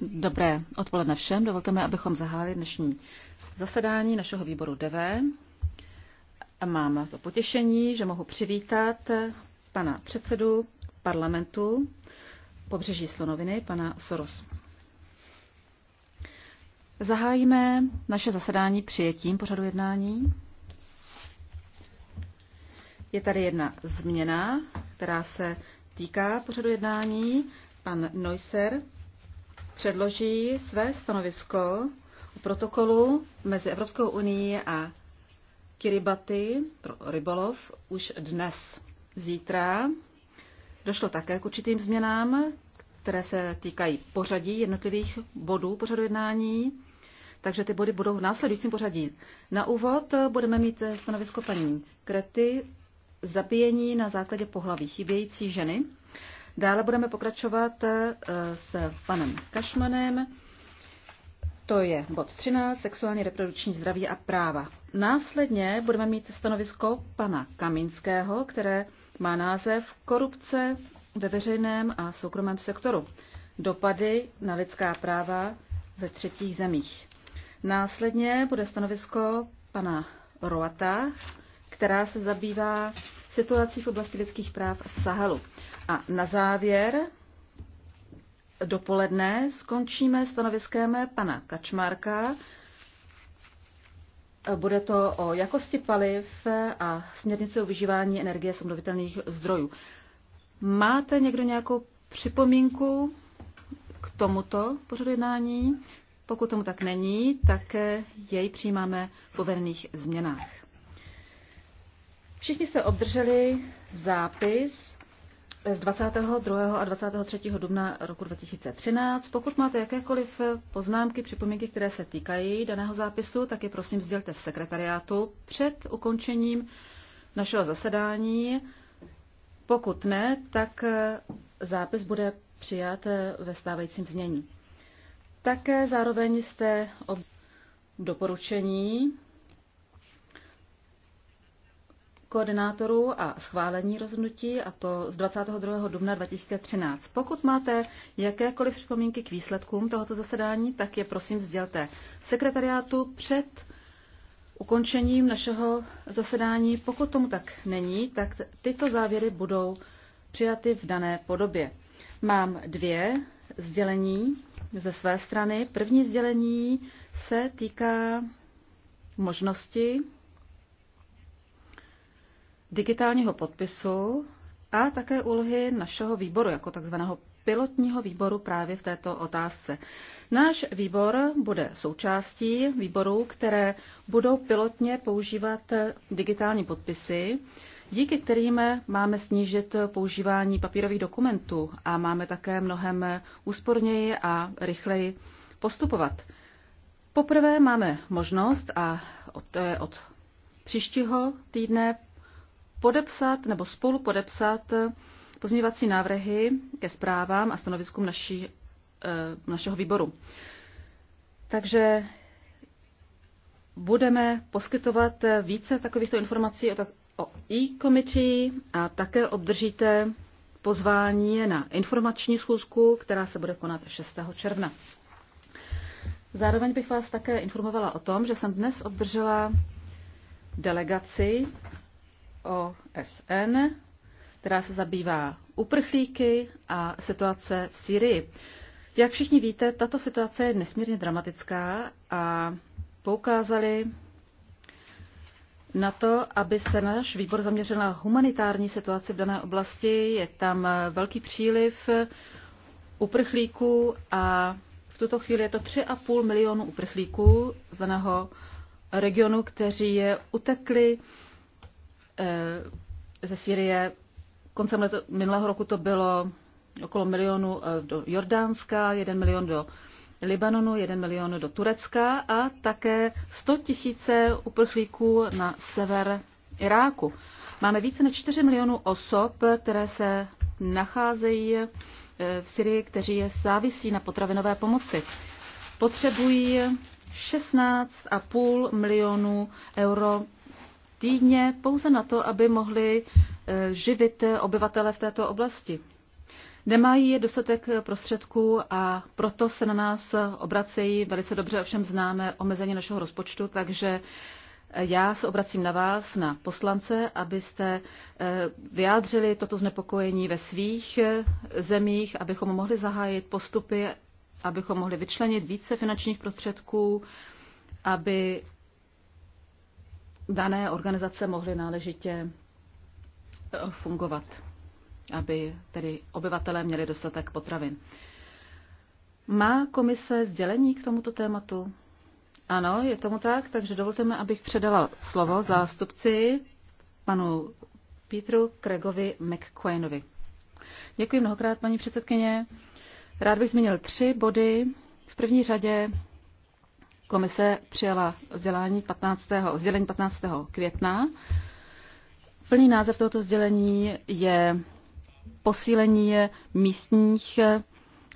Dobré odpoledne všem. Dovolte mi, abychom zahájili dnešní zasedání našeho výboru DV. Mám to potěšení, že mohu přivítat pana předsedu parlamentu pobřeží Slonoviny, pana Soros. Zahájíme naše zasedání přijetím pořadu jednání. Je tady jedna změna, která se týká pořadu jednání, pan Neusser předloží své stanovisko o protokolu mezi Evropskou unii a Kiribati pro rybolov už dnes. Zítra došlo také k určitým změnám, které se týkají pořadí jednotlivých bodů pořadu jednání, takže ty body budou v následujícím pořadí. Na úvod budeme mít stanovisko paní Krety zabíjení na základě pohlaví chybějící ženy. Dále budeme pokračovat eh, s panem Kašmanem. To je bod 13, sexuální reprodukční zdraví a práva. Následně budeme mít stanovisko pana Kaminského, které má název Korupce ve veřejném a soukromém sektoru. Dopady na lidská práva ve třetích zemích. Následně bude stanovisko pana Roata, která se zabývá situací v oblasti lidských práv v Sahelu. A na závěr dopoledne skončíme stanoviskem pana Kačmarka. Bude to o jakosti paliv a směrnici o vyžívání energie z obnovitelných zdrojů. Máte někdo nějakou připomínku k tomuto pořadu jednání? Pokud tomu tak není, tak jej přijímáme v uvedených změnách. Všichni jste obdrželi zápis z 22. a 23. dubna roku 2013. Pokud máte jakékoliv poznámky, připomínky, které se týkají daného zápisu, tak je prosím sdělte sekretariátu před ukončením našeho zasedání. Pokud ne, tak eh, zápis bude přijat eh, ve stávajícím znění. Také zároveň jste ob... doporučení koordinátorů a schválení rozhodnutí, a to z 22. dubna 2013. Pokud máte jakékoliv připomínky k výsledkům tohoto zasedání, tak je prosím sdělte sekretariátu před ukončením našeho zasedání. Pokud tomu tak není, tak tyto závěry budou přijaty v dané podobě. Mám dvě sdělení ze své strany. První sdělení se týká možnosti digitálního podpisu a také úlohy našeho výboru, jako takzvaného pilotního výboru právě v této otázce. Náš výbor bude součástí výborů, které budou pilotně používat digitální podpisy, díky kterým máme snížit používání papírových dokumentů a máme také mnohem úsporněji a rychleji postupovat. Poprvé máme možnost a od, od příštího týdne podepsat nebo spolu podepsat eh, pozměňovací návrhy ke zprávám a stanoviskům naší, eh, našeho výboru. Takže budeme poskytovat více takovýchto informací o, tak, o e-committee a také obdržíte pozvání na informační schůzku, která se bude konat 6. června. Zároveň bych vás také informovala o tom, že jsem dnes obdržela delegaci OSN, která se zabývá uprchlíky a situace v Syrii. Jak všichni víte, tato situace je nesmírně dramatická a poukázali na to, aby se náš výbor zaměřil na humanitární situaci v dané oblasti. Je tam velký příliv uprchlíků a v tuto chvíli je to 3,5 milionu uprchlíků z daného regionu, kteří je utekli Eh, ze Syrie. Koncem leto, minulého roku to bylo okolo milionu eh, do Jordánska, jeden milion do Libanonu, jeden milion do Turecka a také 100 tisíce uprchlíků na sever Iráku. Máme více než 4 milionů osob, které se nacházejí eh, v Syrii, kteří je závisí na potravinové pomoci. Potřebují 16,5 milionů euro týdně pouze na to, aby mohli e, živit obyvatele v této oblasti. Nemají dostatek prostředků a proto se na nás obracejí. Velice dobře ovšem známe omezení našeho rozpočtu, takže e, já se obracím na vás, na poslance, abyste e, vyjádřili toto znepokojení ve svých zemích, abychom mohli zahájit postupy, abychom mohli vyčlenit více finančních prostředků, aby dané organizace mohly náležitě eh, fungovat, aby tedy obyvatelé měli dostatek potravin. Má komise sdělení k tomuto tématu? Ano, je tomu tak, takže dovolte mi, abych předala slovo zástupci panu Petru Kregovi McQueenovi. Děkuji mnohokrát, paní předsedkyně. Rád bych zmínil tři body. V první řadě Komise přijala sdělení 15. 15. května. Plný název tohoto sdělení je posílení místních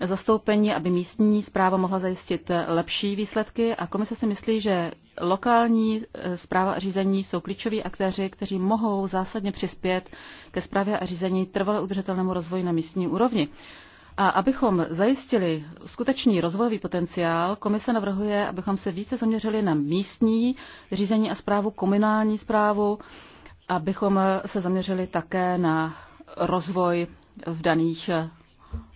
zastoupení, aby místní zpráva mohla zajistit lepší výsledky a komise si myslí, že lokální zpráva eh, a řízení jsou klíčoví aktéři, kteří mohou zásadně přispět ke zprávě a řízení trvale udržitelnému rozvoji na místní úrovni. A abychom zajistili skutečný rozvojový potenciál, komise navrhuje, abychom se více zaměřili na místní řízení a zprávu, komunální zprávu, abychom se zaměřili také na rozvoj v daných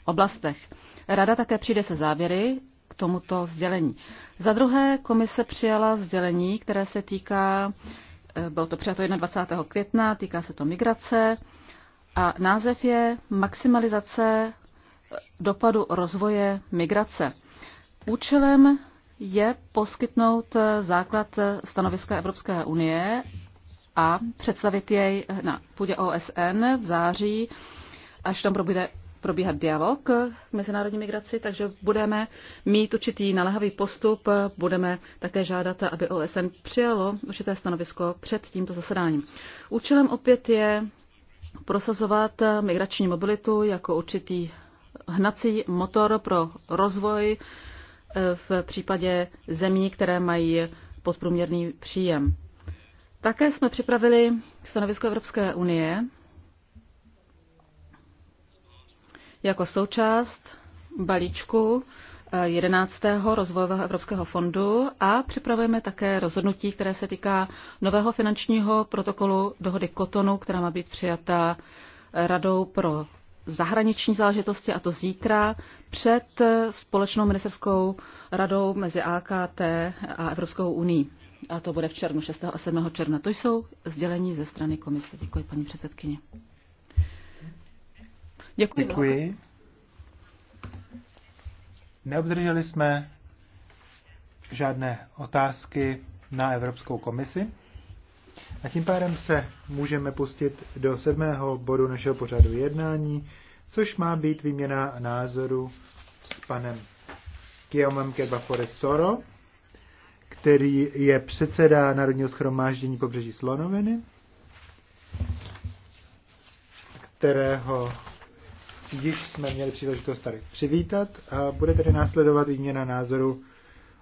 oblastech. Rada také přijde se závěry k tomuto sdělení. Za druhé, komise přijala sdělení, které se týká, eh, bylo to přijato 21. května, týká se to migrace a název je Maximalizace dopadu rozvoje migrace. Účelem je poskytnout základ stanoviska Evropské unie a představit jej na půdě OSN v září, až tam probíde probíhat dialog k mezinárodní migraci, takže budeme mít určitý naléhavý postup, budeme také žádat, aby OSN přijalo určité stanovisko před tímto zasedáním. Účelem opět je prosazovat migrační mobilitu jako určitý hnací motor pro rozvoj eh, v případě zemí, které mají podprůměrný příjem. Také jsme připravili stanovisko Evropské unie jako součást balíčku 11. Eh, rozvojového evropského fondu a připravujeme také rozhodnutí, které se týká nového finančního protokolu dohody Kotonu, která má být přijata eh, Radou pro zahraniční záležitosti, a to zítra před eh, společnou ministerskou radou mezi AKT a Evropskou unii. A to bude v červnu, 6. a 7. června. To jsou sdělení ze strany komise. Děkuji, paní předsedkyně. Děkuji. Děkuji. Neobdrželi jsme žádné otázky na Evropskou komisi. A tím pádem se můžeme pustit do sedmého bodu našeho pořadu jednání, což má být výměna názoru s panem Kiomem Kebafore Soro, který je předseda Národního schromáždění pobřeží Slonoviny, kterého již jsme měli příležitost tady přivítat a bude tedy následovat výměna názoru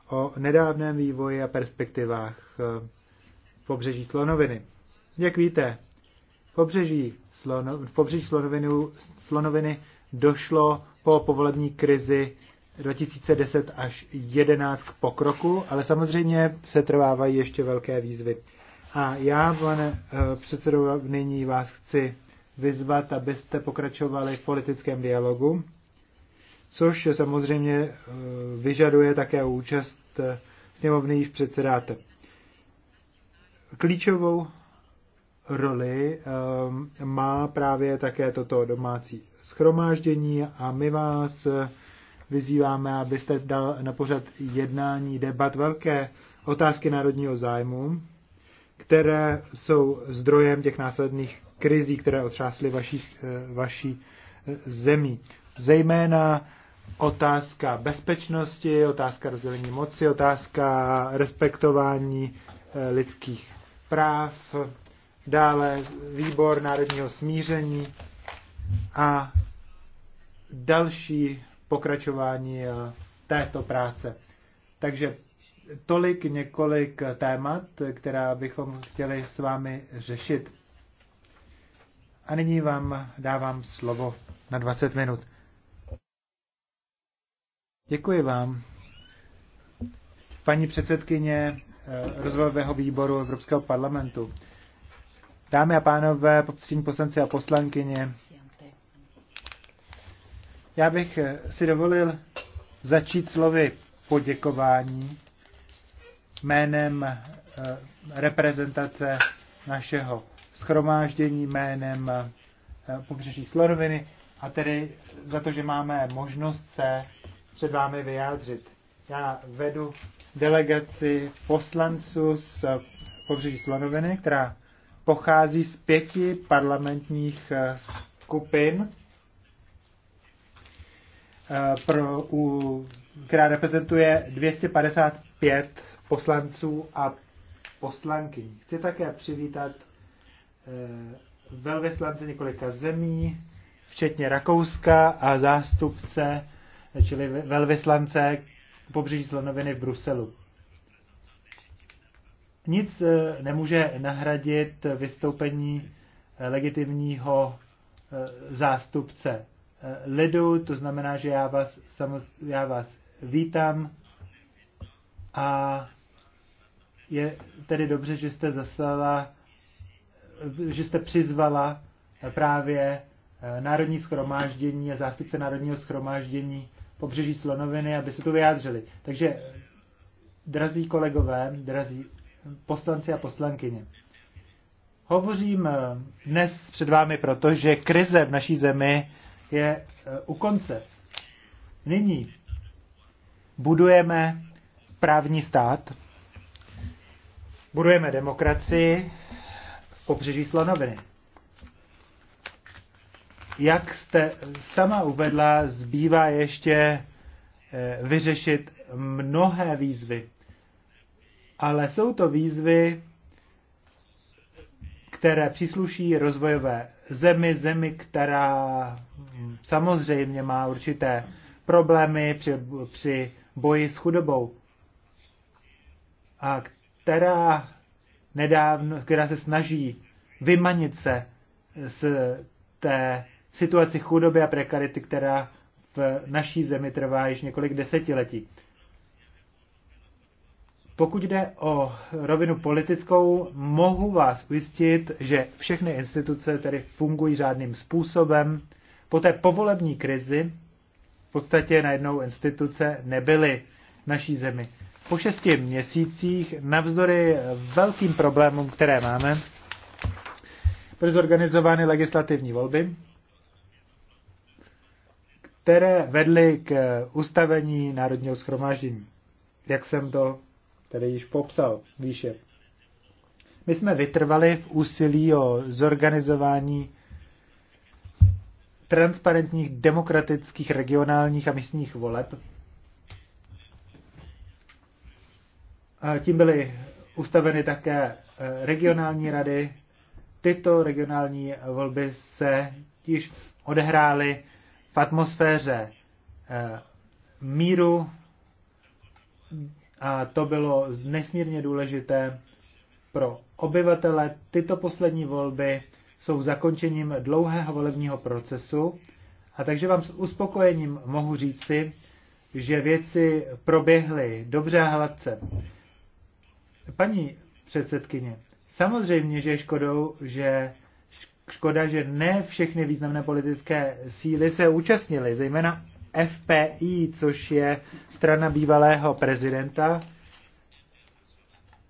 o nedávném vývoji a perspektivách eh, pobřeží slonoviny. Jak víte, v pobřeží, slono, v pobřeží slonovinu, slonoviny došlo po povolební krizi 2010 až 2011 k pokroku, ale samozřejmě se trvávají ještě velké výzvy. A já, pane eh, předsedo, nyní vás chci vyzvat, abyste pokračovali v politickém dialogu, což samozřejmě eh, vyžaduje také účast eh, sněmovny, již předsedáte. Klíčovou roli ehm, má právě také toto domácí schromáždění a my vás vyzýváme, abyste dal na pořad jednání debat velké otázky národního zájmu, které jsou zdrojem těch následných krizí, které otřásly vaší, eh, vaší eh, zemí. Zejména otázka bezpečnosti, otázka rozdělení moci, otázka respektování eh, lidských práv, dále výbor národního smíření a další pokračování eh, této práce. Takže tolik několik témat, která bychom chtěli s vámi řešit. A nyní vám dávám slovo na 20 minut. Děkuji vám. Paní předsedkyně, Eh, rozvojového výboru Evropského parlamentu. Dámy a pánové, popřední poslanci a poslankyně, já bych eh, si dovolil začít slovy poděkování jménem eh, reprezentace našeho schromáždění, jménem pobřeží Sloroviny a tedy za to, že máme možnost se před vámi vyjádřit. Já vedu delegaci poslanců z pobřeží Slonoviny, která pochází z pěti parlamentních eh, skupin, eh, pro, u, která reprezentuje 255 poslanců a poslanky. Chci také přivítat eh, velvyslance několika zemí, včetně Rakouska a zástupce, čili velvyslance pobřeží slonoviny v Bruselu. Nic eh, nemůže nahradit vystoupení eh, legitimního eh, zástupce lidu, to znamená, že já vás, já vás vítám a je tedy dobře, že jste zaslala, že jste přizvala právě Národní schromáždění a zástupce Národního schromáždění pobřeží slonoviny, aby se tu vyjádřili. Takže, drazí kolegové, drazí poslanci a poslankyně, hovořím eh, dnes před vámi proto, že krize v naší zemi je eh, u konce. Nyní budujeme právní stát, budujeme demokracii v pobřeží slonoviny. Jak jste sama uvedla, zbývá ještě eh, vyřešit mnohé výzvy. Ale jsou to výzvy, které přísluší rozvojové zemi, zemi, která hm, samozřejmě má určité problémy při, při boji s chudobou a která nedávno, která se snaží vymanit se z té situaci chudoby a prekarity, která v naší zemi trvá již několik desetiletí. Pokud jde o rovinu politickou, mohu vás ujistit, že všechny instituce tedy fungují řádným způsobem. Po té povolební krizi v podstatě najednou instituce nebyly naší zemi. Po šesti měsících, navzdory velkým problémům, které máme, byly zorganizovány legislativní volby, které vedly k ustavení Národního schromáždění. Jak jsem to tedy již popsal výše. My jsme vytrvali v úsilí o zorganizování transparentních demokratických regionálních a místních voleb. A tím byly ustaveny také eh, regionální rady. Tyto regionální volby se již odehrály v atmosféře eh, míru a to bylo nesmírně důležité pro obyvatele. Tyto poslední volby jsou zakončením dlouhého volebního procesu a takže vám s uspokojením mohu říci, že věci proběhly dobře a hladce. Paní předsedkyně, samozřejmě, že je škodou, že Škoda, že ne všechny významné politické síly se účastnily, zejména FPI, což je strana bývalého prezidenta,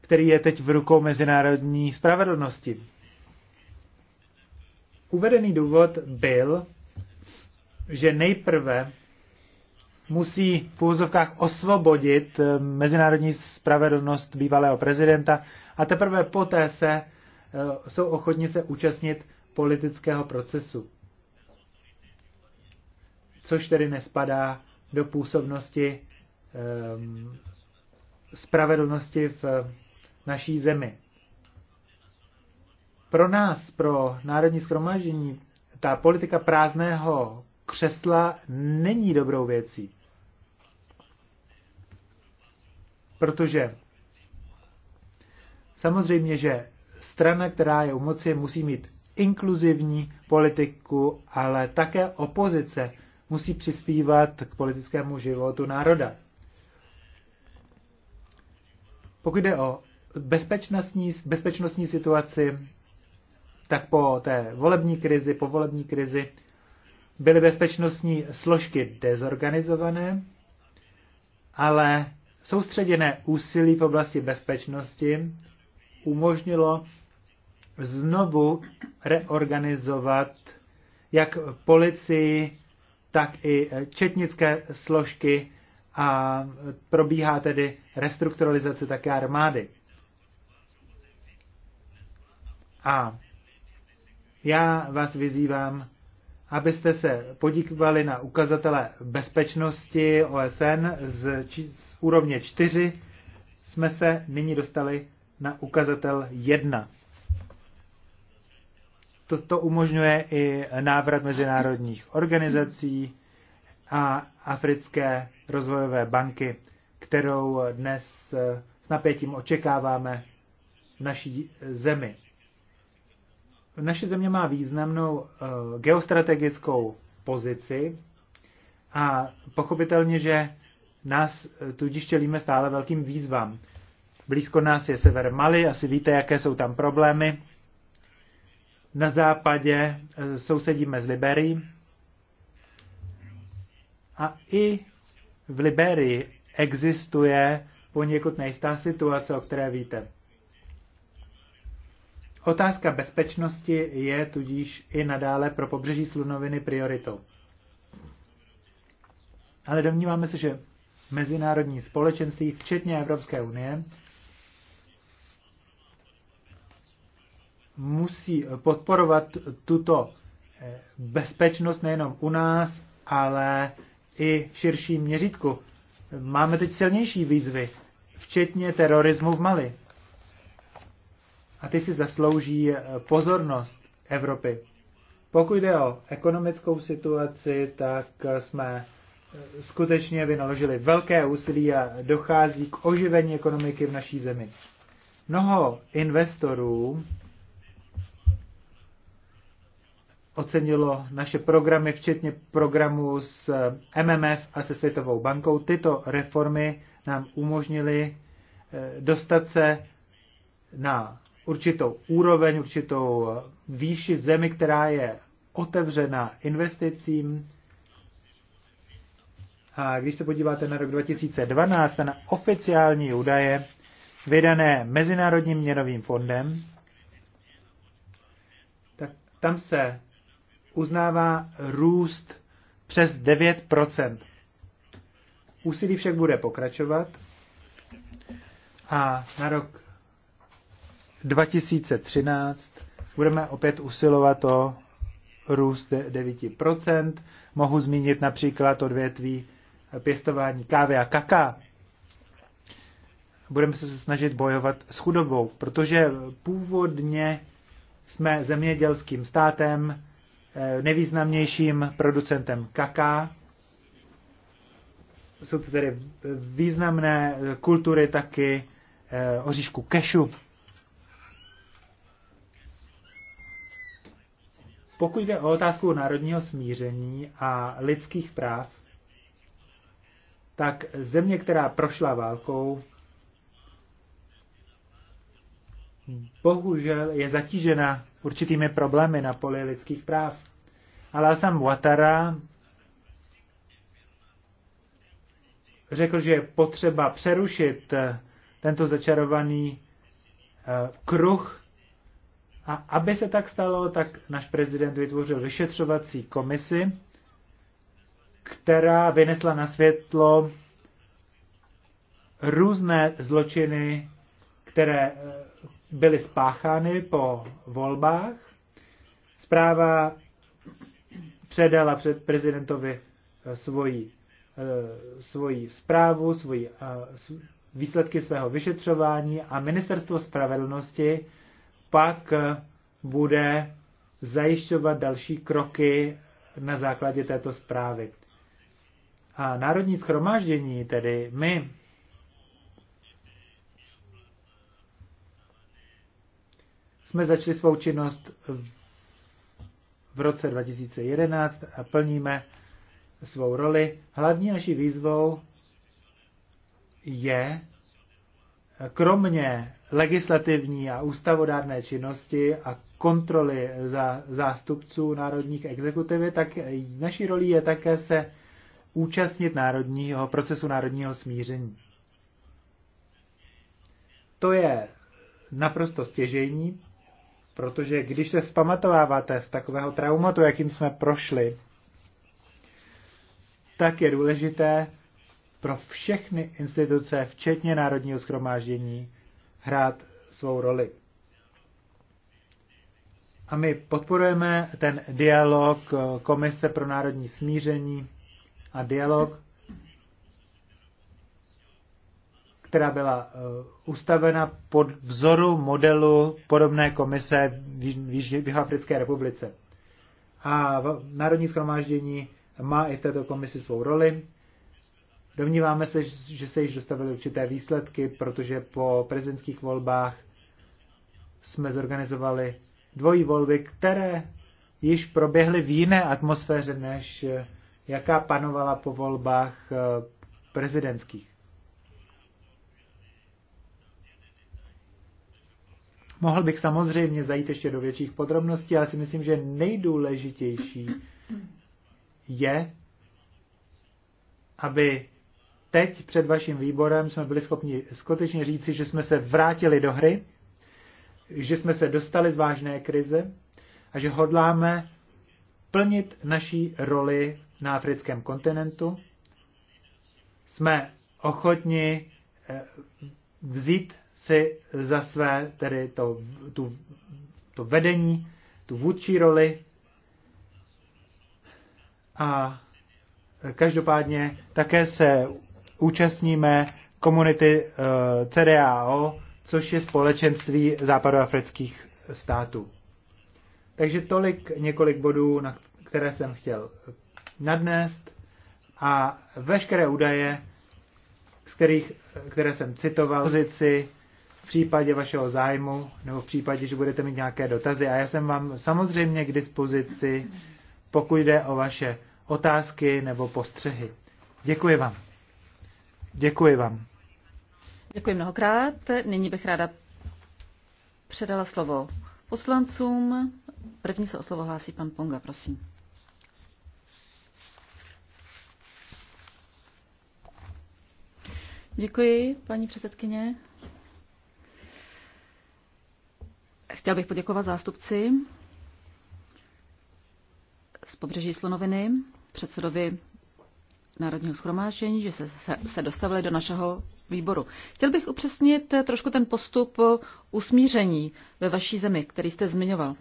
který je teď v rukou mezinárodní spravedlnosti. Uvedený důvod byl, že nejprve musí v úzovkách osvobodit eh, mezinárodní spravedlnost bývalého prezidenta a teprve poté se eh, jsou ochotni se účastnit politického procesu, což tedy nespadá do působnosti um, spravedlnosti v eh, naší zemi. Pro nás, pro Národní schromáždění, ta politika prázdného křesla není dobrou věcí. Protože samozřejmě, že strana, která je u moci, musí mít inkluzivní politiku, ale také opozice musí přispívat k politickému životu národa. Pokud jde o bezpečnostní, bezpečnostní situaci, tak po té volební krizi, po volební krizi, byly bezpečnostní složky dezorganizované, ale soustředěné úsilí v oblasti bezpečnosti umožnilo znovu reorganizovat jak policii, tak i eh, četnické složky a eh, probíhá tedy restrukturalizace také armády. A já vás vyzývám, abyste se podívali na ukazatele bezpečnosti OSN z, či, z úrovně 4, jsme se nyní dostali na ukazatel 1. To, to umožňuje i návrat mezinárodních organizací a Africké rozvojové banky, kterou dnes eh, s napětím očekáváme v naší zemi. Naše země má významnou eh, geostrategickou pozici a pochopitelně, že nás eh, tudíž čelíme stále velkým výzvám. Blízko nás je sever Mali, asi víte, jaké jsou tam problémy. Na západě eh, sousedíme s Liberií a i v Liberii existuje poněkud nejistá situace, o které víte. Otázka bezpečnosti je tudíž i nadále pro pobřeží slunoviny prioritou. Ale domníváme se, že mezinárodní společenství, včetně Evropské unie, musí podporovat tuto eh, bezpečnost nejenom u nás, ale i v širším měřítku. Máme teď silnější výzvy, včetně terorismu v Mali. A ty si zaslouží eh, pozornost Evropy. Pokud jde o ekonomickou situaci, tak eh, jsme skutečně vynaložili velké úsilí a dochází k oživení ekonomiky v naší zemi. Mnoho investorů ocenilo naše programy, včetně programu s eh, MMF a se Světovou bankou. Tyto reformy nám umožnily eh, dostat se na určitou úroveň, určitou eh, výši zemi, která je otevřena investicím. A když se podíváte na rok 2012, na oficiální údaje vydané Mezinárodním měnovým fondem, tak tam se uznává růst přes 9%. Úsilí však bude pokračovat a na rok 2013 budeme opět usilovat o růst 9%. Mohu zmínit například odvětví pěstování kávy a kaká. Budeme se snažit bojovat s chudobou, protože původně jsme zemědělským státem, Eh, nejvýznamnějším producentem kaká. Jsou to tedy významné kultury taky eh, oříšku kešu. Pokud jde o otázku národního smíření a lidských práv, tak země, která prošla válkou, bohužel je zatížena určitými problémy na poli lidských práv. Ale jsem Watara řekl, že je potřeba přerušit eh, tento začarovaný eh, kruh a aby se tak stalo, tak náš prezident vytvořil vyšetřovací komisi, která vynesla na světlo různé zločiny, které eh, byly spáchány po volbách. Zpráva předala před prezidentovi eh, svoji, eh, svoji zprávu, svoji, eh, výsledky svého vyšetřování a ministerstvo spravedlnosti pak bude zajišťovat další kroky na základě této zprávy. A Národní schromáždění, tedy my, jsme začali svou činnost v roce 2011 a plníme svou roli. Hlavní naší výzvou je, kromě legislativní a ústavodárné činnosti a kontroly za zástupců národních exekutivy, tak naší roli je také se účastnit národního, procesu národního smíření. To je naprosto stěžejní Protože když se zpamatováváte z takového traumatu, jakým jsme prošli, tak je důležité pro všechny instituce, včetně Národního schromáždění, hrát svou roli. A my podporujeme ten dialog Komise pro národní smíření a dialog která byla eh, ustavena pod vzoru modelu podobné komise v Jihoafrické republice. A Národní schromáždění má i v této komisi svou roli. Domníváme se, že se již dostavili určité výsledky, protože po prezidentských volbách jsme zorganizovali dvojí volby, které již proběhly v jiné atmosféře, než jaká panovala po volbách eh, prezidentských. Mohl bych samozřejmě zajít ještě do větších podrobností, ale si myslím, že nejdůležitější je, aby teď před vaším výborem jsme byli schopni skutečně říci, že jsme se vrátili do hry, že jsme se dostali z vážné krize a že hodláme plnit naší roli na africkém kontinentu. Jsme ochotni eh, vzít si za své, tedy to, tu, to vedení, tu vůdčí roli a každopádně také se účastníme komunity eh, CDAO, což je společenství západoafrických států. Takže tolik několik bodů, na které jsem chtěl nadnést a veškeré údaje, z kterých, které jsem citoval, pozici případě vašeho zájmu nebo v případě, že budete mít nějaké dotazy. A já jsem vám samozřejmě k dispozici, pokud jde o vaše otázky nebo postřehy. Děkuji vám. Děkuji vám. Děkuji mnohokrát. Nyní bych ráda předala slovo poslancům. První se o slovo hlásí pan Ponga, prosím. Děkuji, paní předsedkyně. Chtěl bych poděkovat zástupci z pobřeží Slonoviny, předsedovi Národního schromáždění, že se, se, se dostavili do našeho výboru. Chtěl bych upřesnit trošku ten postup usmíření ve vaší zemi, který jste zmiňoval.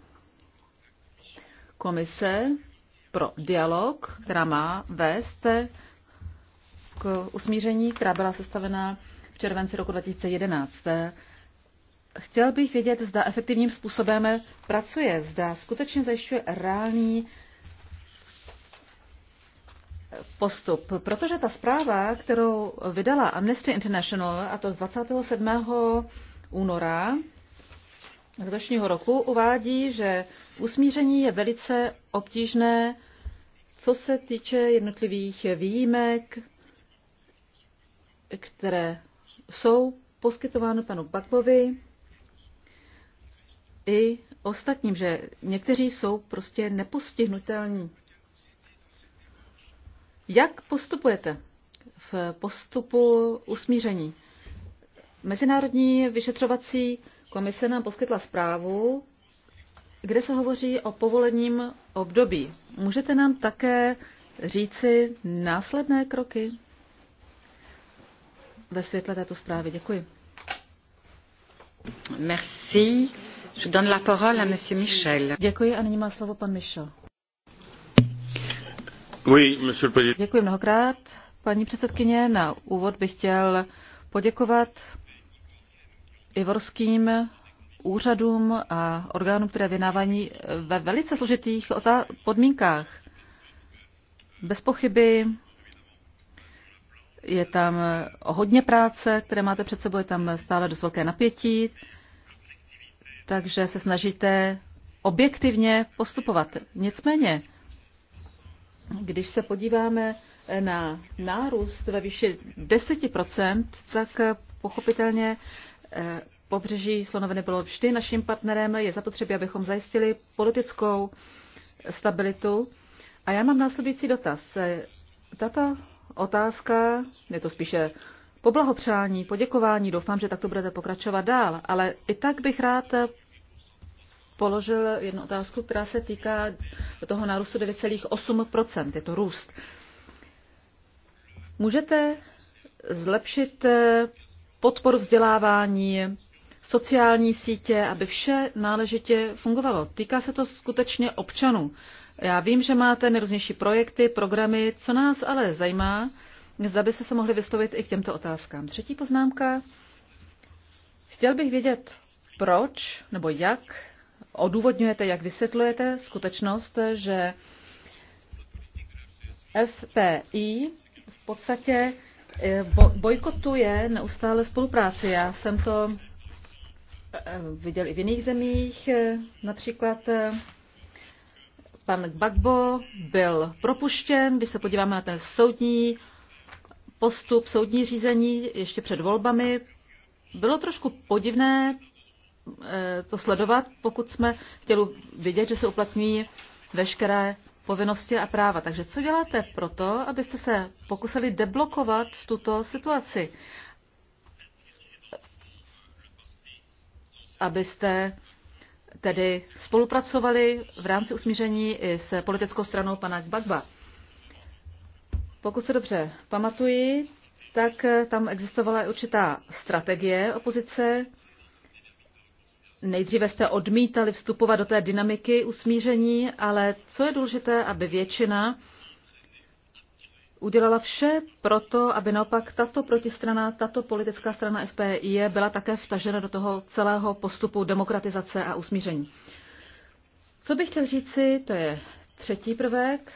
Komise pro dialog, která má vést k usmíření, která byla sestavená v červenci roku 2011. Chtěl bych vědět, zda efektivním způsobem pracuje, zda skutečně zajišťuje reálný postup, protože ta zpráva, kterou vydala Amnesty International, a to z 27. února letošního roku, uvádí, že usmíření je velice obtížné, co se týče jednotlivých výjimek, které jsou poskytovány panu Bakbovi i ostatním, že někteří jsou prostě nepostihnutelní. Jak postupujete v postupu usmíření? Mezinárodní vyšetřovací komise nám poskytla zprávu, kde se hovoří o povolením období. Můžete nám také říci následné kroky ve světle této zprávy? Děkuji. Merci la monsieur Michel. Děkuji a nyní má slovo pan Michel. Děkuji mnohokrát. Paní předsedkyně, na úvod bych chtěl poděkovat ivorským úřadům a orgánům, které vynávají ve velice složitých podmínkách. Bez pochyby je tam hodně práce, které máte před sebou, je tam stále dost velké napětí takže se snažíte objektivně postupovat. Nicméně, když se podíváme na nárůst ve výši 10%, tak pochopitelně eh, pobřeží Slonoviny bylo vždy naším partnerem. Je zapotřebí, abychom zajistili politickou stabilitu. A já mám následující dotaz. Eh, tato otázka, je to spíše blahopřání, poděkování. Doufám, že takto budete pokračovat dál, ale i tak bych rád položil jednu otázku, která se týká toho nárůstu 9,8 Je to růst. Můžete zlepšit podporu vzdělávání, sociální sítě, aby vše náležitě fungovalo. Týká se to skutečně občanů. Já vím, že máte nejrůznější projekty, programy. Co nás ale zajímá, zda by se se mohli vyslovit i k těmto otázkám. Třetí poznámka. Chtěl bych vědět, proč nebo jak odůvodňujete, jak vysvětlujete skutečnost, že FPI v podstatě eh, bojkotuje neustále spolupráci. Já jsem to eh, viděl i v jiných zemích, eh, například pan Gbagbo byl propuštěn, když se podíváme na ten soudní postup soudní řízení ještě před volbami. Bylo trošku podivné eh, to sledovat, pokud jsme chtěli vidět, že se uplatňují veškeré povinnosti a práva. Takže co děláte pro to, abyste se pokusili deblokovat v tuto situaci? Abyste tedy spolupracovali v rámci usmíření i s politickou stranou pana Gbagba. Pokud se dobře pamatuji, tak tam existovala určitá strategie opozice. Nejdříve jste odmítali vstupovat do té dynamiky usmíření, ale co je důležité, aby většina udělala vše proto, aby naopak tato protistrana, tato politická strana FPI byla také vtažena do toho celého postupu demokratizace a usmíření. Co bych chtěl říci, to je třetí prvek.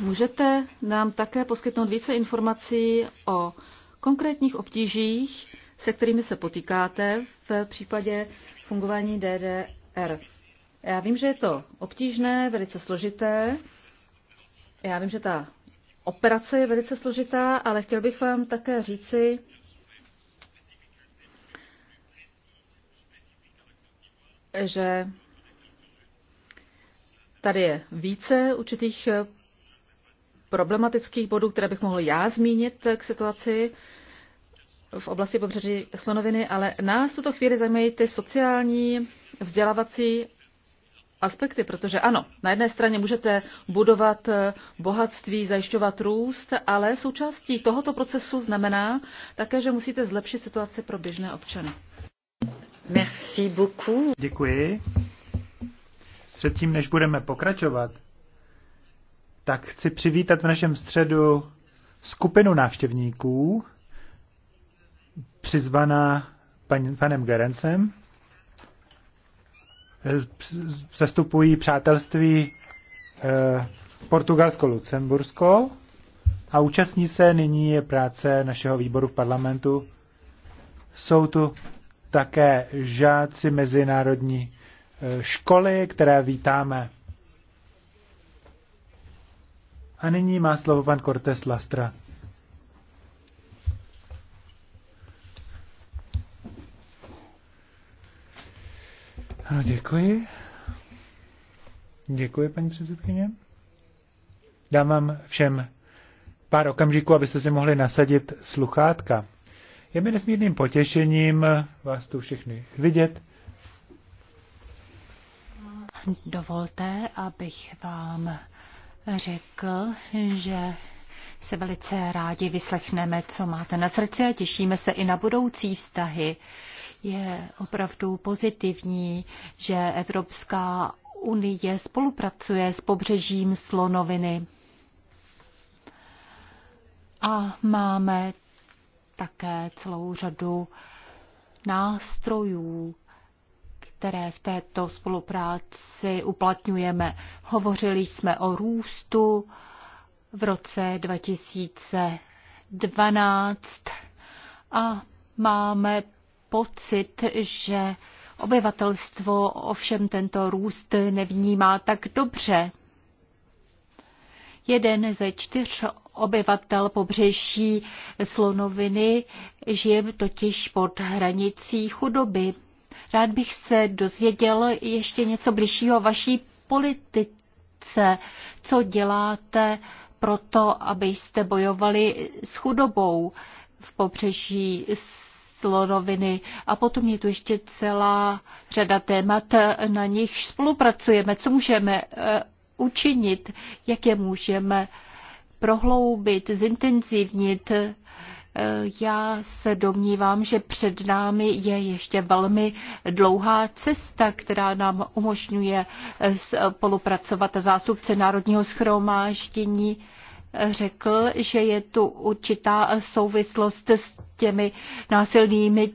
Můžete nám také poskytnout více informací o konkrétních obtížích, se kterými se potýkáte v případě fungování DDR. Já vím, že je to obtížné, velice složité. Já vím, že ta operace je velice složitá, ale chtěl bych vám také říci, že tady je více určitých problematických bodů, které bych mohl já zmínit k situaci v oblasti pobřeží Slonoviny, ale nás v tuto chvíli zajímají ty sociální, vzdělávací aspekty, protože ano, na jedné straně můžete budovat eh, bohatství, zajišťovat růst, ale součástí tohoto procesu znamená také, že musíte zlepšit situaci pro běžné občany. Merci beaucoup. Děkuji. Předtím, než budeme pokračovat, tak chci přivítat v našem středu skupinu návštěvníků, přizvaná pan, panem Gerencem. Zastupují přátelství eh, Portugalsko-Lucembursko a účastní se nyní je práce našeho výboru v parlamentu. Jsou tu také žáci mezinárodní eh, školy, které vítáme. A nyní má slovo pan Cortés Lastra. Ano, děkuji. Děkuji, paní předsedkyně. Dám vám všem pár okamžiků, abyste si mohli nasadit sluchátka. Je mi nesmírným potěšením vás tu všechny vidět. Dovolte, abych vám řekl, že se velice rádi vyslechneme, co máte na srdci a těšíme se i na budoucí vztahy. Je opravdu pozitivní, že Evropská unie spolupracuje s pobřežím Slonoviny. A máme také celou řadu nástrojů, které v této spolupráci uplatňujeme. Hovořili jsme o růstu v roce 2012 a máme pocit, že obyvatelstvo ovšem tento růst nevnímá tak dobře. Jeden ze čtyř obyvatel pobřeží slonoviny žije totiž pod hranicí chudoby. Rád bych se dozvěděl ještě něco bližšího vaší politice. Co děláte pro to, abyste bojovali s chudobou v pobřeží slonoviny. A potom je tu ještě celá řada témat, na nich spolupracujeme. Co můžeme eh, učinit, jak je můžeme prohloubit, zintenzivnit, já se domnívám, že před námi je ještě velmi dlouhá cesta, která nám umožňuje spolupracovat. Zástupce Národního schromáždění řekl, že je tu určitá souvislost s těmi násilnými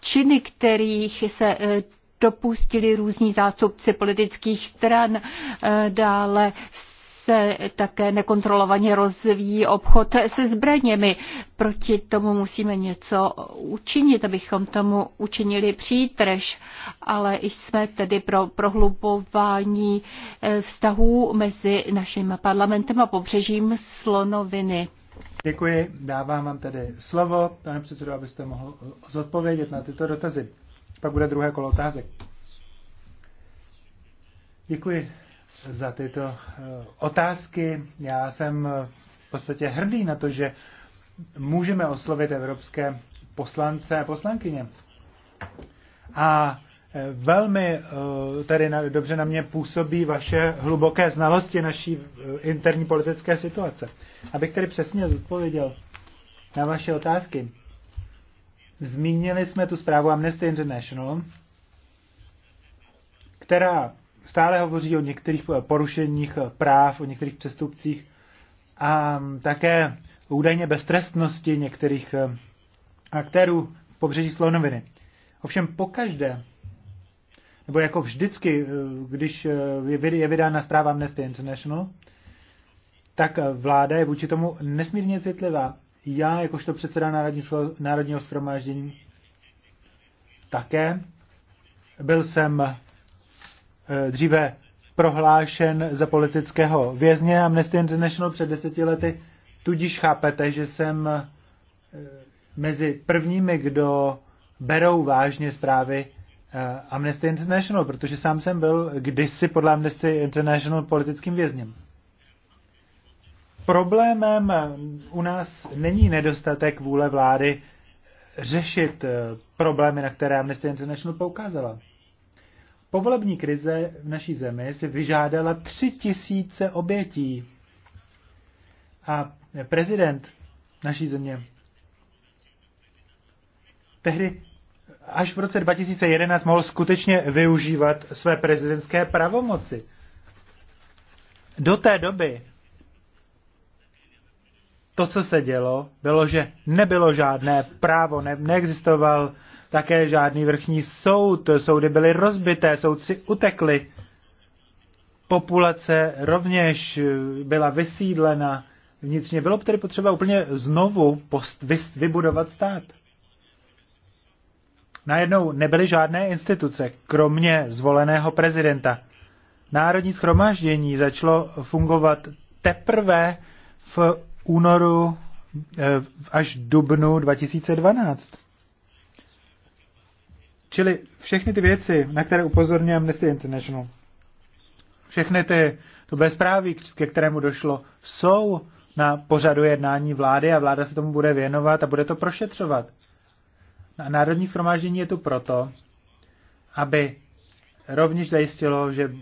činy, kterých se eh, dopustili různí zástupci politických stran, eh, dále se také nekontrolovaně rozvíjí obchod se zbraněmi. Proti tomu musíme něco učinit, abychom tomu učinili přítrž, ale jsme tedy pro prohlubování eh, vztahů mezi naším parlamentem a pobřežím Slonoviny. Děkuji, dávám vám tedy slovo, pane předsedo, abyste mohl eh, zodpovědět na tyto dotazy. Pak bude druhé kolo otázek. Děkuji za tyto eh, otázky. Já jsem eh, v podstatě hrdý na to, že můžeme oslovit evropské poslance a poslankyně. A eh, velmi tady dobře na mě působí vaše hluboké znalosti naší interní politické situace. Abych tedy přesně zodpověděl na vaše otázky. Zmínili jsme tu zprávu Amnesty International, která stále hovoří o některých eh, porušeních eh, práv, o některých přestupcích a mm, také údajně beztrestnosti některých eh, aktérů v pobřeží Slonoviny. Ovšem pokaždé, nebo jako vždycky, když je vydána zpráva Amnesty International, tak vláda je vůči tomu nesmírně citlivá. Já, jakožto předseda Národního, shromáždění, také byl jsem Eh, dříve prohlášen za politického vězně Amnesty International před deseti lety, tudíž chápete, že jsem eh, mezi prvními, kdo berou vážně zprávy eh, Amnesty International, protože sám jsem byl kdysi podle Amnesty International politickým vězněm. Problémem u nás není nedostatek vůle vlády řešit problémy, na které Amnesty International poukázala. Povolební krize v naší zemi si vyžádala tři tisíce obětí. A prezident naší země tehdy až v roce 2011 mohl skutečně využívat své prezidentské pravomoci. Do té doby to, co se dělo, bylo, že nebylo žádné právo, ne, neexistoval také žádný vrchní soud. Soudy byly rozbité, soudci utekli. Populace rovněž byla vysídlena vnitřně. Bylo by tedy potřeba úplně znovu post, vybudovat stát. Najednou nebyly žádné instituce, kromě zvoleného prezidenta. Národní schromáždění začalo fungovat teprve v únoru eh, až dubnu 2012. Čili všechny ty věci, na které upozorňuje Amnesty International, všechny ty, to bezpráví, ke kterému došlo, jsou na pořadu jednání vlády a vláda se tomu bude věnovat a bude to prošetřovat. Na Národní schromáždění je tu proto, aby rovněž zajistilo, že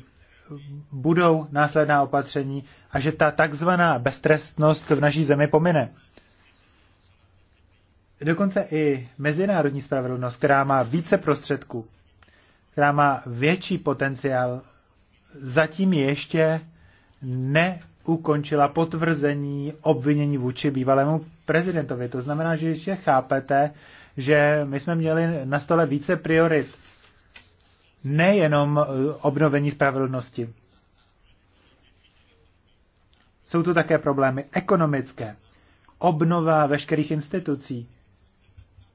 budou následná opatření a že ta takzvaná beztrestnost v naší zemi pomine dokonce i mezinárodní spravedlnost, která má více prostředků, která má větší potenciál, zatím ještě neukončila potvrzení obvinění vůči bývalému prezidentovi. To znamená, že ještě chápete, že my jsme měli na stole více priorit, nejenom e, obnovení spravedlnosti. Jsou tu také problémy ekonomické, obnova veškerých institucí,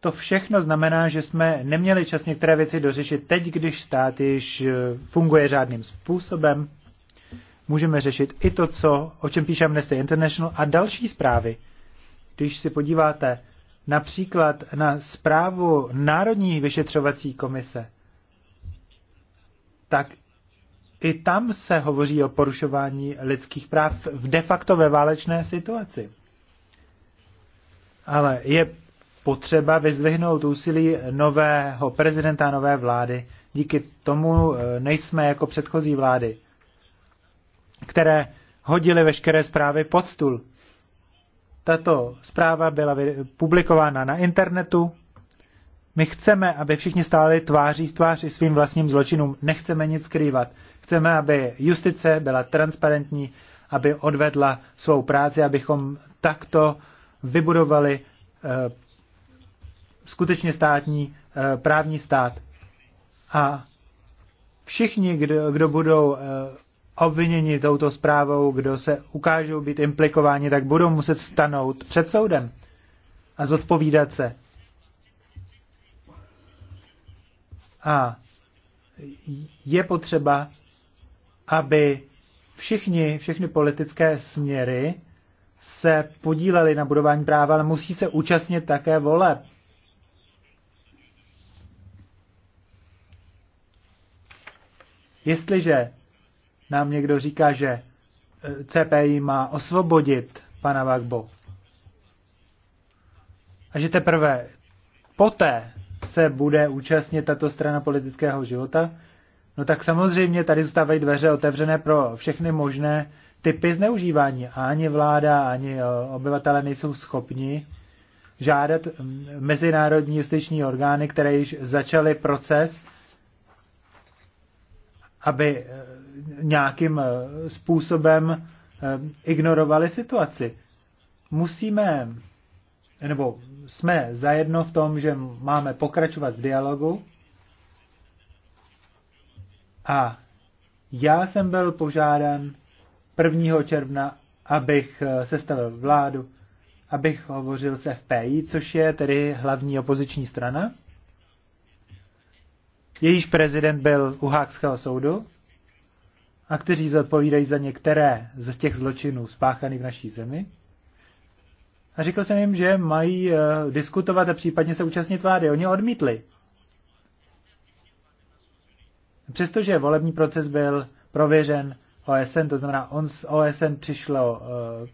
to všechno znamená, že jsme neměli čas některé věci dořešit teď, když stát již eh, funguje řádným způsobem. Můžeme řešit i to, co, o čem píše Amnesty International a další zprávy. Když si podíváte například na zprávu Národní vyšetřovací komise, tak i tam se hovoří o porušování lidských práv v de facto ve válečné situaci. Ale je potřeba vyzvihnout úsilí nového prezidenta, nové vlády. Díky tomu eh, nejsme jako předchozí vlády, které hodili veškeré zprávy pod stůl. Tato zpráva byla publikována na internetu. My chceme, aby všichni stáli tváří v tvář i svým vlastním zločinům. Nechceme nic skrývat. Chceme, aby justice byla transparentní, aby odvedla svou práci, abychom takto vybudovali eh, skutečně státní, eh, právní stát. A všichni, kdo, kdo budou eh, obviněni touto zprávou, kdo se ukážou být implikováni, tak budou muset stanout před soudem a zodpovídat se. A je potřeba, aby všichni, všechny politické směry se podíleli na budování práva, ale musí se účastnit také voleb. Jestliže nám někdo říká, že e, CPI má osvobodit pana Vagbo a že teprve poté se bude účastnit tato strana politického života, no tak samozřejmě tady zůstávají dveře otevřené pro všechny možné typy zneužívání. A ani vláda, ani e, obyvatele nejsou schopni žádat mezinárodní justiční orgány, které již začaly proces aby eh, nějakým eh, způsobem eh, ignorovali situaci. Musíme, nebo jsme zajedno v tom, že máme pokračovat v dialogu. A já jsem byl požádán 1. června, abych sestavil vládu, abych hovořil se FPI, což je tedy hlavní opoziční strana jejíž prezident byl u Hákského soudu a kteří zodpovídají za některé z těch zločinů spáchaných v naší zemi. A řekl jsem jim, že mají uh, diskutovat a případně se účastnit vlády. Oni odmítli. Přestože volební proces byl prověřen OSN, to znamená, on z OSN přišlo uh,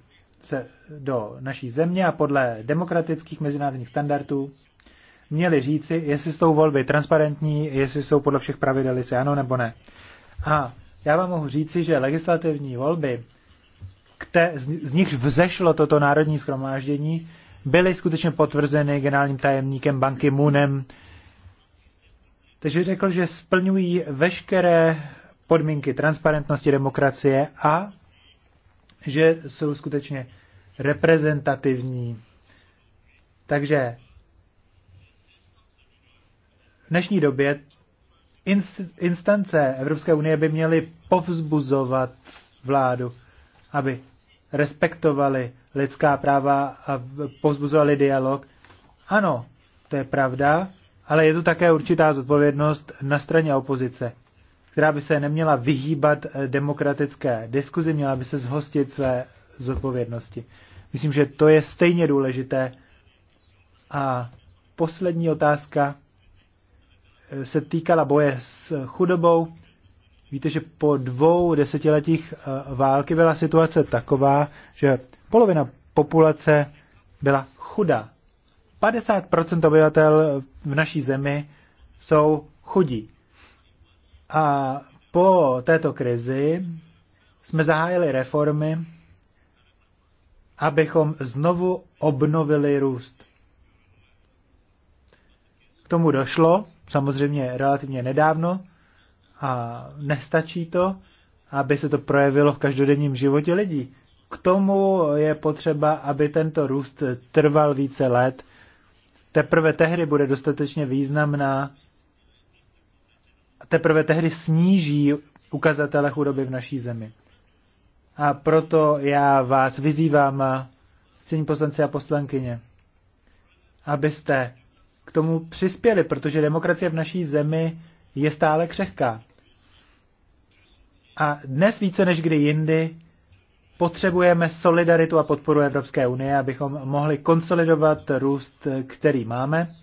se do naší země a podle demokratických mezinárodních standardů měli říci, jestli jsou volby transparentní, jestli jsou podle všech pravidel, jestli ano nebo ne. A já vám mohu říci, že legislativní volby, kte, z, z nichž vzešlo toto národní schromáždění, byly skutečně potvrzeny generálním tajemníkem banky Moonem. Takže řekl, že splňují veškeré podmínky transparentnosti demokracie a že jsou skutečně reprezentativní. Takže v dnešní době instance Evropské unie by měly povzbuzovat vládu, aby respektovali lidská práva a povzbuzovali dialog. Ano, to je pravda, ale je tu také určitá zodpovědnost na straně opozice, která by se neměla vyhýbat eh, demokratické diskuzi, měla by se zhostit své zodpovědnosti. Myslím, že to je stejně důležité. A poslední otázka se týkala boje s chudobou. Víte, že po dvou desetiletích eh, války byla situace taková, že polovina populace byla chudá. 50% obyvatel v naší zemi jsou chudí. A po této krizi jsme zahájili reformy, abychom znovu obnovili růst. K tomu došlo samozřejmě relativně nedávno a nestačí to, aby se to projevilo v každodenním životě lidí. K tomu je potřeba, aby tento růst trval více let. Teprve tehdy bude dostatečně významná, teprve tehdy sníží ukazatele chudoby v naší zemi. A proto já vás vyzývám, stění poslanci a poslankyně, abyste k tomu přispěli, protože demokracie v naší zemi je stále křehká. A dnes více než kdy jindy potřebujeme solidaritu a podporu Evropské unie, abychom mohli konsolidovat růst, který máme,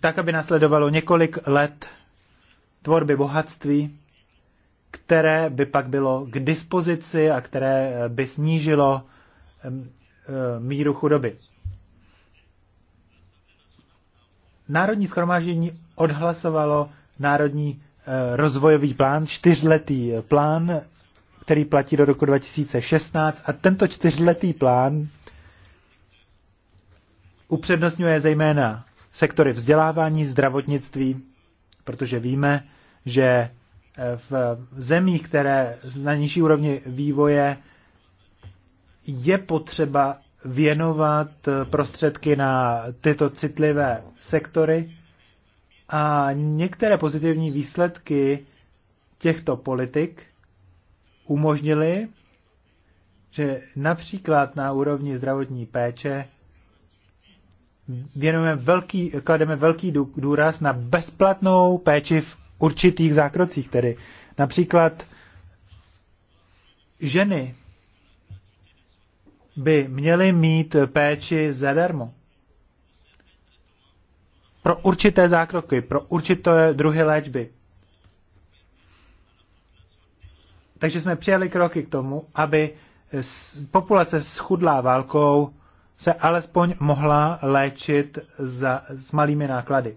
tak, aby následovalo několik let tvorby bohatství, které by pak bylo k dispozici a které by snížilo e, míru chudoby. Národní schromáždění odhlasovalo národní eh, rozvojový plán, čtyřletý eh, plán, který platí do roku 2016 a tento čtyřletý plán upřednostňuje zejména sektory vzdělávání, zdravotnictví, protože víme, že eh, v zemích, které na nižší úrovni vývoje je potřeba věnovat prostředky na tyto citlivé sektory a některé pozitivní výsledky těchto politik umožnily, že například na úrovni zdravotní péče věnujeme velký, klademe velký důraz na bezplatnou péči v určitých zákrocích, tedy například ženy by měli mít péči zadarmo. Pro určité zákroky, pro určité druhy léčby. Takže jsme přijali kroky k tomu, aby populace schudlá válkou se alespoň mohla léčit za, s malými náklady.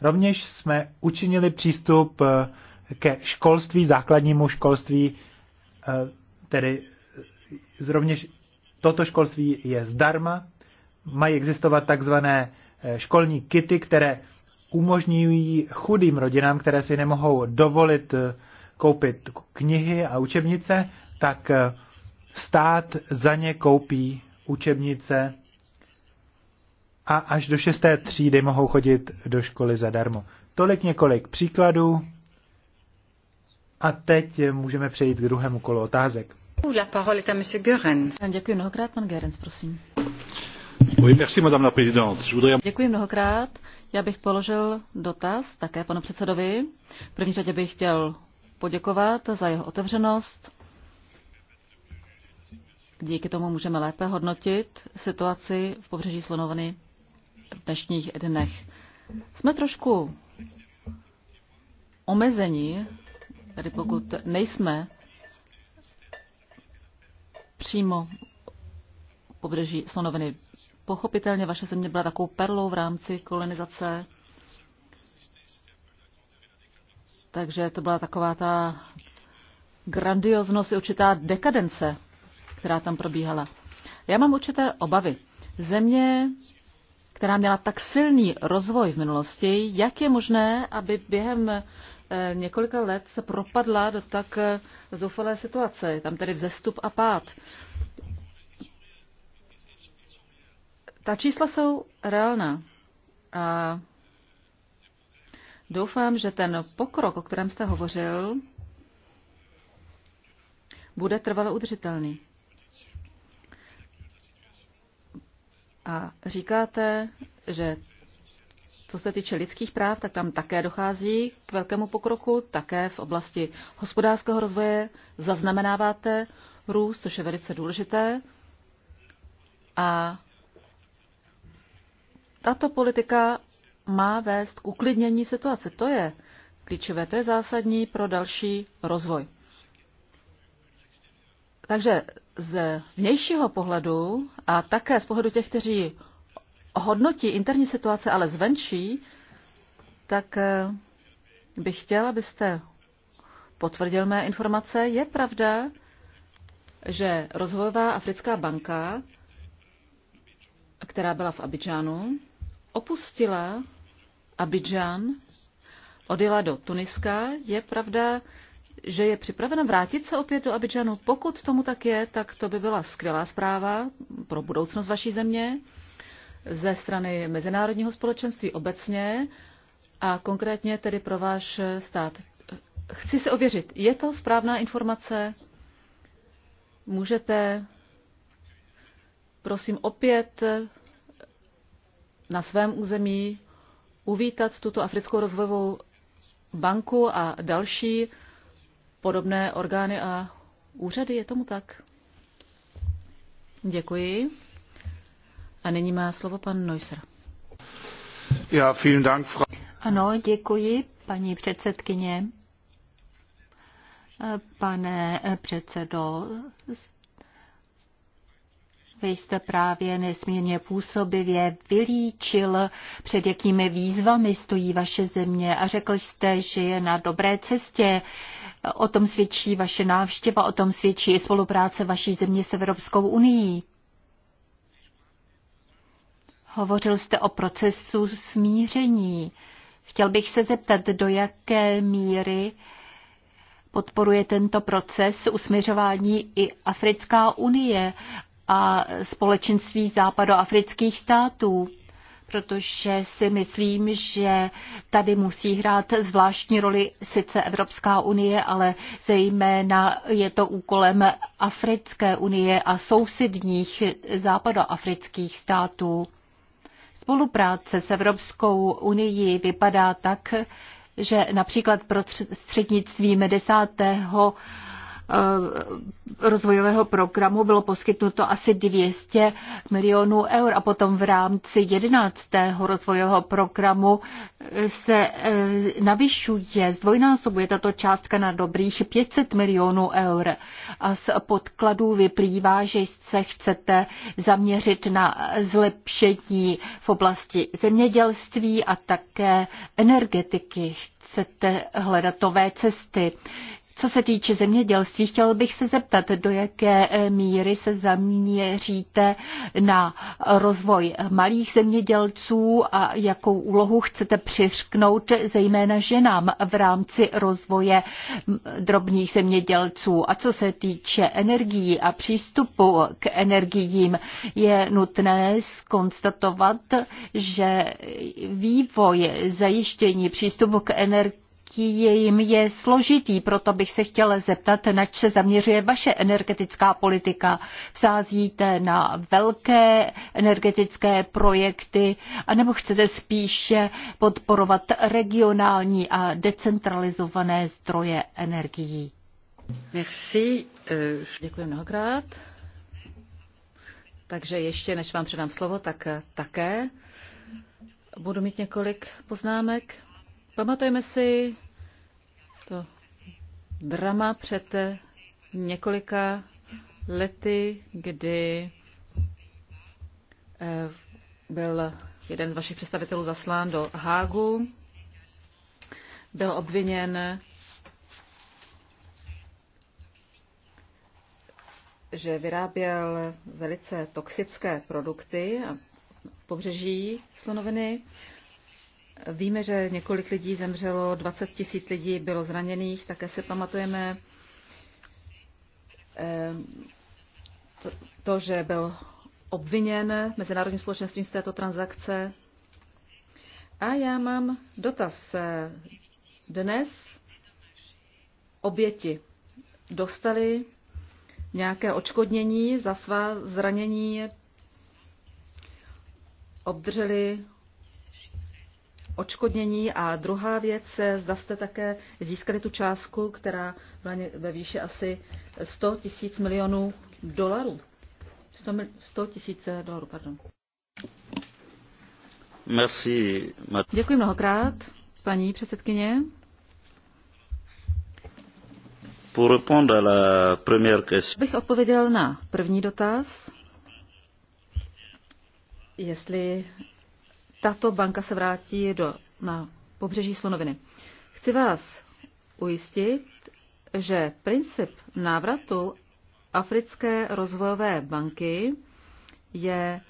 Rovněž jsme učinili přístup eh, ke školství, základnímu školství, eh, tedy zrovněž toto školství je zdarma, mají existovat takzvané eh, školní kity, které umožňují chudým rodinám, které si nemohou dovolit eh, koupit knihy a učebnice, tak eh, stát za ně koupí učebnice a až do šesté třídy mohou chodit do školy zadarmo. Tolik několik příkladů a teď můžeme přejít k druhému kolu otázek. La parole monsieur Děkuji mnohokrát, Görens, prosím. Děkuji mnohokrát. Já bych položil dotaz také panu předsedovi. V první řadě bych chtěl poděkovat za jeho otevřenost. Díky tomu můžeme lépe hodnotit situaci v pobřeží Slonoviny v dnešních dnech. Jsme trošku omezení, tedy pokud nejsme přímo pobřeží slonoviny. Pochopitelně vaše země byla takovou perlou v rámci kolonizace, takže to byla taková ta grandioznost i určitá dekadence, která tam probíhala. Já mám určité obavy. Země, která měla tak silný rozvoj v minulosti, jak je možné, aby během Eh, několika let se propadla do tak eh, zoufalé situace. tam tedy vzestup a pád. Ta čísla jsou reálná. A doufám, že ten pokrok, o kterém jste hovořil, bude trvale udržitelný. A říkáte, že co se týče lidských práv, tak tam také dochází k velkému pokroku, také v oblasti hospodářského rozvoje zaznamenáváte růst, což je velice důležité. A tato politika má vést k uklidnění situace. To je klíčové, to je zásadní pro další rozvoj. Takže z vnějšího pohledu a také z pohledu těch, kteří hodnotí interní situace, ale zvenčí, tak eh, bych chtěl, abyste potvrdil mé informace. Je pravda, že Rozvojová africká banka, která byla v Abidžánu, opustila Abidžán, odjela do Tuniska. Je pravda, že je připravena vrátit se opět do Abidžanu. Pokud tomu tak je, tak to by byla skvělá zpráva pro budoucnost vaší země ze strany mezinárodního společenství obecně a konkrétně tedy pro váš stát. Chci se ověřit, je to správná informace? Můžete, prosím, opět na svém území uvítat tuto Africkou rozvojovou banku a další podobné orgány a úřady. Je tomu tak? Děkuji. A nyní má slovo pan Neusser. Ja, vielen Dank, Frau... Ano, děkuji, paní předsedkyně. Pane předsedo, vy jste právě nesmírně působivě vylíčil, před jakými výzvami stojí vaše země a řekl jste, že je na dobré cestě. O tom svědčí vaše návštěva, o tom svědčí i spolupráce vaší země s Evropskou unii. Hovořil jste o procesu smíření. Chtěl bych se zeptat, do jaké míry podporuje tento proces usměřování i Africká unie a společenství západoafrických států, protože si myslím, že tady musí hrát zvláštní roli sice Evropská unie, ale zejména je to úkolem Africké unie a sousedních západoafrických států. Spolupráce s Evropskou unii vypadá tak, že například prostřednictvím desátého Eh, rozvojového programu bylo poskytnuto asi 200 milionů eur a potom v rámci 11. rozvojového programu se eh, navyšuje, zdvojnásobuje tato částka na dobrých 500 milionů eur. A z podkladů vyplývá, že se chcete zaměřit na zlepšení v oblasti zemědělství a také energetiky chcete hledat nové cesty. Co se týče zemědělství, chtěl bych se zeptat, do jaké eh, míry se zaměříte na rozvoj malých zemědělců a jakou úlohu chcete přiřknout zejména ženám v rámci rozvoje drobných zemědělců. A co se týče energií a přístupu k energiím, je nutné skonstatovat, že vývoj zajištění přístupu k energii jaký jim je složitý. Proto bych se chtěla zeptat, na co se zaměřuje vaše energetická politika. Vsázíte na velké energetické projekty, anebo chcete spíše podporovat regionální a decentralizované zdroje energií? Merci. Euh, Děkuji mnohokrát. Takže ještě než vám předám slovo, tak také budu mít několik poznámek. Pamatujeme si to drama před několika lety, kdy eh, byl jeden z vašich představitelů zaslán do Hágu, byl obviněn, že vyráběl velice toxické produkty a pobřeží slonoviny. Víme, že několik lidí zemřelo, 20 tisíc lidí bylo zraněných, také se pamatujeme ehm, to, že byl obviněn mezinárodním společenstvím z této transakce. A já mám dotaz. Dnes oběti dostali nějaké očkodnění za svá zranění, obdrželi odškodnění A druhá věc, zda jste také získali tu částku, která byla ve výši asi 100 tisíc milionů dolarů. 100 tisíc dolarů, pardon. Merci. Děkuji mnohokrát, paní předsedkyně. Pour répondre à la première question. Bych odpověděl na první dotaz, jestli tato banka se vrátí do, na pobřeží Slonoviny. Chci vás ujistit, že princip návratu Africké rozvojové banky je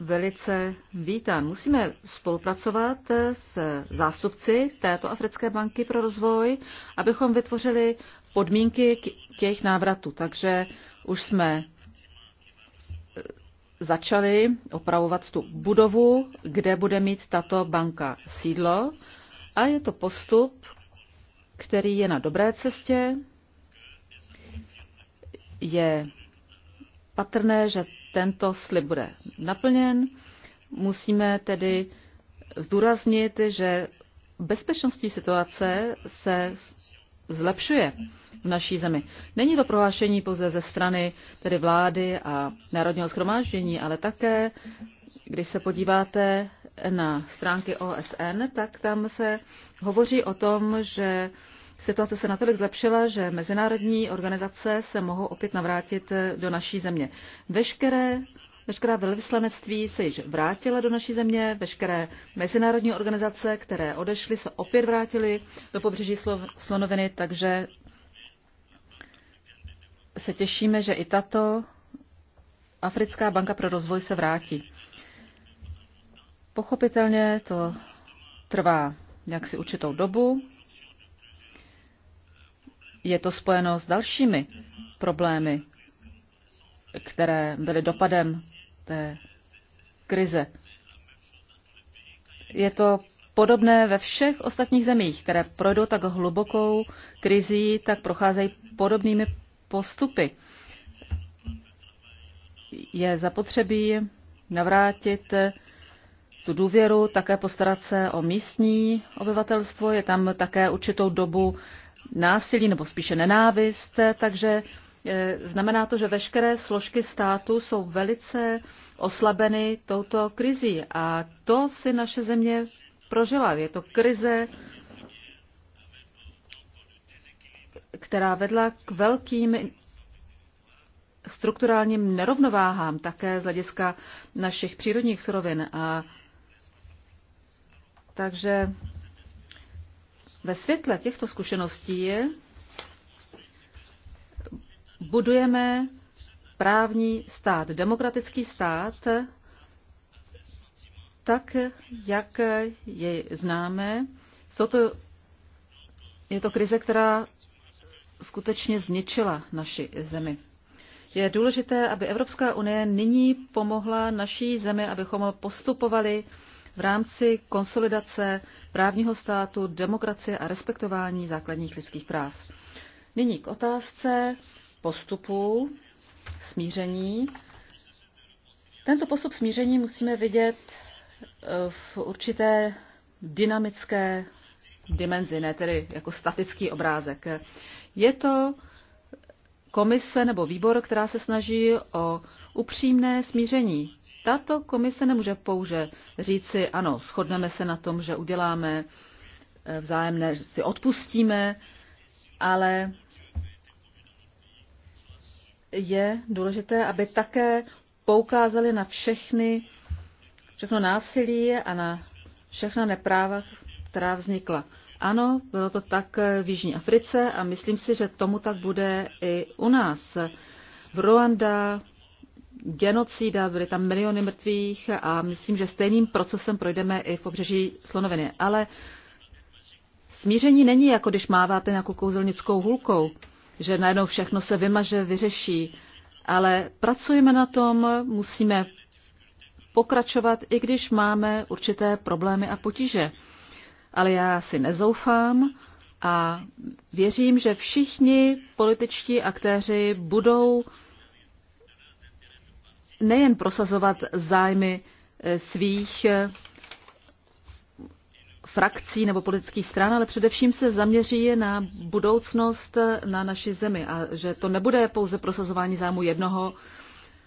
velice vítán. Musíme spolupracovat s zástupci této Africké banky pro rozvoj, abychom vytvořili podmínky k jejich návratu. Takže už jsme začali opravovat tu budovu, kde bude mít tato banka sídlo. A je to postup, který je na dobré cestě. Je patrné, že tento slib bude naplněn. Musíme tedy zdůraznit, že bezpečnostní situace se zlepšuje v naší zemi. Není to prohlášení pouze ze strany tedy vlády a Národního schromáždění, ale také, když se podíváte na stránky OSN, tak tam se hovoří o tom, že situace se natolik zlepšila, že mezinárodní organizace se mohou opět navrátit do naší země. Veškeré Veškerá velvyslanectví se již vrátila do naší země, veškeré mezinárodní organizace, které odešly, se opět vrátily do pobřeží Slonoviny, takže se těšíme, že i tato Africká banka pro rozvoj se vrátí. Pochopitelně to trvá jaksi určitou dobu. Je to spojeno s dalšími problémy, které byly dopadem té krize. Je to podobné ve všech ostatních zemích, které projdou tak hlubokou krizí, tak procházejí podobnými postupy. Je zapotřebí navrátit tu důvěru, také postarat se o místní obyvatelstvo, je tam také určitou dobu násilí nebo spíše nenávist, takže Eh, znamená to, že veškeré složky státu jsou velice oslabeny touto krizí a to si naše země prožila. Je to krize, která vedla k velkým strukturálním nerovnováhám také z hlediska našich přírodních surovin. A takže ve světle těchto zkušeností je, budujeme právní stát, demokratický stát, tak, jak jej známe. Jsou to, je to krize, která skutečně zničila naši zemi. Je důležité, aby Evropská unie nyní pomohla naší zemi, abychom postupovali v rámci konsolidace právního státu, demokracie a respektování základních lidských práv. Nyní k otázce postupů smíření. Tento postup smíření musíme vidět eh, v určité dynamické dimenzi, ne tedy jako statický obrázek. Je to komise nebo výbor, která se snaží o upřímné smíření. Tato komise nemůže pouze říci, ano, shodneme se na tom, že uděláme eh, vzájemné, že si odpustíme, ale je důležité, aby také poukázali na všechny, všechno násilí a na všechna nepráva, která vznikla. Ano, bylo to tak v Jižní Africe a myslím si, že tomu tak bude i u nás. V Ruanda genocída, byly tam miliony mrtvých a myslím, že stejným procesem projdeme i v pobřeží Slonoviny. Ale smíření není jako když máváte nějakou kouzelnickou hůlkou že najednou všechno se vymaže, vyřeší. Ale pracujeme na tom, musíme pokračovat, i když máme určité problémy a potíže. Ale já si nezoufám a věřím, že všichni političtí aktéři budou nejen prosazovat zájmy eh, svých eh, frakcí nebo politických stran, ale především se zaměří na budoucnost na naší zemi a že to nebude pouze prosazování zájmu jednoho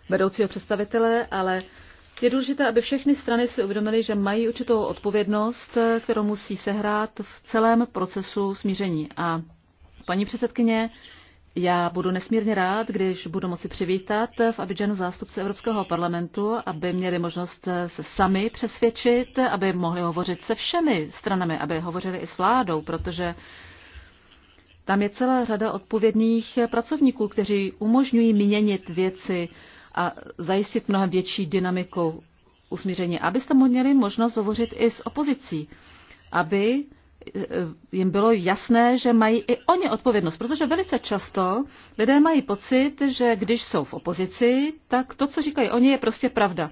vedoucího představitele, ale je důležité, aby všechny strany si uvědomily, že mají určitou odpovědnost, kterou musí sehrát v celém procesu smíření. A paní předsedkyně, já budu nesmírně rád, když budu moci přivítat v Abidžanu zástupce Evropského parlamentu, aby měli možnost se sami přesvědčit, aby mohli hovořit se všemi stranami, aby hovořili i s vládou, protože tam je celá řada odpovědných pracovníků, kteří umožňují měnit věci a zajistit mnohem větší dynamiku usmíření. Abyste měli možnost hovořit i s opozicí, aby jim bylo jasné, že mají i oni odpovědnost, protože velice často lidé mají pocit, že když jsou v opozici, tak to, co říkají oni, je prostě pravda.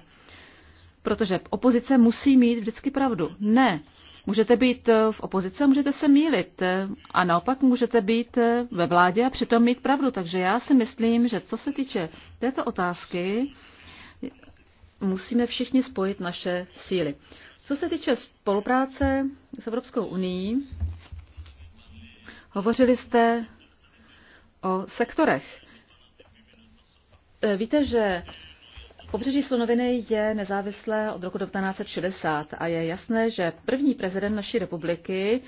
Protože opozice musí mít vždycky pravdu. Ne. Můžete být eh, v opozici, můžete se mílit. Eh, a naopak můžete být eh, ve vládě a přitom mít pravdu. Takže já si myslím, že co se týče této otázky, musíme všichni spojit naše síly. Co se týče spolupráce s Evropskou unii, hovořili jste o sektorech. E, víte, že Pobřeží Slonoviny je nezávislé od roku 1960 a je jasné, že první prezident naší republiky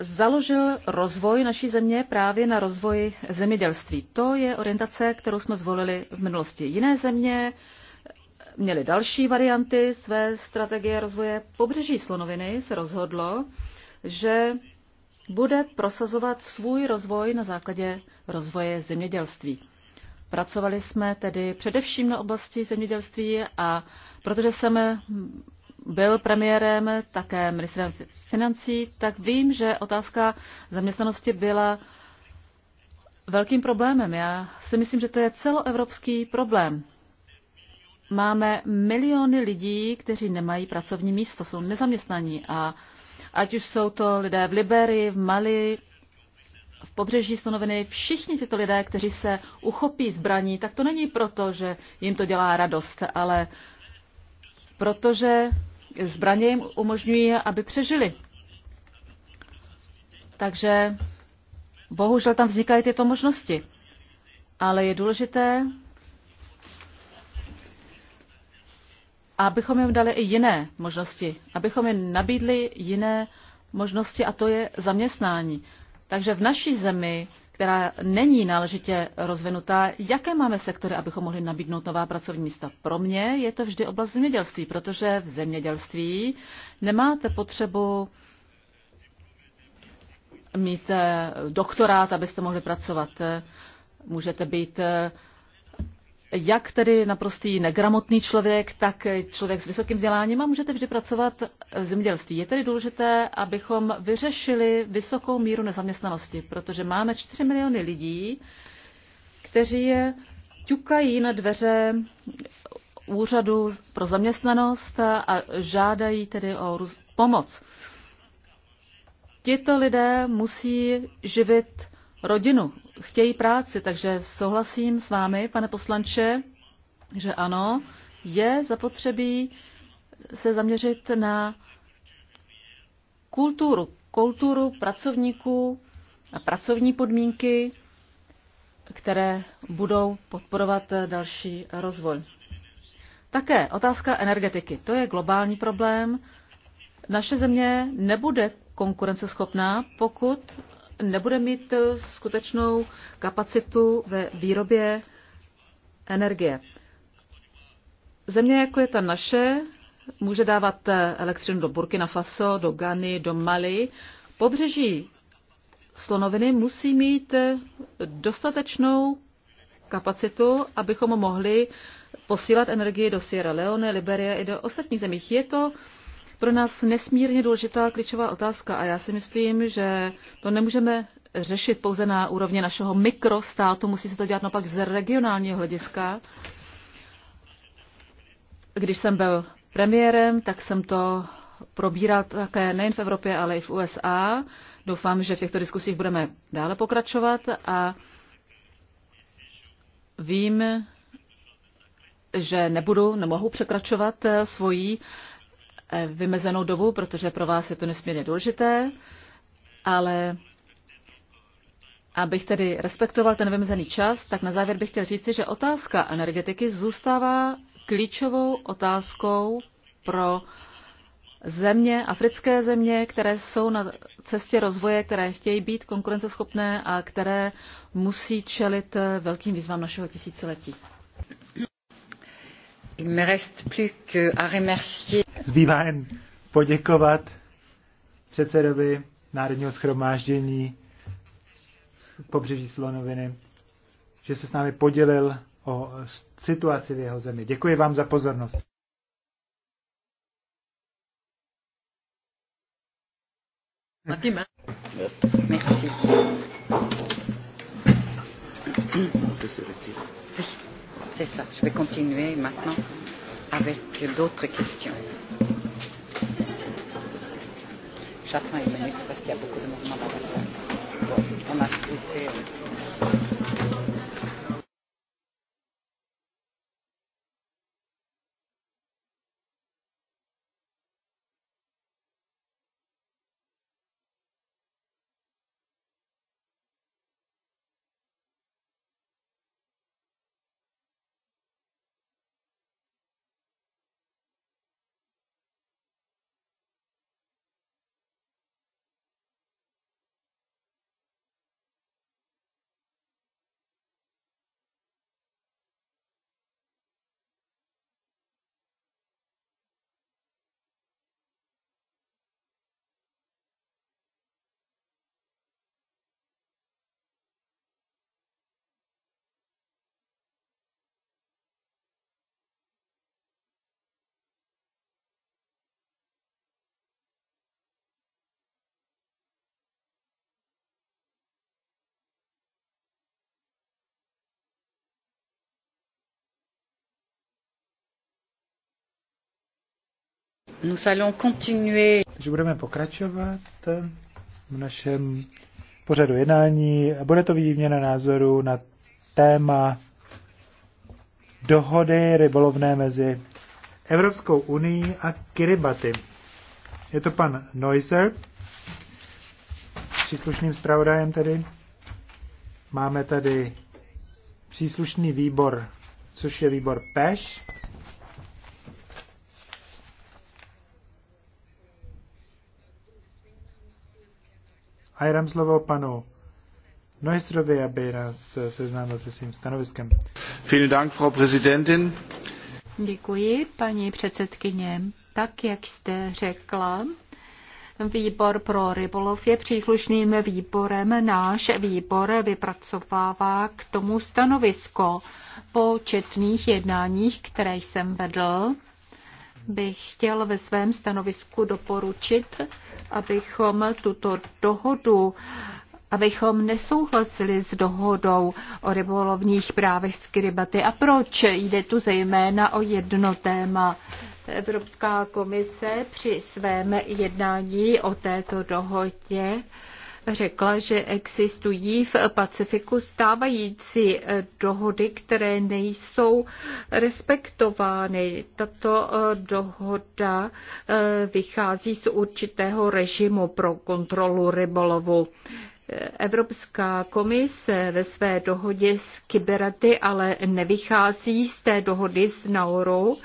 založil rozvoj naší země právě na rozvoji zemědělství. To je orientace, kterou jsme zvolili v minulosti. Jiné země měli další varianty své strategie rozvoje. Pobřeží Slonoviny se rozhodlo, že bude prosazovat svůj rozvoj na základě rozvoje zemědělství. Pracovali jsme tedy především na oblasti zemědělství a protože jsem byl premiérem, také ministrem financí, tak vím, že otázka zaměstnanosti byla velkým problémem. Já si myslím, že to je celoevropský problém máme miliony lidí, kteří nemají pracovní místo, jsou nezaměstnaní a ať už jsou to lidé v Liberii, v Mali, v pobřeží stanoviny, všichni tyto lidé, kteří se uchopí zbraní, tak to není proto, že jim to dělá radost, ale protože zbraně jim umožňují, aby přežili. Takže bohužel tam vznikají tyto možnosti. Ale je důležité abychom jim dali i jiné možnosti, abychom jim nabídli jiné možnosti a to je zaměstnání. Takže v naší zemi, která není náležitě rozvinutá, jaké máme sektory, abychom mohli nabídnout nová pracovní místa? Pro mě je to vždy oblast zemědělství, protože v zemědělství nemáte potřebu mít eh, doktorát, abyste mohli pracovat. Eh, můžete být eh, jak tedy naprostý negramotný člověk, tak člověk s vysokým vzděláním a můžete vždy pracovat v zemědělství. Je tedy důležité, abychom vyřešili vysokou míru nezaměstnanosti, protože máme 4 miliony lidí, kteří ťukají na dveře úřadu pro zaměstnanost a žádají tedy o pomoc. Tito lidé musí živit rodinu, chtějí práci, takže souhlasím s vámi, pane poslanče, že ano, je zapotřebí se zaměřit na kulturu, kulturu pracovníků a pracovní podmínky, které budou podporovat další rozvoj. Také otázka energetiky. To je globální problém. Naše země nebude konkurenceschopná, pokud nebude mít eh, skutečnou kapacitu ve výrobě energie. Země, jako je ta naše, může dávat eh, elektřinu do Burkina Faso, do Gany, do Mali. Pobřeží slonoviny musí mít eh, dostatečnou kapacitu, abychom mohli posílat energii do Sierra Leone, Liberie i do ostatních zemích. Je to pro nás nesmírně důležitá klíčová otázka a já si myslím, že to nemůžeme řešit pouze na úrovni našeho mikrostátu, musí se to dělat naopak z regionálního hlediska. Když jsem byl premiérem, tak jsem to probíral také nejen v Evropě, ale i v USA. Doufám, že v těchto diskusích budeme dále pokračovat a vím, že nebudu, nemohu překračovat eh, svoji Eh, vymezenou dobu, protože pro vás je to nesmírně důležité, ale abych tedy respektoval ten vymezený čas, tak na závěr bych chtěl říci, že otázka energetiky zůstává klíčovou otázkou pro země, africké země, které jsou na cestě rozvoje, které chtějí být konkurenceschopné a které musí čelit eh, velkým výzvám našeho tisíciletí. Zbývá jen poděkovat předsedovi Národního schromáždění pobřeží Slonoviny, že se s námi podělil o situaci v jeho zemi. Děkuji vám za pozornost. Merci. C'est ça. Je vais continuer maintenant avec d'autres questions. J'attends une minute parce qu'il y a beaucoup de mouvements dans la salle. Bon, on a squeezé. Nous allons continuer. Takže budeme pokračovat v našem pořadu jednání. Bude to výměna názoru na téma dohody rybolovné mezi Evropskou unii a Kiribati. Je to pan Noiser, příslušným zpravodajem tedy. Máme tady příslušný výbor, což je výbor PEŠ. A slovo panu Neustrovi, aby nás seznámil se svým stanoviskem. Vielen Dank, Frau Präsidentin. Děkuji, paní předsedkyně. Tak, jak jste řekla, Výbor pro rybolov je příslušným výborem. Náš výbor vypracovává k tomu stanovisko. Po četných jednáních, které jsem vedl, bych chtěl ve svém stanovisku doporučit, abychom tuto dohodu abychom nesouhlasili s dohodou o rybolovních právech z Kiribati. A proč? Jde tu zejména o jedno téma. Evropská komise při svém jednání o této dohodě řekla, že existují v Pacifiku stávající eh, dohody, které nejsou respektovány. Tato eh, dohoda eh, vychází z určitého režimu pro kontrolu rybolovu. Evropská komise ve své dohodě s Kyberaty ale nevychází z té dohody s Naurou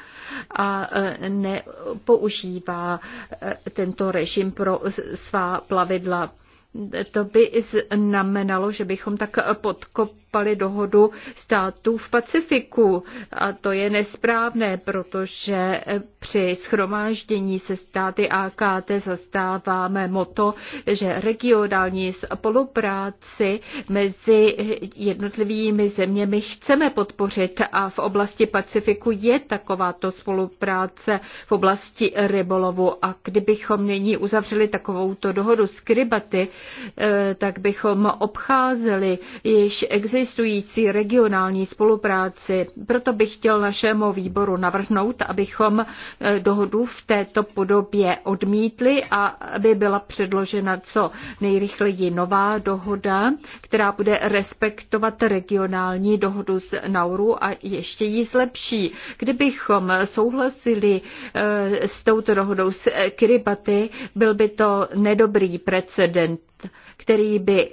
a nepoužívá tento režim pro svá plavidla to by znamenalo, že bychom tak podkopali chápali dohodu států v Pacifiku. A to je nesprávné, protože při schromáždění se státy AKT zastáváme moto, že regionální spolupráci mezi jednotlivými zeměmi chceme podpořit a v oblasti Pacifiku je takováto spolupráce v oblasti rybolovu a kdybychom nyní uzavřeli takovouto dohodu s Krybaty, eh, tak bychom obcházeli již existující existující regionální spolupráci. Proto bych chtěl našemu výboru navrhnout, abychom e, dohodu v této podobě odmítli a aby byla předložena co nejrychleji nová dohoda, která bude respektovat regionální dohodu z Nauru a ještě ji zlepší. Kdybychom souhlasili e, s touto dohodou s Kiribati, byl by to nedobrý precedent, který by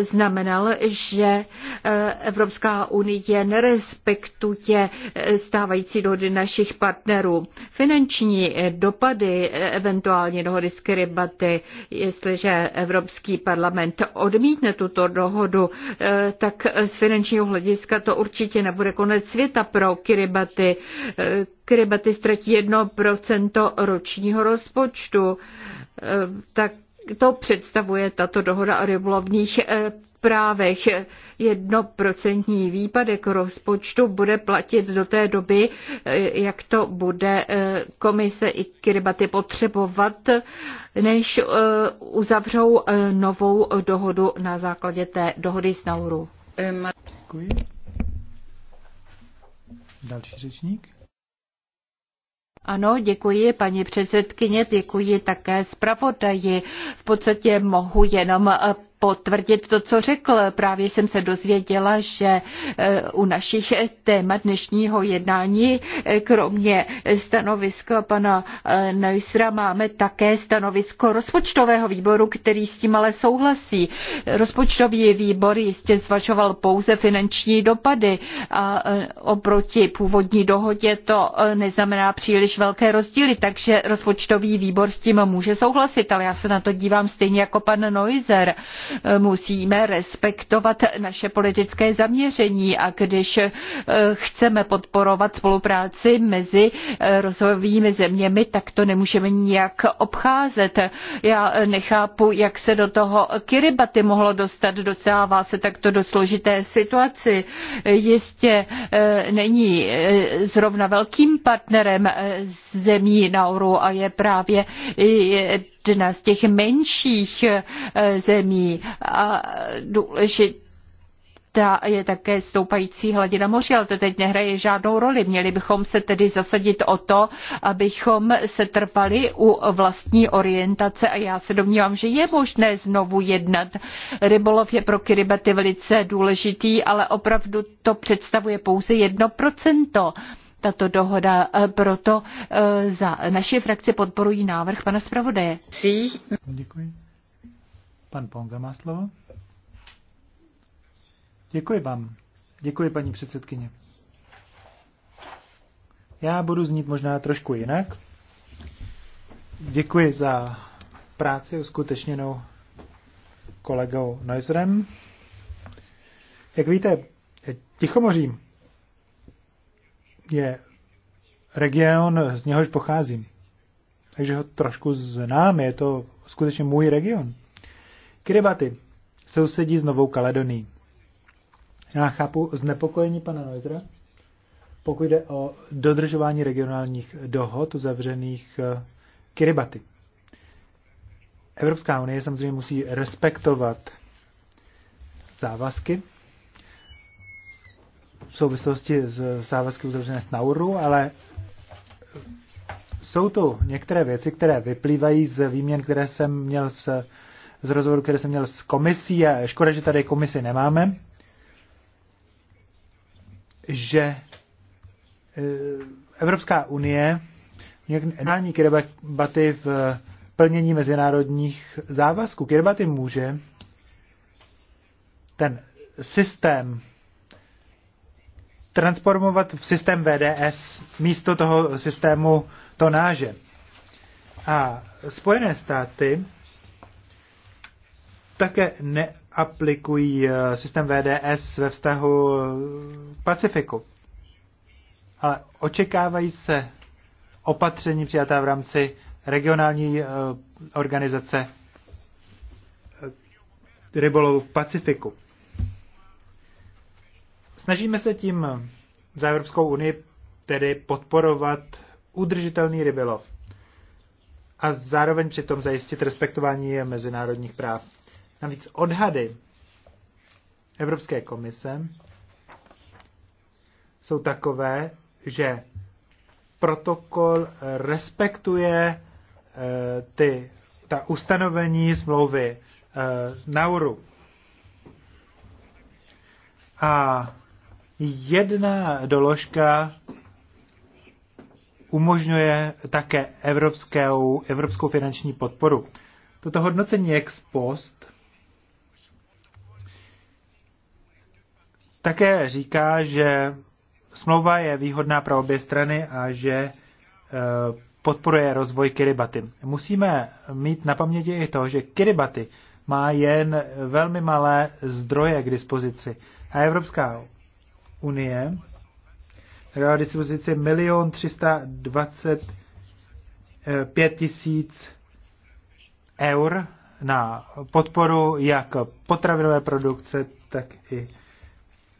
znamenal, že eh, Evropská unie nerespektuje eh, stávající dohody našich partnerů. Finanční eh, dopady eventuálně dohody z Kiribati, jestliže Evropský parlament odmítne tuto dohodu, tak z finančního hlediska to určitě nebude konec světa pro Kiribati. Kiribati ztratí 1% ročního rozpočtu. Tak to představuje tato dohoda o rybolovných eh, právech. Jednoprocentní výpadek rozpočtu bude platit do té doby, eh, jak to bude eh, komise i Kiribati potřebovat, než uzavřou novou dohodu na základě té dohody s Nauru. Děkuji. Další řečník. Ano, děkuji paní předsedkyně, děkuji také zpravodaji. V podstatě mohu jenom eh, potvrdit to, co řekl. Právě jsem se dozvěděla, že e, u našich témat dnešního jednání, e, kromě stanoviska pana e, Neusra, máme také stanovisko rozpočtového výboru, který s tím ale souhlasí. Rozpočtový výbor jistě zvažoval pouze finanční dopady a oproti původní dohodě to neznamená příliš velké rozdíly, takže rozpočtový výbor s tím může souhlasit, ale já se na to dívám stejně jako pan Neuser. Eh, musíme respektovat naše politické zaměření a když eh, chceme podporovat spolupráci mezi eh, rozvojovými zeměmi, tak to nemůžeme nijak obcházet. Já nechápu, jak se do toho Kiribati mohlo dostat, dostává se takto do složité situaci. Jistě není zrovna velkým partnerem zemí Nauru a je právě jedna z těch menších eh, zemí a důležitá ta je také stoupající hladina moře, ale to teď nehraje žádnou roli. Měli bychom se tedy zasadit o to, abychom se trvali u vlastní orientace a já se domnívám, že je možné znovu jednat. Rybolov je pro Kiribati velice důležitý, ale opravdu to představuje pouze jedno procento tato dohoda. E, proto e, za naši frakci podporují návrh pana zpravodaje. Děkuji. Pan Ponga má slovo. Děkuji vám. Děkuji, paní předsedkyně. Já budu znít možná trošku jinak. Děkuji za práci uskutečněnou kolegou Neuserem. Jak víte, Tichomořím je region, z něhož pocházím. Takže ho trošku znám, je to skutečně můj region. Kiribati sousedí s Novou Kaledonií. Já chápu znepokojení pana Neusera, pokud jde o dodržování regionálních dohod uzavřených eh, Kiribati. Evropská unie samozřejmě musí respektovat závazky v souvislosti s závazky uzavřené s Nauru, ale jsou tu některé věci, které vyplývají z výměn, které jsem měl s, z rozhovoru, které jsem měl s komisí a škoda, že tady komisi nemáme, že e, Evropská unie jednání Kiribati v plnění mezinárodních závazků. Kiribati může ten systém transformovat v systém VDS místo toho systému tonáže. A Spojené státy také neaplikují eh, systém VDS ve vztahu eh, Pacifiku. Ale očekávají se opatření přijatá v rámci regionální eh, organizace rybolovu v Pacifiku. Snažíme se tím za Evropskou unii tedy podporovat udržitelný rybolov a zároveň přitom zajistit respektování mezinárodních práv. Navíc odhady Evropské komise jsou takové, že protokol respektuje eh, ty, ta ustanovení smlouvy eh, z Nauru. A jedna doložka umožňuje také evropskou, evropskou finanční podporu. Toto hodnocení ex post také říká, že smlouva je výhodná pro obě strany a že e, podporuje rozvoj Kiribati. Musíme mít na paměti i to, že Kiribati má jen velmi malé zdroje k dispozici a Evropská unie, dala dispozici 1 325 eh, tisíc eur na podporu jak potravinové produkce, tak i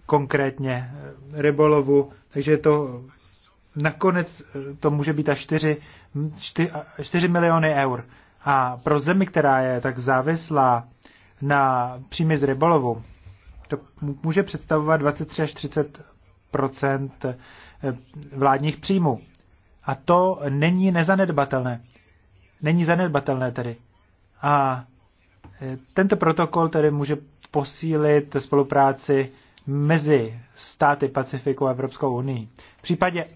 konkrétně eh, rybolovu. Takže to nakonec eh, to může být až 4, 4, 4 miliony eur. A pro zemi, která je tak závislá na příjmy z rybolovu, to může představovat 23 až 30 eh, vládních příjmů. A to není nezanedbatelné. Není zanedbatelné tedy. A eh, tento protokol tedy může posílit spolupráci mezi státy Pacifiku a Evropskou unii. V případě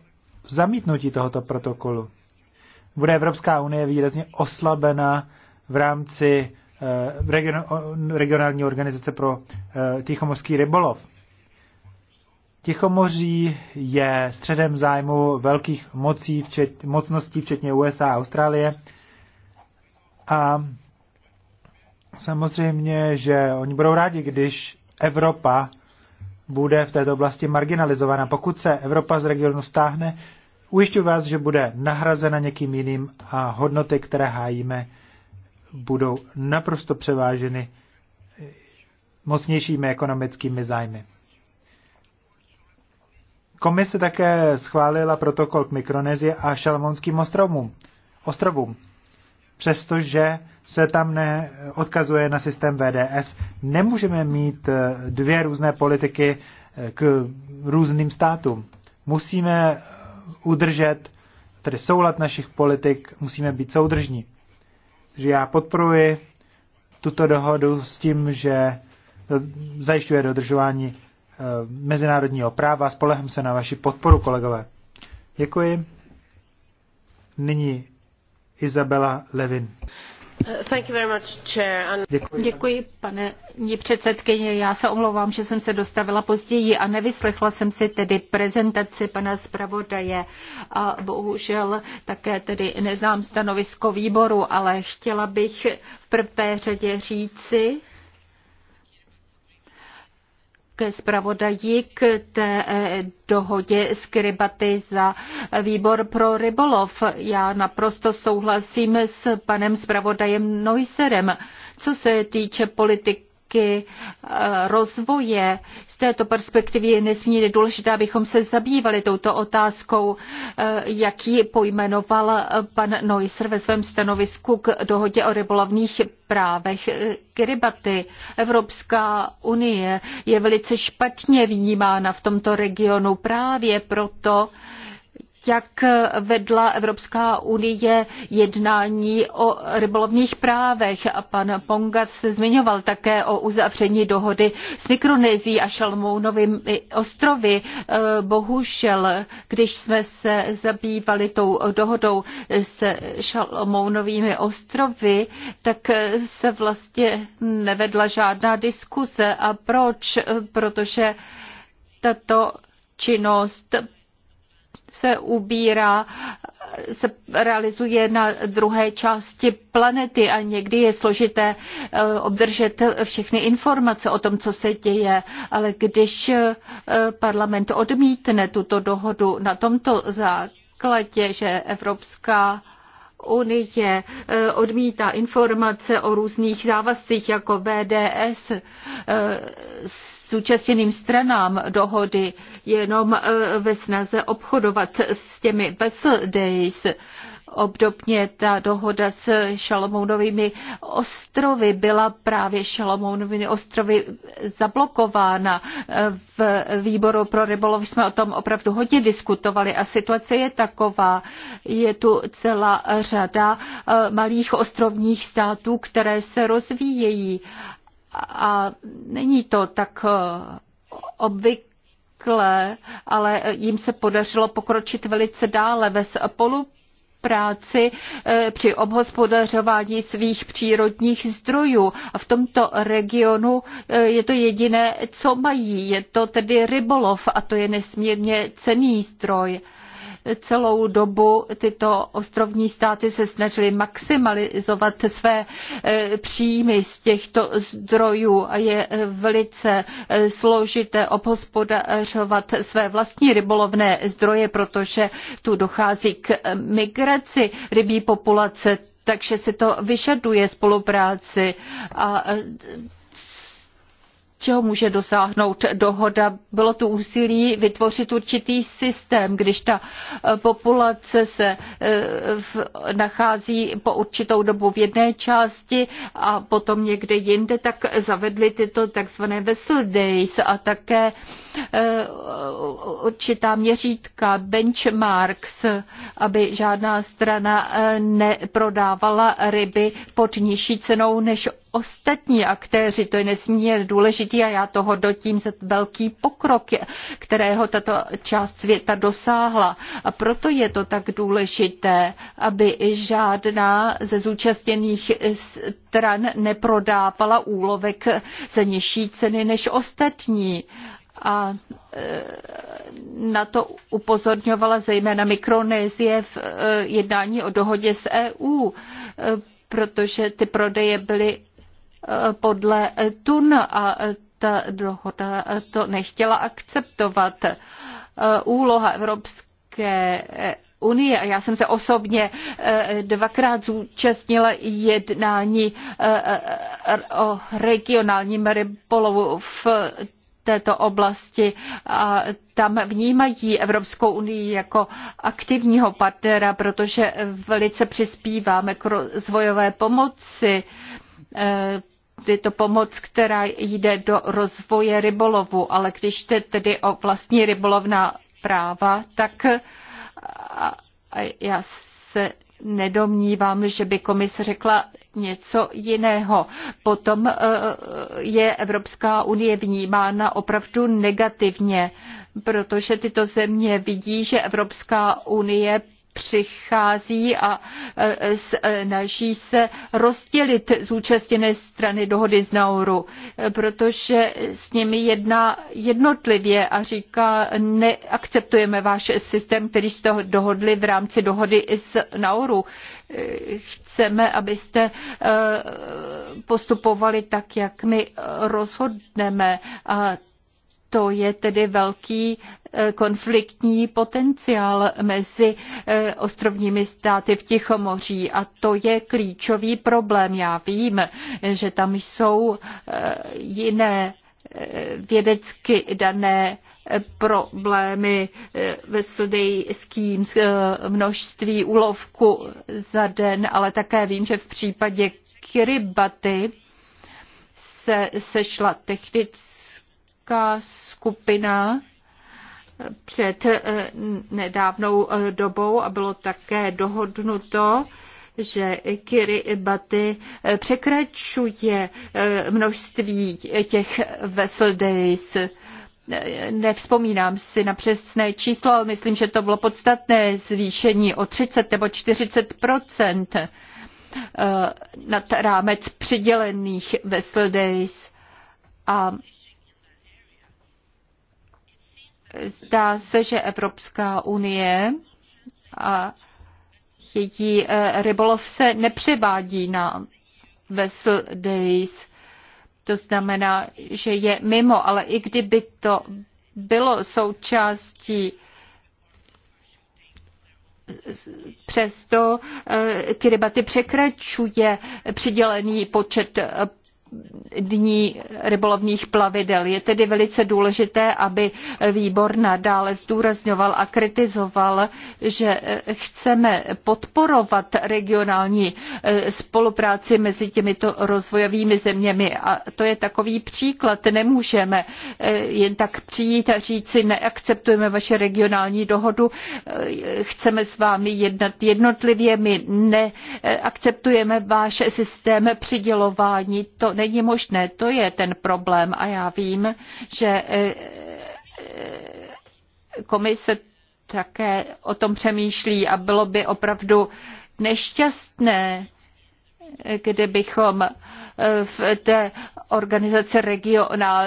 zamítnutí tohoto protokolu bude Evropská unie výrazně oslabena v rámci Eh, regionální organizace pro eh, Tichomorský rybolov. Tichomoří je středem zájmu velkých mocí, včet, mocností, včetně USA a Austrálie. A samozřejmě, že oni budou rádi, když Evropa bude v této oblasti marginalizována. Pokud se Evropa z regionu stáhne, ujišťuji vás, že bude nahrazena někým jiným a hodnoty, které hájíme, budou naprosto převáženy mocnějšími ekonomickými zájmy. Komise také schválila protokol k Mikronezie a Šalmonským ostrovům. ostrovům. Přestože se tam neodkazuje na systém VDS, nemůžeme mít eh, dvě různé politiky eh, k různým státům. Musíme eh, udržet tedy soulad našich politik, musíme být soudržní že já podporuji tuto dohodu s tím, že eh, zajišťuje dodržování eh, mezinárodního práva. Spolehám se na vaši podporu, kolegové. Děkuji. Nyní Izabela Levin. Děkuji. Děkuji, pane předsedkyně. Já se omlouvám, že jsem se dostavila později a nevyslechla jsem si tedy prezentaci pana zpravodaje a bohužel také tedy neznám stanovisko výboru, ale chtěla bych v prvé řadě říci, ke zpravodaji k té eh, dohodě s Kiribati za výbor pro rybolov. Já naprosto souhlasím s panem zpravodajem Noiserem. Co se týče politik otázky eh, rozvoje. Z této perspektivy je nesmírně důležité, abychom se zabývali touto otázkou, eh, jak ji pojmenoval eh, pan Neusser ve svém stanovisku k dohodě o rybolovných právech Kiribati. Evropská unie je velice špatně vnímána v tomto regionu právě proto, jak vedla Evropská unie jednání o rybolovních právech. A pan Pongac se zmiňoval také o uzavření dohody s Mikronézí a Šalmounovými ostrovy. E, bohužel, když jsme se zabývali tou dohodou s Šalmounovými ostrovy, tak se vlastně nevedla žádná diskuse. A proč? Protože tato činnost se ubírá, se realizuje na druhé části planety a někdy je složité eh, obdržet všechny informace o tom, co se děje. Ale když eh, parlament odmítne tuto dohodu na tomto základě, že Evropská unie eh, odmítá informace o různých závazcích jako VDS, zúčastněným stranám dohody jenom e, ve snaze obchodovat s těmi vessel days. Obdobně ta dohoda s Šalomounovými ostrovy byla právě Šalomounovými ostrovy zablokována. E, v výboru pro rybolov jsme o tom opravdu hodně diskutovali a situace je taková. Je tu celá řada e, malých ostrovních států, které se rozvíjejí a není to tak eh, obvyklé, ale eh, jim se podařilo pokročit velice dále ve spolu práci eh, při obhospodařování svých přírodních zdrojů. A v tomto regionu je to jediné, co mají. Je to tedy rybolov a to je nesmírně cený zdroj celou dobu tyto ostrovní státy se snažily maximalizovat své e, příjmy z těchto zdrojů a je e, velice e, složité obhospodařovat své vlastní rybolovné zdroje, protože tu dochází k migraci rybí populace takže si to vyžaduje spolupráci a čeho může dosáhnout dohoda. Bylo tu úsilí vytvořit určitý systém, když ta eh, populace se eh, nachází po určitou dobu v jedné části a potom někde jinde, tak zavedli tyto takzvané vessel days a také Eh, určitá měřítka, benchmarks, aby žádná strana eh, neprodávala ryby pod nižší cenou než ostatní aktéři. To je nesmírně důležitý a já to hodnotím za velký pokrok, kterého tato část světa dosáhla. A proto je to tak důležité, aby žádná ze zúčastněných stran neprodávala úlovek za nižší ceny než ostatní a e, na to upozorňovala zejména Mikronézie v e, jednání o dohodě s EU, e, protože ty prodeje byly podle TUN a ta dohoda to nechtěla akceptovat. Úloha Evropské unie. A já jsem se osobně dvakrát zúčastnila jednání o regionálním rybolovu v této oblasti a tam vnímají Evropskou unii jako aktivního partnera, protože velice přispíváme k rozvojové pomoci. Eh, je to pomoc, která jde do rozvoje rybolovu, ale když jde tedy o vlastní rybolovná práva, tak eh, já se nedomnívám, že by komise řekla, něco jiného. Potom eh, je Evropská unie vnímána opravdu negativně, protože tyto země vidí, že Evropská unie přichází a eh, eh, snaží se rozdělit zúčastněné strany dohody z Nauru, protože s nimi jedná jednotlivě a říká, neakceptujeme váš systém, který jste dohodli v rámci dohody z Nauru chceme, abyste eh, postupovali tak, jak my rozhodneme. A to je tedy velký eh, konfliktní potenciál mezi eh, ostrovními státy v Tichomoří a to je klíčový problém. Já vím, že tam jsou jiné vědecky dané problémy eh, ve sudejským eh, množství ulovku za den, ale také vím, že v případě Kiribati se sešla technická skupina eh, před nedávnou dobou a bylo také dohodnuto, že Kiribati překračuje množství těch vessel days nevzpomínám si na přesné číslo, ale myslím, že to bylo podstatné zvýšení o 30 nebo 40 eh, nad rámec přidělených vessel days. A zdá se, že Evropská unie a její eh, rybolov se nepřevádí na vessel days to znamená, že je mimo, ale i kdyby to bylo součástí přesto Kiribati eh, překračuje přidělený počet eh, dní rybolovních plavidel. Je tedy velice důležité, aby výbor nadále zdůrazňoval a kritizoval, že chceme podporovat regionální eh, spolupráci mezi těmito rozvojovými zeměmi. A to je takový příklad. Nemůžeme eh, jen tak přijít a říci, neakceptujeme vaše regionální dohodu, eh, chceme s vámi jednat jednotlivě, my neakceptujeme váš systém přidělování. To není možné. To je ten problém a já vím, že eh, eh, komise také o tom přemýšlí a bylo by opravdu nešťastné, eh, kdybychom v té organizaci regionál,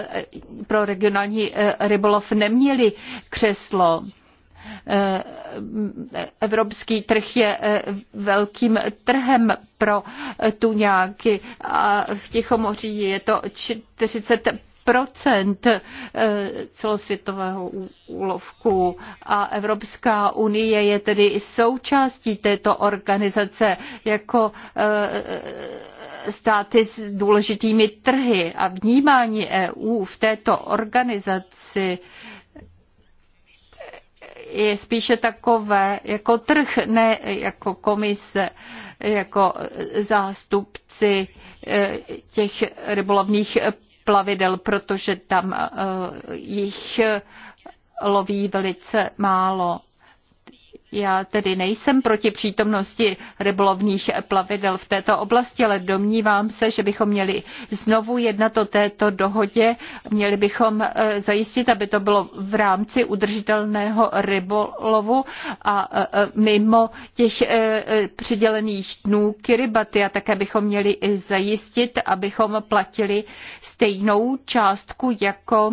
pro regionální rybolov neměli křeslo. Eh, evropský trh je eh, velkým trhem pro eh, tuňáky a v Tichomoří je to 40 procent celosvětového úlovku a Evropská unie je tedy součástí této organizace jako státy s důležitými trhy a vnímání EU v této organizaci je spíše takové jako trh, ne jako komise, jako zástupci eh, těch rybolovných plavidel, protože tam eh, jich eh, loví velice málo. Já tedy nejsem proti přítomnosti rybolovních plavidel v této oblasti, ale domnívám se, že bychom měli znovu jednat o této dohodě. Měli bychom eh, zajistit, aby to bylo v rámci udržitelného rybolovu a eh, eh, mimo těch přidělených dnů Kiribati. A také bychom měli zajistit, abychom platili stejnou částku jako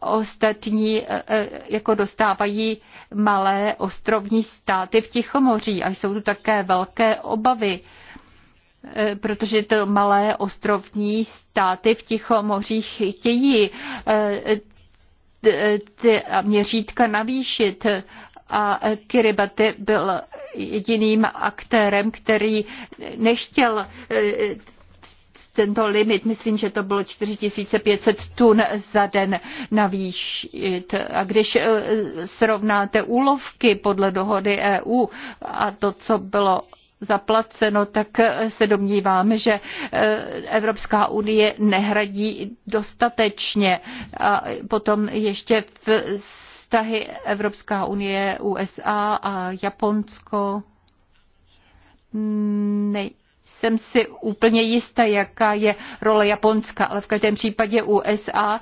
ostatní e, e, jako dostávají malé ostrovní státy v Tichomoří a jsou tu také velké obavy, e, protože to malé ostrovní státy v Tichomoří chtějí ty měřítka navýšit a Kiribati byl jediným aktérem, který nechtěl tento limit, myslím, že to bylo 4500 tun za den navýšit. A když eh, srovnáte úlovky podle dohody EU a to, co bylo zaplaceno, tak eh, se domníváme, že eh, Evropská unie nehradí dostatečně. A potom ještě vztahy Evropská unie, USA a Japonsko. Ne, jsem si úplně jista, jaká je role Japonska, ale v každém případě USA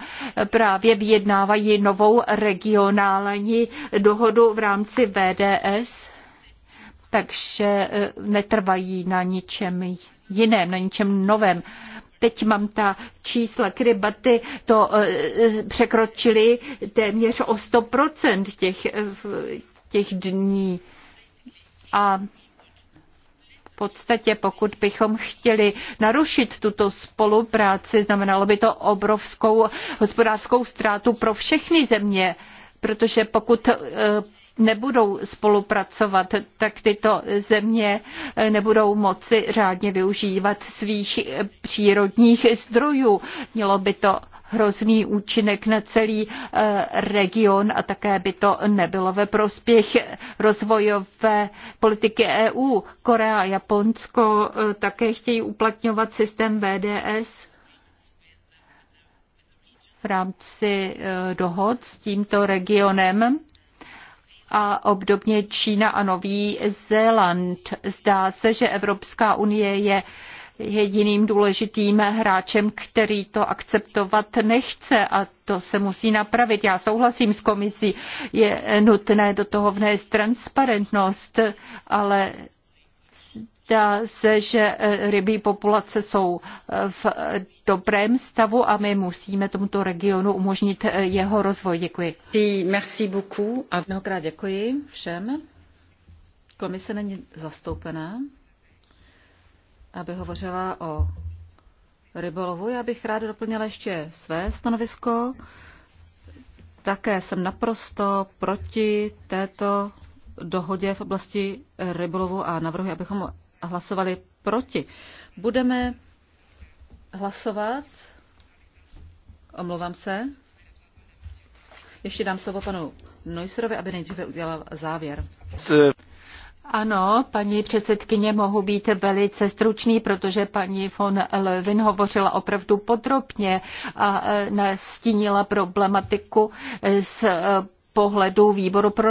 právě vyjednávají novou regionální dohodu v rámci VDS, takže eh, netrvají na ničem jiném, na ničem novém. Teď mám ta čísla Kiribati, to eh, překročili téměř o 100% těch, eh, těch dní. A podstatě, pokud bychom chtěli narušit tuto spolupráci, znamenalo by to obrovskou hospodářskou ztrátu pro všechny země, protože pokud eh, nebudou spolupracovat, tak tyto země eh, nebudou moci řádně využívat svých eh, přírodních zdrojů. Mělo by to hrozný účinek na celý eh, region a také by to nebylo ve prospěch rozvojové politiky EU. Korea a Japonsko eh, také chtějí uplatňovat systém VDS v rámci eh, dohod s tímto regionem a obdobně Čína a Nový Zéland. Zdá se, že Evropská unie je jediným důležitým hráčem, který to akceptovat nechce a to se musí napravit. Já souhlasím s komisí, je nutné do toho vnést transparentnost, ale zdá se, že eh, rybí populace jsou eh, v dobrém stavu a my musíme tomuto regionu umožnit eh, jeho rozvoj. Děkuji. Merci beaucoup. Mnohokrát děkuji všem. Komise není zastoupená aby hovořila o rybolovu. Já bych ráda doplnila ještě své stanovisko. Také jsem naprosto proti této dohodě v oblasti rybolovu a navrhuji, abychom hlasovali proti. Budeme hlasovat. Omlouvám se. Ještě dám slovo panu Neusserovi, aby nejdříve udělal závěr. Ano, paní předsedkyně, mohu být velice stručný, protože paní von Levin hovořila opravdu podrobně a e, nastínila problematiku s e, pohledu výboru pro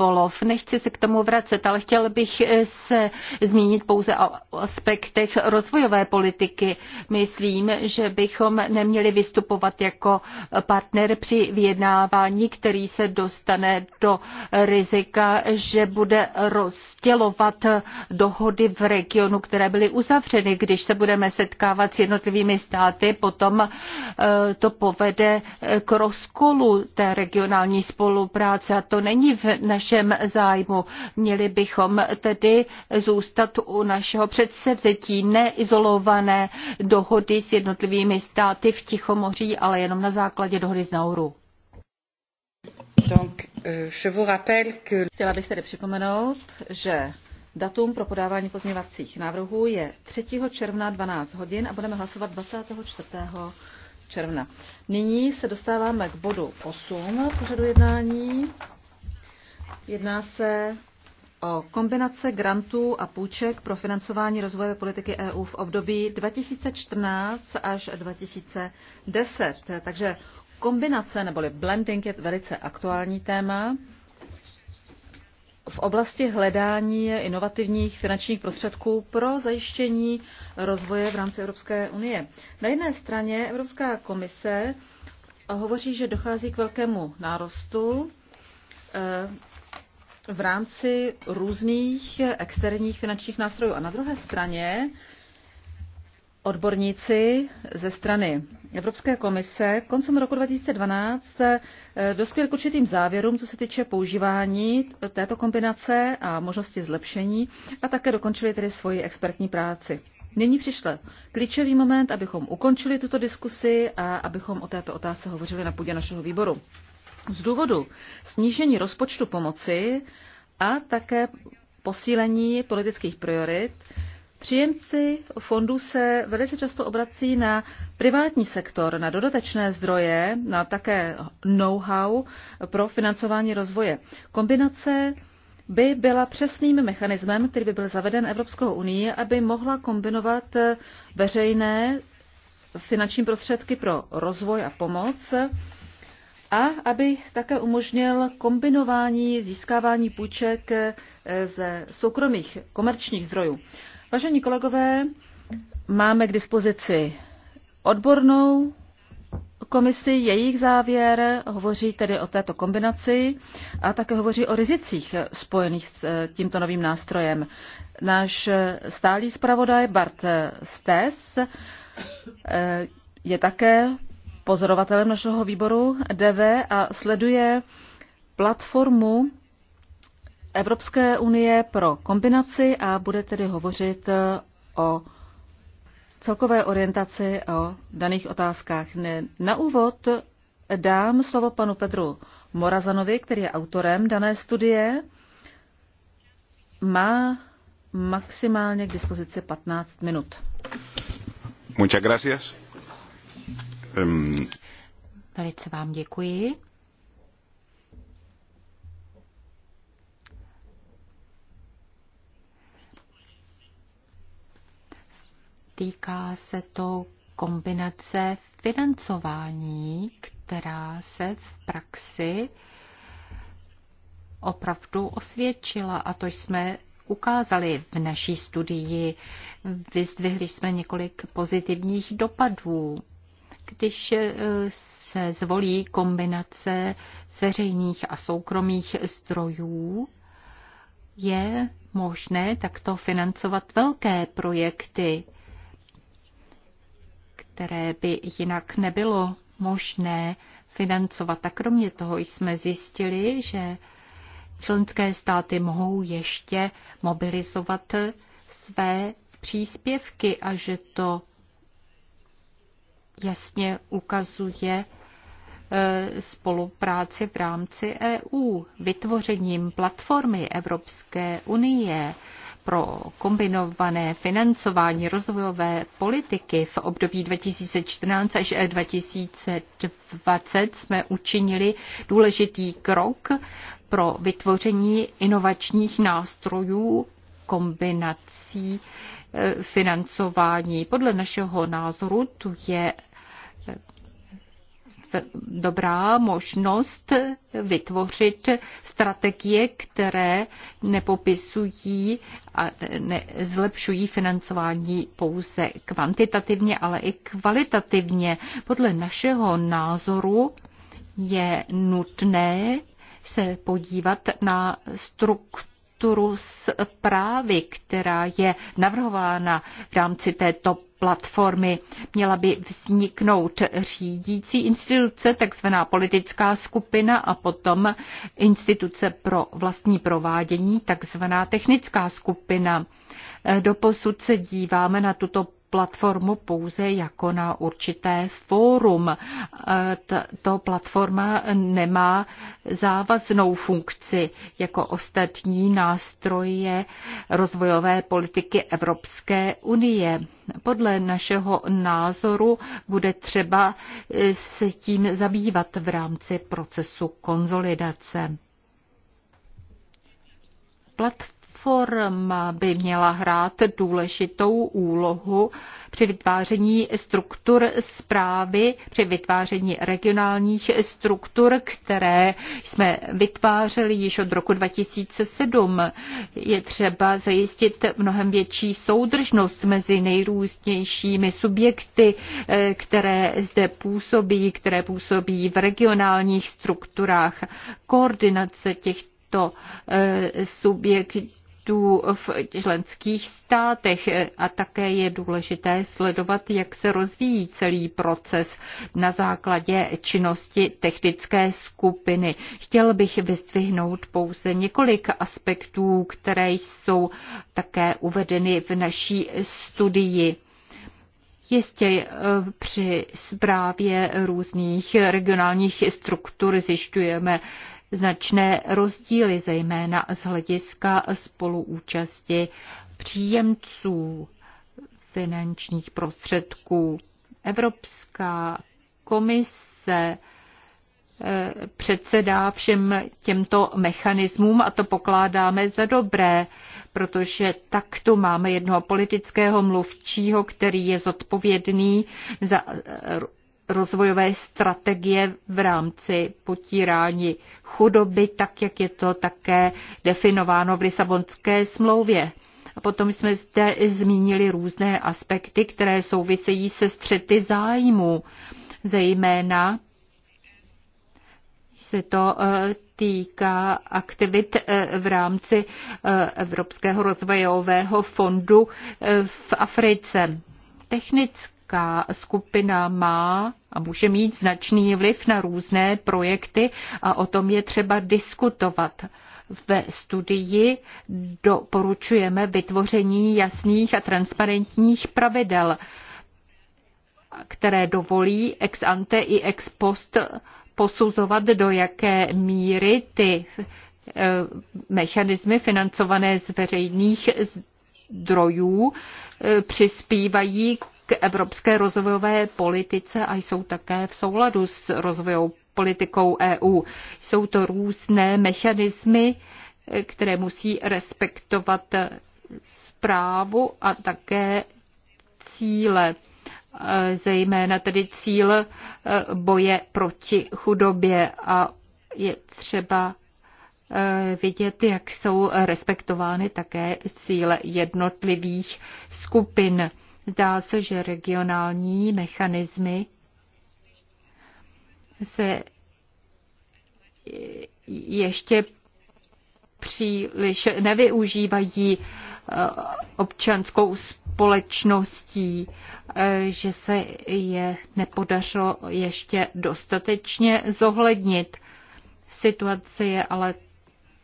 polov. Nechci se k tomu vracet, ale chtěl bych eh, se zmínit pouze o aspektech rozvojové politiky. Myslím, že bychom neměli vystupovat jako partner při vyjednávání, který se dostane do rizika, že bude rozdělovat dohody v regionu, které byly uzavřeny. Když se budeme setkávat s jednotlivými státy, potom eh, to povede k rozkolu té regionální spolupráce a to není v naší našem zájmu. Měli bychom tedy zůstat u našeho předsevzetí neizolované dohody s jednotlivými státy v Tichomoří, ale jenom na základě dohody z Nauru. Donc, euh, je vous rappelle que... Chtěla bych tedy připomenout, že Datum pro podávání pozměvacích návrhů je 3. června 12 hodin a budeme hlasovat 24. června. Nyní se dostáváme k bodu 8 pořadu jednání. Jedná se o kombinace grantů a půjček pro financování rozvoje politiky EU v období 2014 až 2010. Takže kombinace neboli blending je velice aktuální téma. V oblasti hledání inovativních finančních prostředků pro zajištění rozvoje v rámci Evropské unie. Na jedné straně Evropská komise hovoří, že dochází k velkému nárostu eh, v rámci různých externích finančních nástrojů. A na druhé straně odborníci ze strany Evropské komise koncem roku 2012 dospěl k určitým závěrům, co se týče používání této kombinace a možnosti zlepšení a také dokončili tedy svoji expertní práci. Nyní přišel klíčový moment, abychom ukončili tuto diskusi a abychom o této otázce hovořili na půdě našeho výboru z důvodu snížení rozpočtu pomoci a také posílení politických priorit, příjemci fondů se velice často obrací na privátní sektor, na dodatečné zdroje, na také know-how pro financování rozvoje. Kombinace by byla přesným mechanismem, který by byl zaveden Evropskou unii, aby mohla kombinovat veřejné finanční prostředky pro rozvoj a pomoc a aby také umožnil kombinování získávání půjček eh, ze soukromých komerčních zdrojů. Vážení kolegové, máme k dispozici odbornou komisi, jejich závěr hovoří tedy o této kombinaci a také hovoří o rizicích spojených s eh, tímto novým nástrojem. Náš eh, stálý zpravodaj Bart Stes je také pozorovatelem našeho výboru DV a sleduje platformu Evropské unie pro kombinaci a bude tedy hovořit eh, o celkové orientaci o daných otázkách. Na úvod dám slovo panu Petru Morazanovi, který je autorem dané studie. Má maximálně k dispozici 15 minut. Muchas gracias. Um... Velice vám děkuji. Týká se to kombinace financování, která se v praxi opravdu osvědčila a to jsme ukázali v naší studii. Vyzdvihli jsme několik pozitivních dopadů když eh, se zvolí kombinace veřejných a soukromých zdrojů, je možné takto financovat velké projekty, které by jinak nebylo možné financovat. A kromě toho jsme zjistili, že členské státy mohou ještě mobilizovat své příspěvky a že to jasně ukazuje e, spolupráci v rámci EU, vytvořením platformy Evropské unie pro kombinované financování rozvojové politiky v období 2014 až 2020 jsme učinili důležitý krok pro vytvoření inovačních nástrojů kombinací e, financování. Podle našeho názoru tu je dobrá možnost vytvořit strategie, které nepopisují a zlepšují financování pouze kvantitativně, ale i kvalitativně. Podle našeho názoru je nutné se podívat na strukturu strukturu zprávy, která je navrhována v rámci této platformy. Měla by vzniknout řídící instituce, takzvaná politická skupina a potom instituce pro vlastní provádění, takzvaná technická skupina. E, doposud se díváme na tuto platformu pouze jako na určité fórum. E, to platforma nemá závaznou funkci jako ostatní nástroje rozvojové politiky Evropské unie. Podle našeho názoru bude třeba e, se tím zabývat v rámci procesu konzolidace. Platforma Reforma by měla hrát důležitou úlohu při vytváření struktur zprávy, při vytváření regionálních struktur, které jsme vytvářeli již od roku 2007. Je třeba zajistit mnohem větší soudržnost mezi nejrůznějšími subjekty, eh, které zde působí, které působí v regionálních strukturách. Koordinace těchto eh, subjektů počtů v členských státech a také je důležité sledovat, jak se rozvíjí celý proces na základě činnosti technické skupiny. Chtěl bych vyzdvihnout pouze několik aspektů, které jsou také uvedeny v naší studii. Jistě eh, při zprávě různých regionálních struktur zjišťujeme, značné rozdíly, zejména z hlediska spoluúčasti příjemců finančních prostředků. Evropská komise eh, předsedá všem těmto mechanismům a to pokládáme za dobré, protože takto máme jednoho politického mluvčího, který je zodpovědný za eh, rozvojové strategie v rámci potírání chudoby, tak jak je to také definováno v Lisabonské smlouvě. A potom jsme zde zmínili různé aspekty, které souvisejí se střety zájmů, zejména se to e, týká aktivit e, v rámci e, Evropského rozvojového fondu v Africe. Technicky nějaká skupina má a může mít značný vliv na různé projekty a o tom je třeba diskutovat. Ve studii doporučujeme vytvoření jasných a transparentních pravidel, které dovolí ex ante i ex post posuzovat, do jaké míry ty eh, mechanismy financované z veřejných zdrojů eh, přispívají k evropské rozvojové politice a jsou také v souladu s rozvojovou politikou EU. Jsou to různé mechanismy, které musí respektovat zprávu a také cíle, zejména tedy cíl eh, boje proti chudobě a je třeba eh, vidět, jak jsou respektovány také cíle jednotlivých skupin. Zdá se, že regionální mechanismy se ještě příliš nevyužívají eh, občanskou společností, eh, že se je nepodařilo ještě dostatečně zohlednit. Situace je ale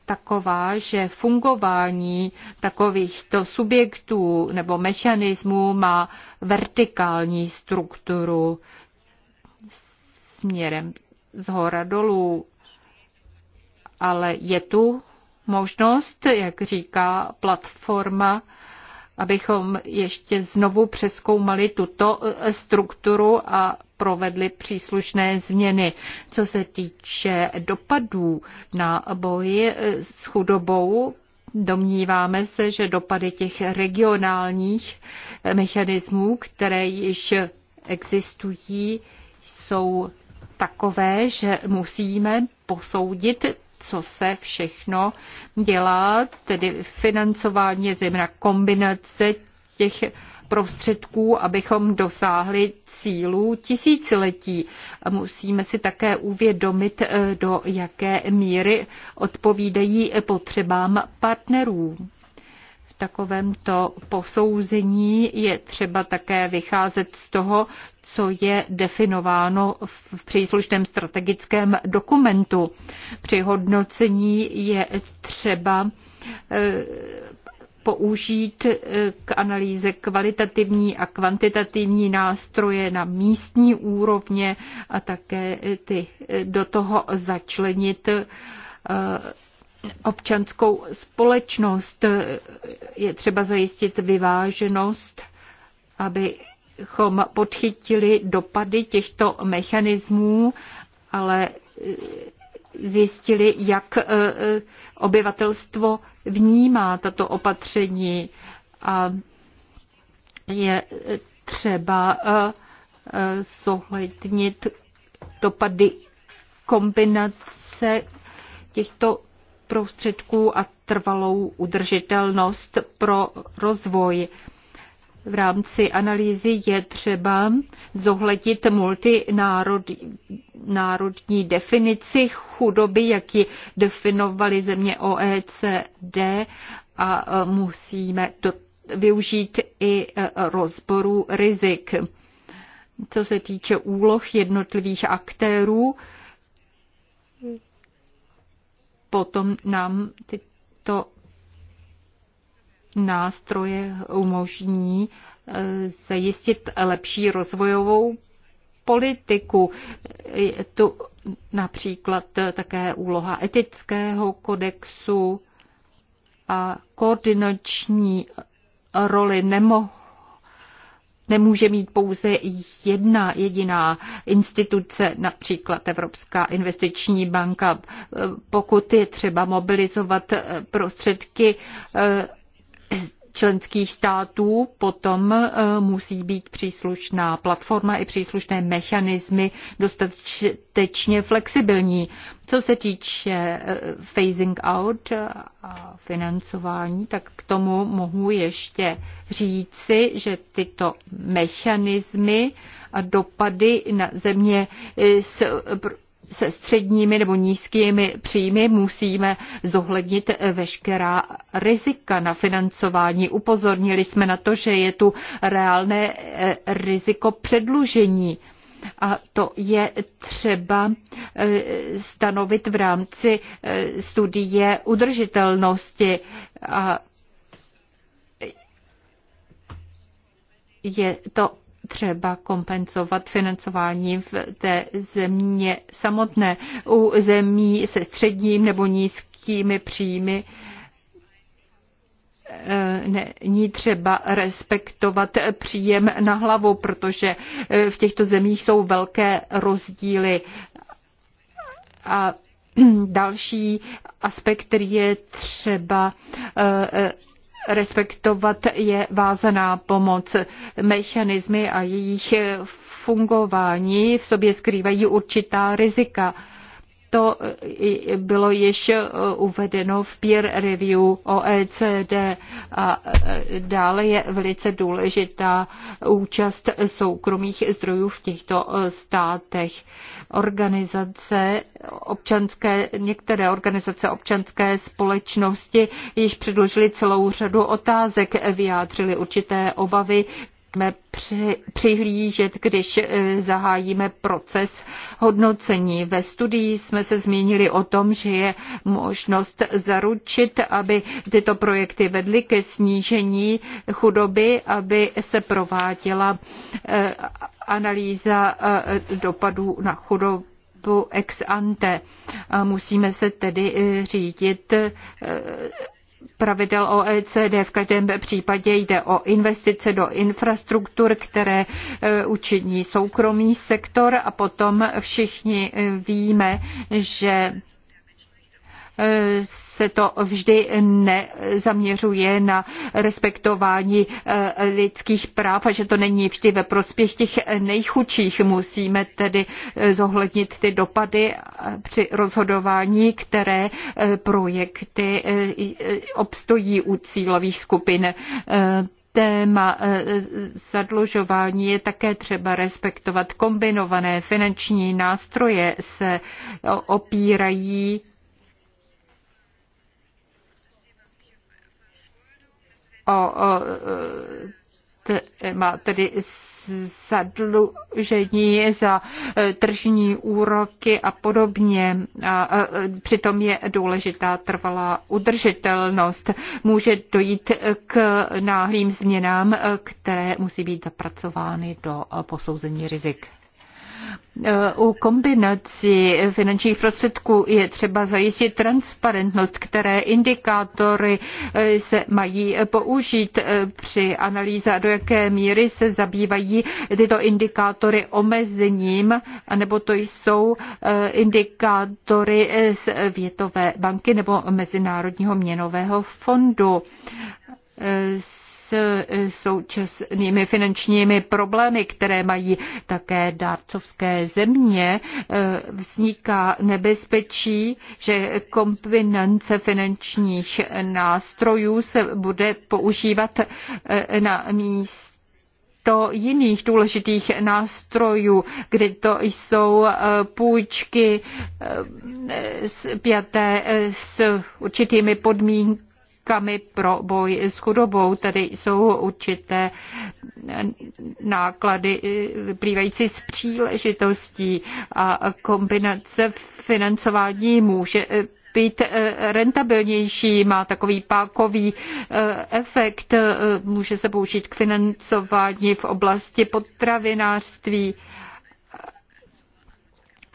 taková, že fungování takovýchto subjektů nebo mechanismů má vertikální strukturu směrem z hora dolů. Ale je tu možnost, jak říká platforma, abychom ještě znovu přeskoumali tuto eh, strukturu a provedli příslušné změny. Co se týče dopadů na boji eh, s chudobou, Domníváme se, že dopady těch regionálních eh, mechanismů, které již existují, jsou takové, že musíme posoudit co se všechno dělá, tedy financování, zejména kombinace těch prostředků, abychom dosáhli cílů tisíciletí. Musíme si také uvědomit, eh, do jaké míry odpovídají potřebám partnerů takovémto posouzení je třeba také vycházet z toho, co je definováno v příslušném strategickém dokumentu. Při hodnocení je třeba eh, použít eh, k analýze kvalitativní a kvantitativní nástroje na místní úrovně a také ty eh, do toho začlenit občanskou společnost. Je třeba zajistit vyváženost, abychom podchytili dopady těchto mechanismů, ale zjistili, jak eh, obyvatelstvo vnímá tato opatření a je třeba eh, zohlednit dopady kombinace těchto prostředků a trvalou udržitelnost pro rozvoj. V rámci analýzy je třeba zohlednit multinárodní definici chudoby, jak ji definovaly země OECD a e, musíme to využít i e, rozboru rizik. Co se týče úloh jednotlivých aktérů, potom nám tyto nástroje umožní eh, zajistit lepší rozvojovou politiku. Je tu například eh, také úloha etického kodexu a koordinační roli nemohou nemůže mít pouze jedna jediná instituce, například Evropská investiční banka. Pokud je třeba mobilizovat eh, prostředky eh, členských států, potom eh, musí být příslušná platforma i příslušné mechanismy dostatečně flexibilní. Co se týče eh, phasing out eh, a financování, tak k tomu mohu ještě říci, že tyto mechanismy a dopady na země s se středními nebo nízkými příjmy musíme zohlednit veškerá rizika na financování. Upozornili jsme na to, že je tu reálné eh, riziko předlužení. A to je třeba eh, stanovit v rámci eh, studie udržitelnosti. A je to třeba kompenzovat financování v té země samotné. U zemí se středním nebo nízkými příjmy eh, není třeba respektovat příjem na hlavu, protože eh, v těchto zemích jsou velké rozdíly. A další aspekt, který je třeba eh, respektovat je vázaná pomoc. Mechanismy a jejich fungování v sobě skrývají určitá rizika to eh, bylo již eh, uvedeno v peer review OECD a eh, dále je velice důležitá účast soukromých zdrojů v těchto státech. Organizace občanské, některé organizace občanské společnosti již předložili celou řadu otázek, vyjádřili určité obavy, nesmíme při, přihlížet, když e, zahájíme proces hodnocení. Ve studii jsme se zmínili o tom, že je možnost zaručit, aby tyto projekty vedly ke snížení chudoby, aby se prováděla e, analýza e, dopadů na chudobu ex ante. Musíme se tedy řídit pravidel OECD. V každém případě jde o investice do infrastruktur, které e, učiní soukromý sektor a potom všichni e, víme, že se to vždy nezaměřuje na respektování eh, lidských práv a že to není vždy ve prospěch těch nejchudších. Musíme tedy eh, zohlednit ty dopady eh, při rozhodování, které projekty obstojí u cílových skupin téma zadlužování je také třeba respektovat. Kombinované finanční nástroje se opírají o má tedy zadlužení za e, tržní úroky a podobně. A přitom je důležitá trvalá udržitelnost. Může dojít k náhlým změnám, e, které musí být zapracovány do e, posouzení rizik. Eh, u kombinací finančních prostředků je třeba zajistit transparentnost, které indikátory eh, se mají eh, použít při analýze, do jaké míry se zabývají tyto indikátory omezením, nebo to jsou indikátory z Větové banky nebo Mezinárodního měnového fondu s e, současnými finančními problémy, které mají také dárcovské země, e, vzniká nebezpečí, že kombinace finančních nástrojů se bude používat e, na místě to jiných důležitých nástrojů, kdy to jsou půjčky spjaté s určitými podmínkami pobídkami pro boj s chudobou. Tady jsou určité náklady vyplývající z příležitostí a kombinace financování může být rentabilnější, má takový pákový eh, efekt, eh, může se použít k financování v oblasti potravinářství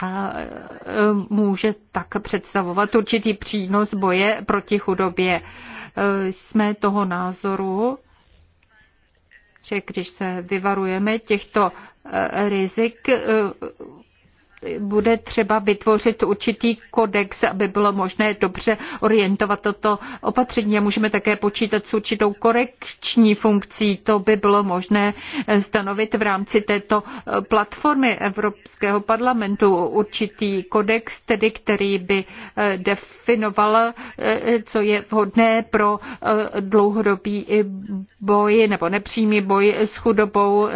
a eh, může tak představovat určitý přínos boje proti chudobě. Eh, jsme toho názoru, že když se vyvarujeme těchto eh, rizik, eh, bude třeba vytvořit určitý kodex, aby bylo možné dobře orientovat toto opatření. A můžeme také počítat s určitou korekční funkcí. To by bylo možné stanovit v rámci této eh, platformy Evropského parlamentu určitý kodex, tedy který by eh, definoval, eh, co je vhodné pro dlouhodobý boj nebo nepřímý boj s chudobou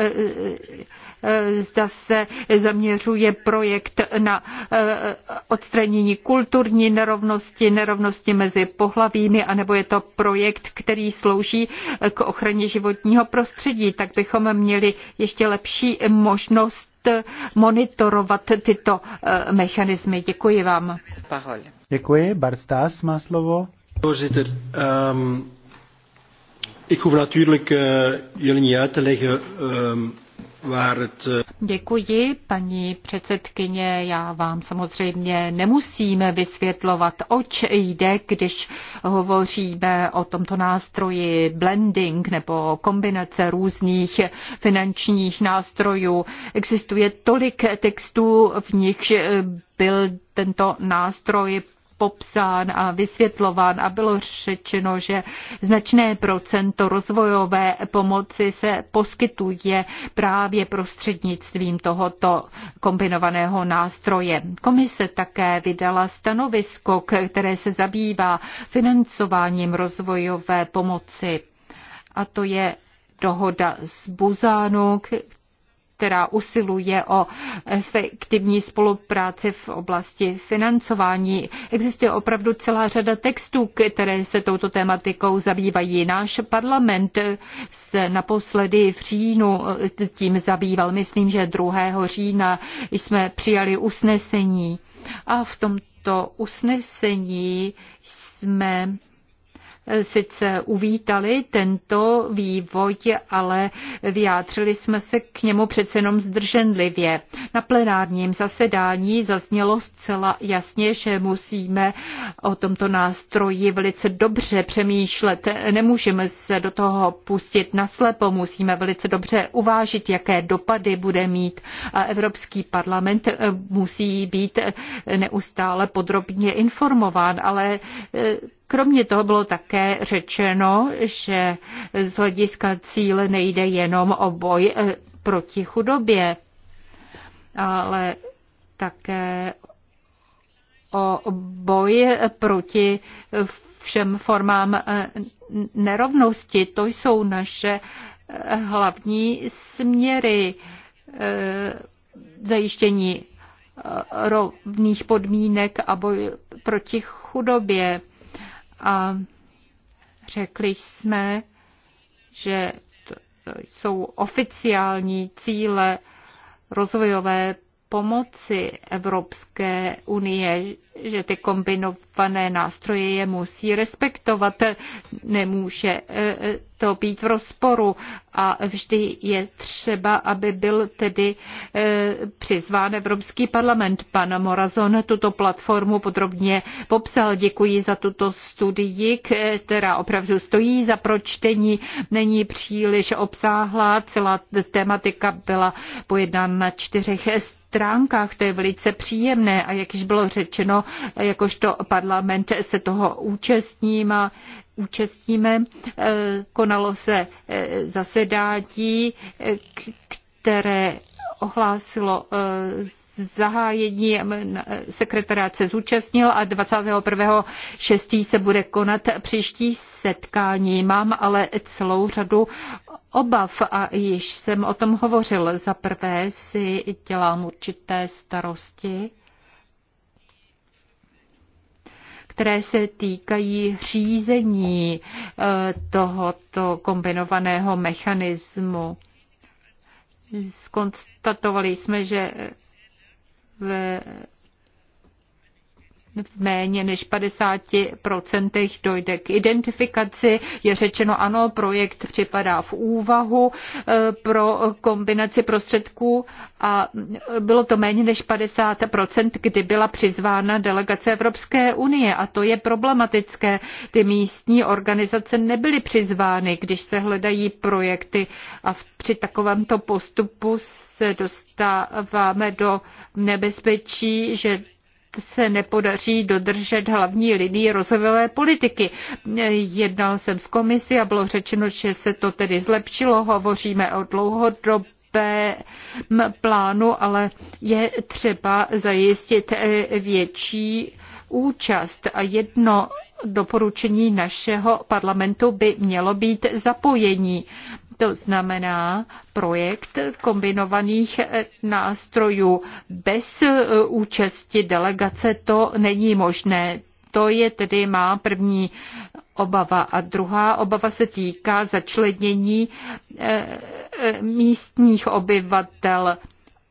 Eh, zda se zaměřuje projekt na eh, odstranění kulturní nerovnosti, nerovnosti mezi pohlavími, anebo je to projekt, který slouží eh, k ochraně životního prostředí, tak bychom měli ještě lepší možnost monitorovat tyto mechanismy. Děkuji vám. Děkuji. Barstas má slovo. Voorzitter, um, ik hoef natuurlijk uh, jullie niet uit te leggen um, Děkuji, paní předsedkyně. Já vám samozřejmě nemusíme vysvětlovat, oč jde, když hovoříme o tomto nástroji blending nebo kombinace různých finančních nástrojů. Existuje tolik textů, v nichž byl tento nástroj popsán a vysvětlován a bylo řečeno, že značné procento rozvojové pomoci se poskytuje právě prostřednictvím tohoto kombinovaného nástroje. Komise také vydala stanovisko, které se zabývá financováním rozvojové pomoci. A to je dohoda z Buzánu, která usiluje o efektivní spolupráci v oblasti financování. Existuje opravdu celá řada textů, které se touto tématikou zabývají. Náš parlament se naposledy v říjnu tím zabýval. Myslím, že 2. října jsme přijali usnesení. A v tomto usnesení jsme Eh, sice uvítali tento vývoj, ale vyjádřili jsme se k němu přece jenom zdrženlivě. Na plenárním zasedání zaznělo zcela jasně, že musíme o tomto nástroji velice dobře přemýšlet. Nemůžeme se do toho pustit naslepo, musíme velice dobře uvážit, jaké dopady bude mít. A Evropský parlament eh, musí být eh, neustále podrobně informován, ale Kromě toho bylo také řečeno, že z hlediska cíle nejde jenom o boj eh, proti chudobě, ale také o boj proti všem formám eh, nerovnosti. To jsou naše eh, hlavní směry zajištění rovných podmínek a boj proti chudobě a řekli jsme, že to jsou oficiální cíle rozvojové pomoci Evropské unie, že ty kombinované nástroje je musí respektovat, nemůže e, e, to být v rozporu a vždy je třeba, aby byl tedy e, přizván Evropský parlament. Pan Morazon tuto platformu podrobně popsal. Děkuji za tuto studii, která opravdu stojí za pročtení, není příliš obsáhlá, celá tematika byla pojednána na čtyřech stránkách. To je velice příjemné a jak již bylo řečeno, jakožto parlament se toho účastní, a účastníme. E, konalo se e, zasedání, které ohlásilo e, zahájení eh, eh, sekretariát se zúčastnil a 21.6. se bude konat příští setkání. Mám ale celou řadu obav a již jsem o tom hovořil. Za prvé si dělám určité starosti, které se týkají řízení eh, tohoto kombinovaného mechanismu. Skonstatovali jsme, že ve v méně než 50% dojde k identifikaci. Je řečeno ano, projekt připadá v úvahu eh, pro kombinaci prostředků a bylo to méně než 50%, kdy byla přizvána delegace Evropské unie a to je problematické. Ty místní organizace nebyly přizvány, když se hledají projekty a v při takovémto postupu se dostáváme do nebezpečí, že se nepodaří dodržet hlavní linii rozvojové politiky. Jednal jsem s komisí a bylo řečeno, že se to tedy zlepšilo. Hovoříme o dlouhodobě plánu, ale je třeba zajistit větší účast a jedno doporučení našeho parlamentu by mělo být zapojení. To znamená projekt kombinovaných eh, nástrojů. Bez eh, účasti delegace to není možné. To je tedy má první obava. A druhá obava se týká začlenění eh, místních obyvatel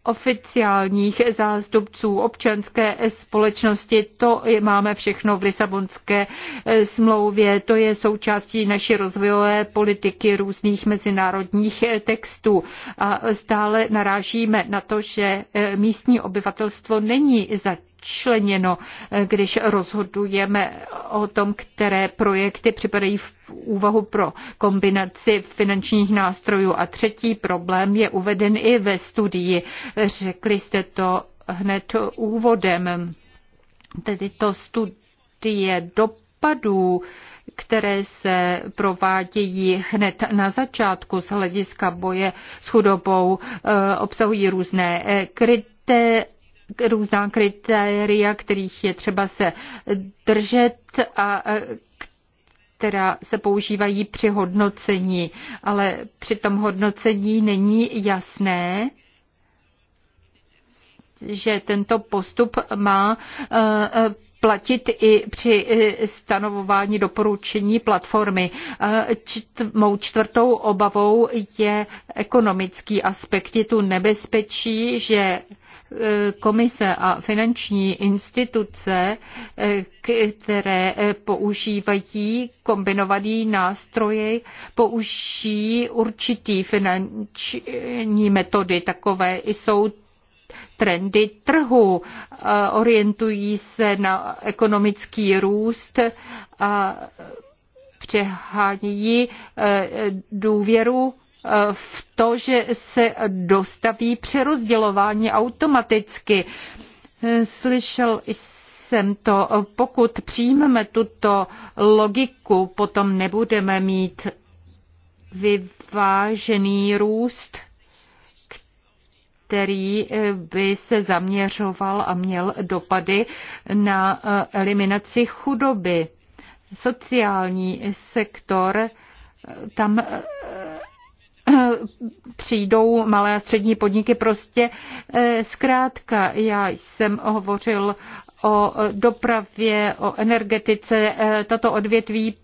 oficiálních zástupců občanské společnosti. To máme všechno v Lisabonské eh, smlouvě. To je součástí naší rozvojové politiky různých mezinárodních eh, textů. A stále narážíme na to, že eh, místní obyvatelstvo není za vyčleněno, eh, když rozhodujeme o tom, které projekty připadají v úvahu pro kombinaci finančních nástrojů. A třetí problém je uveden i ve studii. Řekli jste to hned úvodem. Tedy to studie dopadů které se provádějí hned na začátku z hlediska boje s chudobou, eh, obsahují různé eh, kritéria různá kritéria, kterých je třeba se držet a e, která se používají při hodnocení, ale při tom hodnocení není jasné, že tento postup má e, e, platit i při stanovování doporučení platformy. Mou čtvrtou obavou je ekonomický aspekt. Je tu nebezpečí, že komise a finanční instituce, eh, které eh, používají kombinovaný nástroje, použijí určitý finanční metody. Takové jsou trendy trhu, eh, orientují se na ekonomický růst a přehánějí důvěru v to, že se dostaví přerozdělování automaticky. Slyšel jsem to, pokud přijmeme tuto logiku, potom nebudeme mít vyvážený růst, který by se zaměřoval a měl dopady na eliminaci chudoby. Sociální sektor tam přijdou malé a střední podniky prostě eh, zkrátka. Já jsem hovořil o dopravě, o energetice, eh, tato odvětví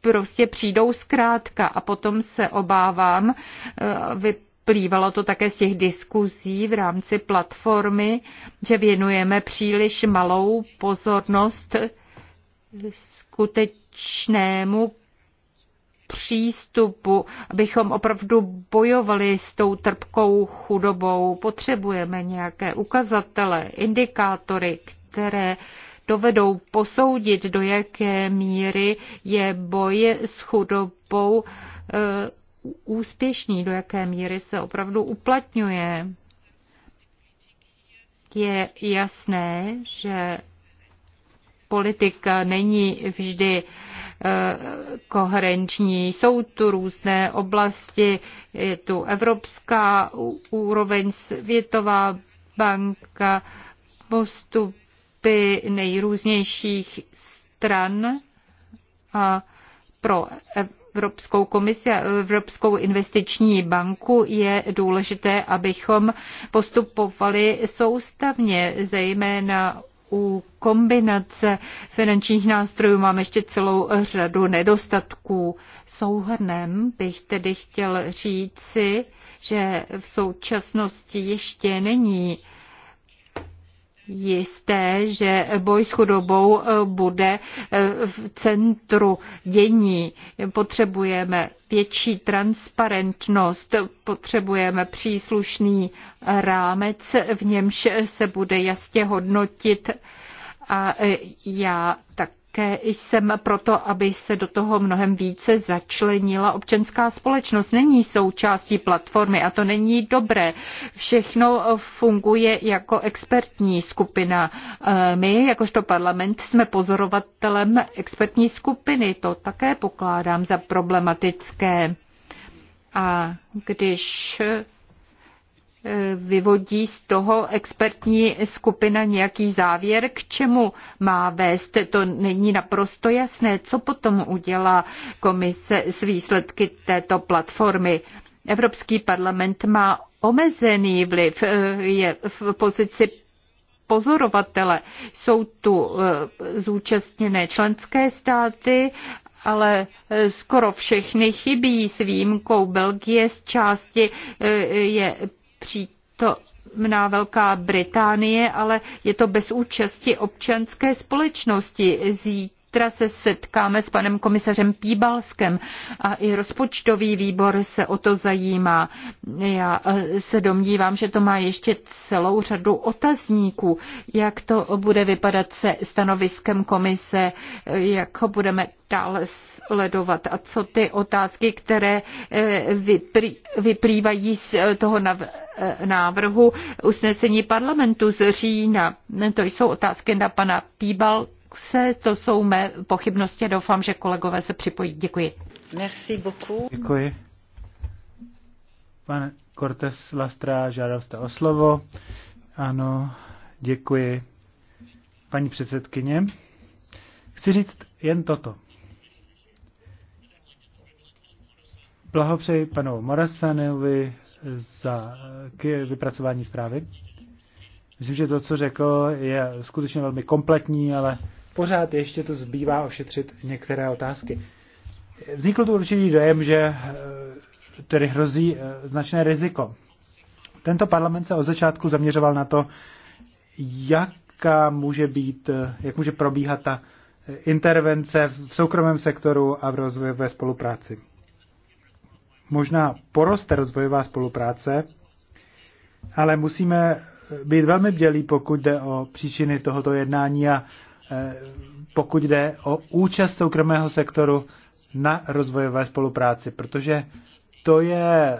prostě přijdou zkrátka a potom se obávám, eh, Plývalo to také z těch diskuzí v rámci platformy, že věnujeme příliš malou pozornost skutečnému přístupu, abychom opravdu bojovali s tou trpkou chudobou. Potřebujeme nějaké ukazatele, indikátory, které dovedou posoudit, do jaké míry je boj s chudobou e, úspěšný, do jaké míry se opravdu uplatňuje. Je jasné, že politika není vždy e, koherenční. Jsou tu různé oblasti, je tu evropská úroveň, Světová banka, postupy nejrůznějších stran a pro Evropskou komisi a Evropskou investiční banku je důležité, abychom postupovali soustavně, zejména u kombinace finančních nástrojů mám ještě celou řadu nedostatků. Souhrnem bych tedy chtěl říci, že v současnosti ještě není jisté, že boj s chudobou eh, bude eh, v centru dění. Potřebujeme větší transparentnost, potřebujeme příslušný rámec, v němž se bude jasně hodnotit a eh, já tak také jsem proto, aby se do toho mnohem více začlenila občanská společnost. Není součástí platformy a to není dobré. Všechno funguje jako expertní skupina. E, my, jakožto parlament, jsme pozorovatelem expertní skupiny. To také pokládám za problematické. A když vyvodí z toho expertní skupina nějaký závěr, k čemu má vést. To není naprosto jasné, co potom udělá komise s výsledky této platformy. Evropský parlament má omezený vliv, je v pozici pozorovatele. Jsou tu eh, zúčastněné členské státy, ale eh, skoro všechny chybí s výjimkou Belgie z části eh, je přítomná Velká Británie, ale je to bez účasti občanské společnosti. Zítra se setkáme s panem komisařem Píbalskem a i rozpočtový výbor se o to zajímá. Já e, se domnívám, že to má ještě celou řadu otazníků, jak to bude vypadat se stanoviskem komise, e, jak ho budeme dále sledovat. A co ty otázky, které eh, vyplývají z eh, toho eh, návrhu usnesení parlamentu z října. To jsou otázky na pana Píbal, se, to jsou mé pochybnosti a doufám, že kolegové se připojí. Děkuji. Merci beaucoup. Děkuji. Pan Cortes Lastra, žádal jste o slovo. Ano, děkuji. Paní předsedkyně, chci říct jen toto. Blahopřeji panu Morasanovi za vypracování zprávy. Myslím, že to, co řekl, je skutečně velmi kompletní, ale pořád ještě to zbývá ošetřit některé otázky. Vznikl tu určitý dojem, že eh, tedy hrozí eh, značné riziko. Tento parlament se od začátku zaměřoval na to, jaká může být, eh, jak může probíhat ta intervence v soukromém sektoru a v ve spolupráci možná poroste rozvojová spolupráce, ale musíme být velmi bdělí, pokud jde o příčiny tohoto jednání a e, pokud jde o účast soukromého sektoru na rozvojové spolupráci, protože to je e,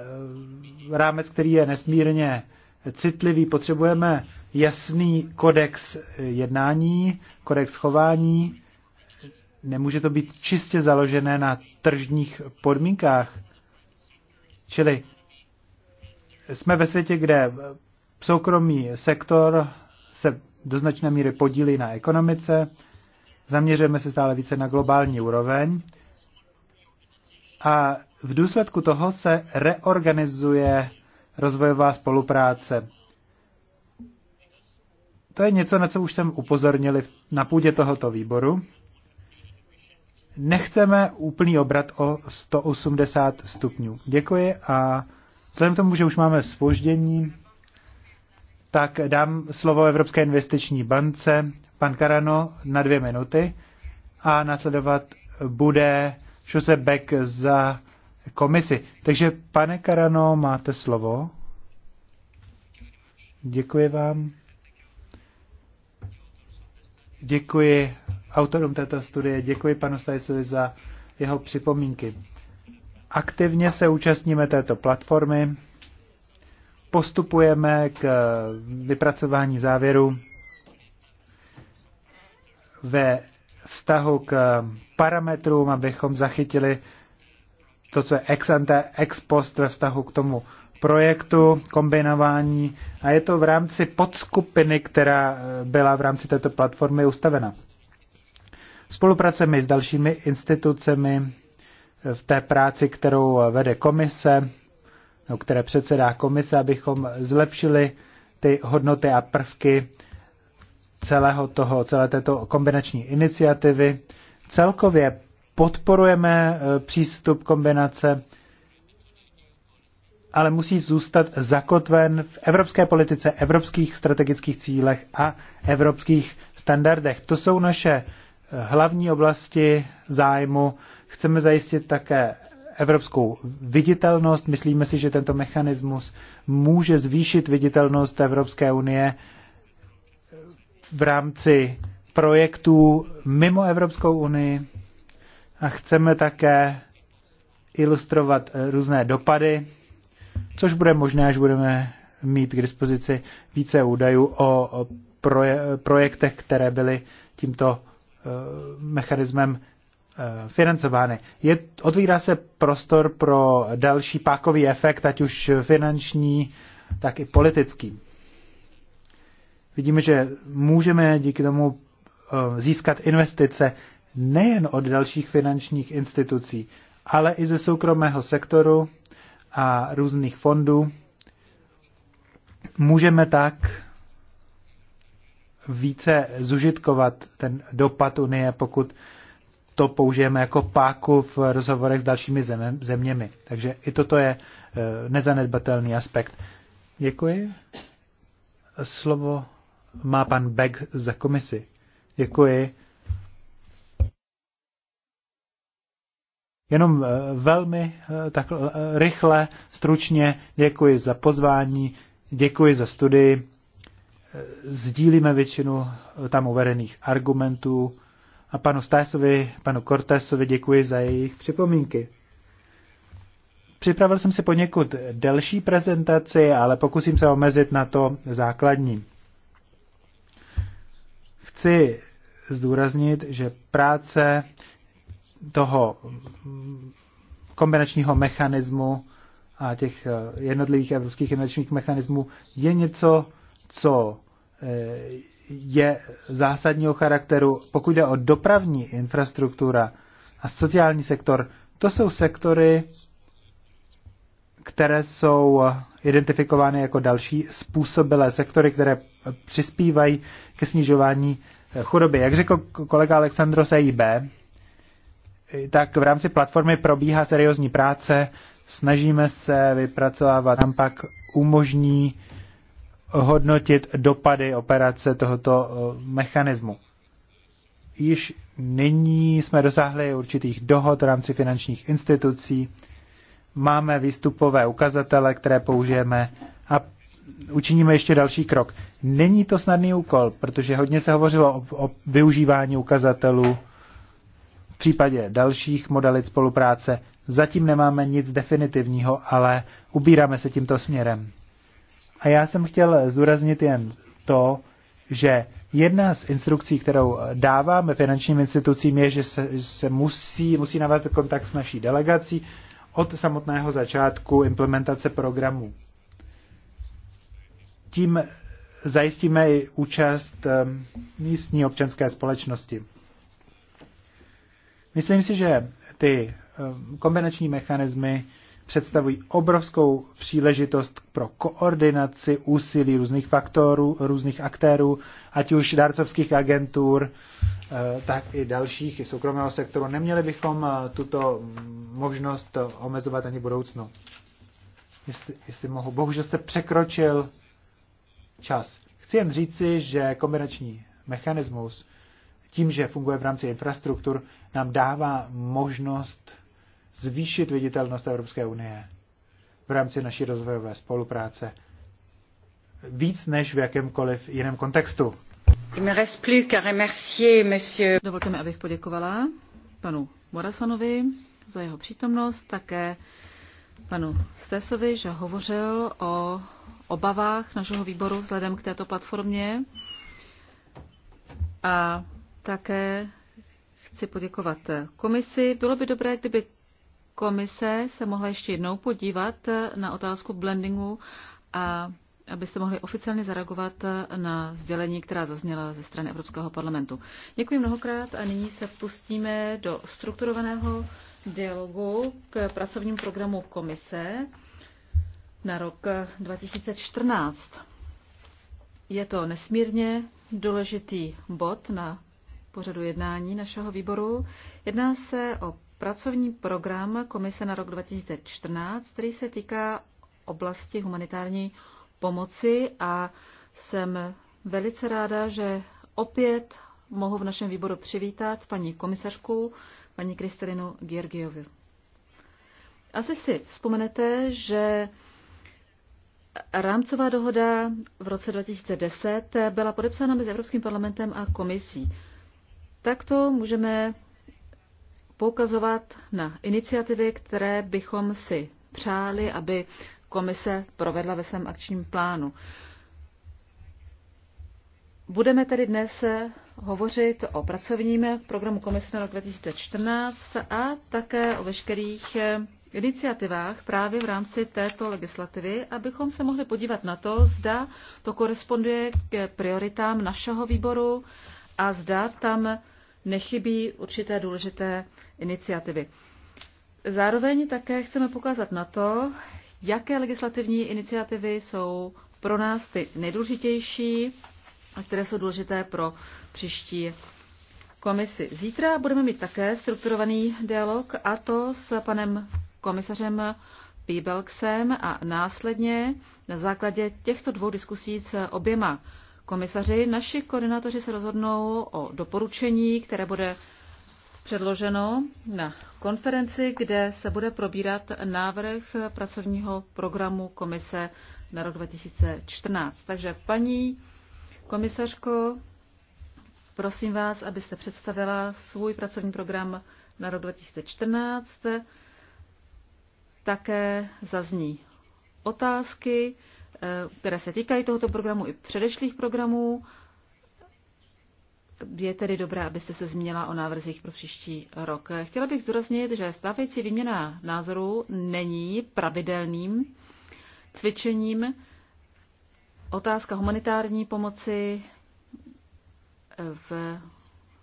rámec, který je nesmírně citlivý. Potřebujeme jasný kodex jednání, kodex chování. Nemůže to být čistě založené na tržních podmínkách. Čili jsme ve světě, kde soukromý sektor se do značné míry podílí na ekonomice, zaměřujeme se stále více na globální úroveň a v důsledku toho se reorganizuje rozvojová spolupráce. To je něco, na co už jsem upozornili na půdě tohoto výboru nechceme úplný obrat o 180 stupňů. Děkuji a vzhledem k tomu, že už máme spoždění, tak dám slovo Evropské investiční bance, pan Karano, na dvě minuty a následovat bude Jose Beck za komisi. Takže pane Karano, máte slovo. Děkuji vám. Děkuji autorům této studie, děkuji panu Stajsovi za jeho připomínky. Aktivně se účastníme této platformy, postupujeme k vypracování závěru ve vztahu k parametrům, abychom zachytili to, co je ex ante, ex post ve vztahu k tomu projektu kombinování a je to v rámci podskupiny, která eh, byla v rámci této platformy ustavena. Spolupracemi s dalšími institucemi eh, v té práci, kterou vede komise, no, které předsedá komise, abychom zlepšili ty hodnoty a prvky celého toho, celé této kombinační iniciativy. Celkově podporujeme eh, přístup kombinace ale musí zůstat zakotven v evropské politice, evropských strategických cílech a evropských standardech. To jsou naše eh, hlavní oblasti zájmu. Chceme zajistit také evropskou viditelnost. Myslíme si, že tento mechanismus může zvýšit viditelnost Evropské unie eh, v rámci projektů mimo Evropskou unii a chceme také ilustrovat eh, různé dopady což bude možné, až budeme mít k dispozici více údajů o projektech, které byly tímto eh, mechanismem eh, financovány. Je, otvírá se prostor pro další pákový efekt, ať už finanční, tak i politický. Vidíme, že můžeme díky tomu eh, získat investice nejen od dalších finančních institucí, ale i ze soukromého sektoru, a různých fondů, můžeme tak více zužitkovat ten dopad Unie, pokud to použijeme jako páku v rozhovorech s dalšími zeměmi. Takže i toto je eh, nezanedbatelný aspekt. Děkuji. Slovo má pan Beck za komisi. Děkuji. Jenom eh, velmi eh, tak eh, rychle, stručně děkuji za pozvání, děkuji za studii. Sdílíme většinu tam uvedených argumentů a panu Stásovi, panu Cortesovi děkuji za jejich připomínky. Připravil jsem si poněkud delší prezentaci, ale pokusím se omezit na to základní. Chci zdůraznit, že práce toho kombinačního mechanismu a těch eh, jednotlivých evropských investičních mechanismů je něco, co eh, je zásadního charakteru. Pokud jde o dopravní infrastruktura a sociální sektor, to jsou sektory, které jsou identifikovány jako další způsobilé sektory, které přispívají ke snižování chudoby. Jak řekl kolega Aleksandro z EIB, tak v rámci platformy probíhá seriózní práce, snažíme se vypracovávat, nám pak umožní hodnotit dopady operace tohoto mechanismu. Již nyní jsme dosáhli určitých dohod v rámci finančních institucí, máme výstupové ukazatele, které použijeme a učiníme ještě další krok. Není to snadný úkol, protože hodně se hovořilo o, o využívání ukazatelů, v případě dalších modalit spolupráce zatím nemáme nic definitivního, ale ubíráme se tímto směrem. A já jsem chtěl zdůraznit jen to, že jedna z instrukcí, kterou dáváme finančním institucím, je, že se, že se musí, musí navázat kontakt s naší delegací od samotného začátku implementace programu. Tím zajistíme i účast ehm, místní občanské společnosti. Myslím si, že ty eh, kombinační mechanismy představují obrovskou příležitost pro koordinaci úsilí různých faktorů, různých aktérů, ať už dárcovských agentur, eh, tak i dalších, i soukromého sektoru. Neměli bychom eh, tuto možnost omezovat ani budoucnu. Jestli, jestli mohu, bohužel jste překročil čas. Chci jen říci, že kombinační mechanismus tím, že funguje v rámci infrastruktur, nám dává možnost zvýšit viditelnost Evropské unie v rámci naší rozvojové spolupráce víc než v jakémkoliv jiném kontextu. Dovolte mi, abych poděkovala panu Morasanovi za jeho přítomnost, také panu Stesovi, že hovořil o obavách našeho výboru vzhledem k této platformě. A také chci poděkovat komisi. Bylo by dobré, kdyby komise se mohla ještě jednou podívat na otázku blendingu a abyste mohli oficiálně zareagovat na sdělení, která zazněla ze strany Evropského parlamentu. Děkuji mnohokrát a nyní se pustíme do strukturovaného dialogu k pracovnímu programu komise na rok 2014. Je to nesmírně důležitý bod na pořadu jednání našeho výboru. Jedná se o pracovní program Komise na rok 2014, který se týká oblasti humanitární pomoci a jsem velice ráda, že opět mohu v našem výboru přivítat paní komisařku, paní Kristelinu Georgiovi. Asi si vzpomenete, že rámcová dohoda v roce 2010 byla podepsána mezi Evropským parlamentem a komisí. Takto můžeme poukazovat na iniciativy, které bychom si přáli, aby komise provedla ve svém akčním plánu. Budeme tedy dnes hovořit o pracovním programu Komise na rok 2014 a také o veškerých iniciativách právě v rámci této legislativy, abychom se mohli podívat na to, zda to koresponduje k prioritám našeho výboru a zda tam nechybí určité důležité iniciativy. Zároveň také chceme pokázat na to, jaké legislativní iniciativy jsou pro nás ty nejdůležitější a které jsou důležité pro příští komisi. Zítra budeme mít také strukturovaný dialog a to s panem komisařem Píbelksem a následně na základě těchto dvou diskusí s oběma komisaři. Naši koordinátoři se rozhodnou o doporučení, které bude předloženo na konferenci, kde se bude probírat návrh pracovního programu komise na rok 2014. Takže paní komisařko, prosím vás, abyste představila svůj pracovní program na rok 2014. Také zazní otázky. Eh, které se týkají tohoto programu i předešlých programů. Je tedy dobré, abyste se změnila o návrzích pro příští rok. Chtěla bych zdůraznit, že stávající výměna názorů není pravidelným cvičením. Otázka humanitární pomoci eh, v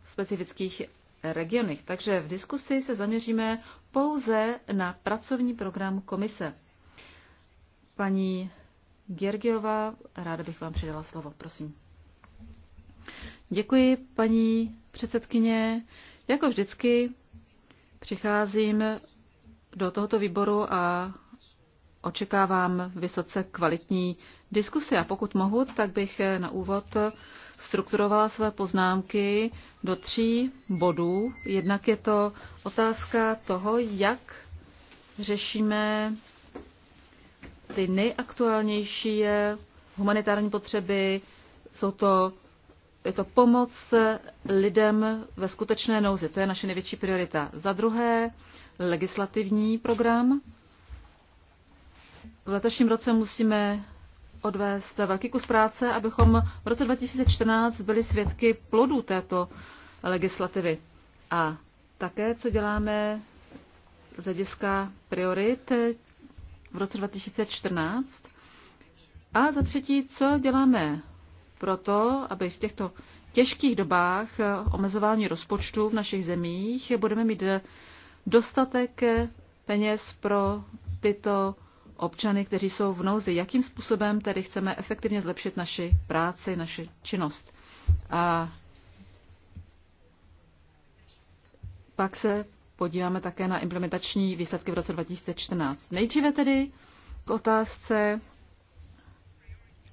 specifických regionech. Takže v diskusi se zaměříme pouze na pracovní program komise. Paní Gergiová. Ráda bych vám předala slovo, prosím. Děkuji, paní předsedkyně. Jako vždycky přicházím do tohoto výboru a očekávám vysoce kvalitní diskusy. A pokud mohu, tak bych na úvod strukturovala své poznámky do tří bodů. Jednak je to otázka toho, jak řešíme ty nejaktuálnější je humanitární potřeby, jsou to, je to pomoc lidem ve skutečné nouzi. To je naše největší priorita. Za druhé, legislativní program. V letošním roce musíme odvést velký kus práce, abychom v roce 2014 byli svědky plodů této legislativy. A také, co děláme z hlediska priorit, v roce 2014? A za třetí, co děláme pro to, aby v těchto těžkých dobách eh, omezování rozpočtu v našich zemích budeme mít eh, dostatek eh, peněz pro tyto občany, kteří jsou v nouzi. Jakým způsobem tedy chceme efektivně zlepšit naši práci, naši činnost? A pak se podíváme také na implementační výsledky v roce 2014. Nejdříve tedy k otázce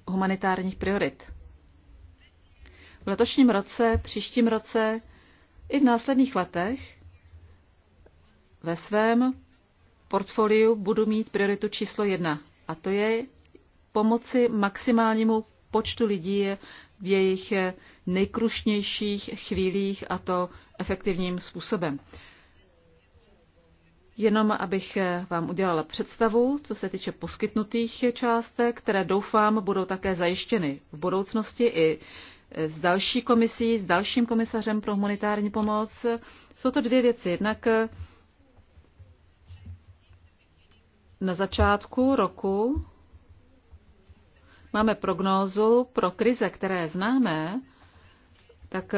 humanitárních priorit. V letošním roce, příštím roce i v následných letech ve svém portfoliu budu mít prioritu číslo jedna. A to je pomoci maximálnímu počtu lidí v jejich nejkrušnějších chvílích a to efektivním způsobem. Jenom abych eh, vám udělala představu, co se týče poskytnutých částek, které doufám budou také zajištěny v budoucnosti i eh, s další komisí, s dalším komisařem pro humanitární pomoc. Jsou to dvě věci. Jednak eh, na začátku roku máme prognózu pro krize, které známe, tak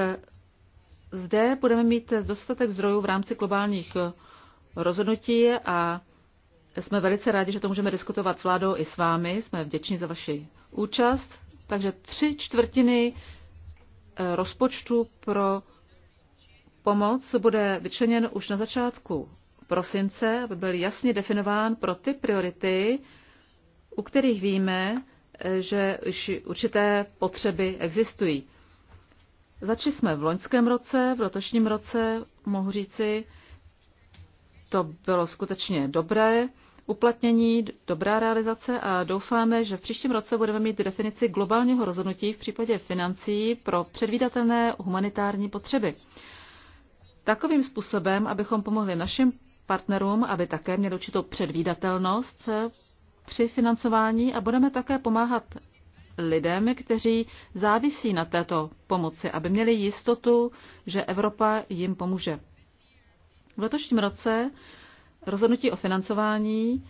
zde budeme mít dostatek zdrojů v rámci globálních rozhodnutí a jsme velice rádi, že to můžeme diskutovat s vládou i s vámi. Jsme vděční za vaši účast. Takže tři čtvrtiny eh, rozpočtu pro pomoc bude vyčleněn už na začátku prosince, aby byl jasně definován pro ty priority, u kterých víme, eh, že už určité potřeby existují. Začali jsme v loňském roce, v letošním roce mohu říci, to bylo skutečně dobré uplatnění, dobrá realizace a doufáme, že v příštím roce budeme mít definici globálního rozhodnutí v případě financí pro předvídatelné humanitární potřeby. Takovým způsobem, abychom pomohli našim partnerům, aby také měli určitou předvídatelnost při financování a budeme také pomáhat lidem, kteří závisí na této pomoci, aby měli jistotu, že Evropa jim pomůže. V letošním roce rozhodnutí o financování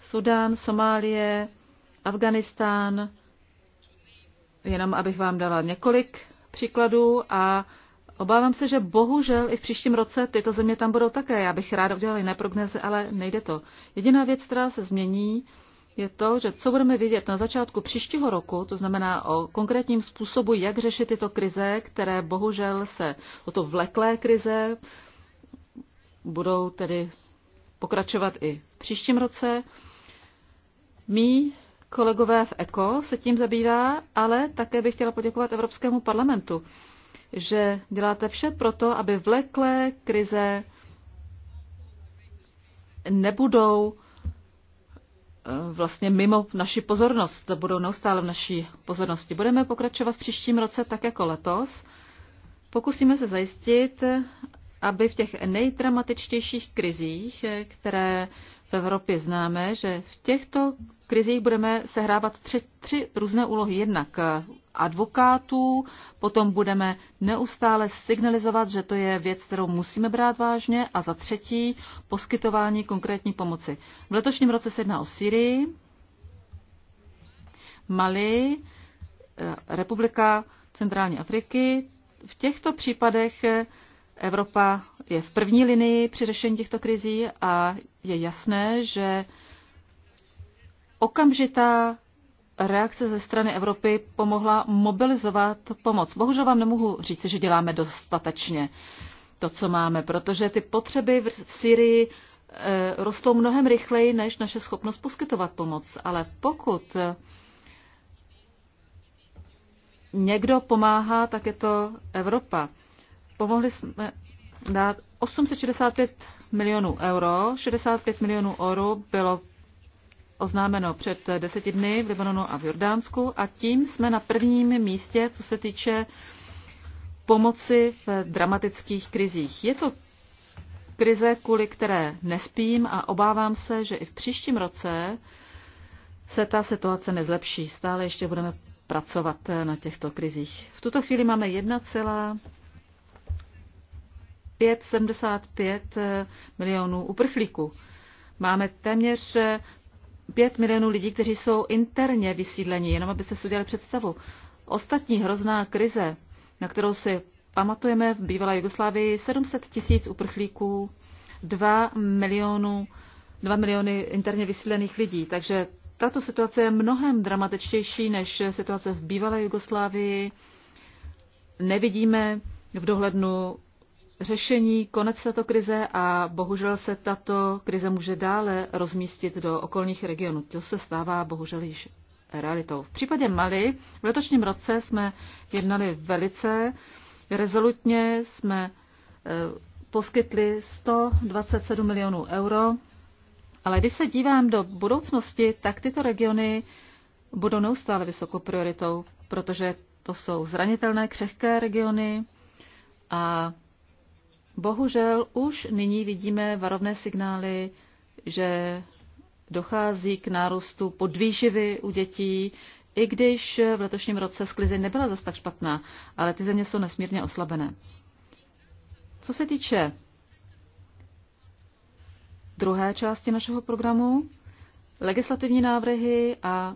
Sudan, Somálie, Afganistán, jenom abych vám dala několik příkladů a obávám se, že bohužel i v příštím roce tyto země tam budou také. Já bych ráda udělala jiné prognozy, ale nejde to. Jediná věc, která se změní, je to, že co budeme vidět na začátku příštího roku, to znamená o konkrétním způsobu, jak řešit tyto krize, které bohužel se, o to vleklé krize, budou tedy pokračovat i v příštím roce. Mí kolegové v ECO se tím zabývá, ale také bych chtěla poděkovat Evropskému parlamentu, že děláte vše proto, aby vleklé krize nebudou eh, vlastně mimo naši pozornost, budou neustále v naší pozornosti. Budeme pokračovat v příštím roce tak jako letos. Pokusíme se zajistit, aby v těch nejdramatičtějších krizích, eh, které v Evropě známe, že v těchto krizích budeme sehrávat tři, tři různé úlohy. Jednak eh, advokátů, potom budeme neustále signalizovat, že to je věc, kterou musíme brát vážně a za třetí poskytování konkrétní pomoci. V letošním roce se jedná o Syrii, Mali, eh, Republika Centrální Afriky. V těchto případech Evropa je v první linii při řešení těchto krizí a je jasné, že okamžitá reakce ze strany Evropy pomohla mobilizovat pomoc. Bohužel vám nemohu říct, že děláme dostatečně to, co máme, protože ty potřeby v Syrii eh, rostou mnohem rychleji než naše schopnost poskytovat pomoc. Ale pokud někdo pomáhá, tak je to Evropa. Pomohli jsme dát 865 milionů euro. 65 milionů euro bylo oznámeno před deseti dny v Libanonu a v Jordánsku a tím jsme na prvním místě, co se týče pomoci v dramatických krizích. Je to krize, kvůli které nespím a obávám se, že i v příštím roce se ta situace nezlepší. Stále ještě budeme pracovat na těchto krizích. V tuto chvíli máme 575 eh, milionů uprchlíků. Máme téměř 5 eh, milionů lidí, kteří jsou interně vysídleni, jenom aby se si udělali představu. Ostatní hrozná krize, na kterou si pamatujeme v bývalé Jugoslávii, 700 tisíc uprchlíků, 2 milionů 2 miliony interně vysílených lidí. Takže tato situace je mnohem dramatičtější než situace v bývalé Jugoslávii. Nevidíme v dohlednu řešení, konec této krize a bohužel se tato krize může dále rozmístit do okolních regionů. To se stává bohužel již realitou. V případě Mali v letošním roce jsme jednali velice rezolutně, jsme eh, poskytli 127 milionů euro, ale když se dívám do budoucnosti, tak tyto regiony budou neustále vysokou prioritou, protože to jsou zranitelné, křehké regiony a Bohužel už nyní vidíme varovné signály, že dochází k nárůstu podvýživy u dětí, i když v letošním roce sklizeň nebyla zase tak špatná, ale ty země jsou nesmírně oslabené. Co se týče druhé části našeho programu, legislativní návrhy a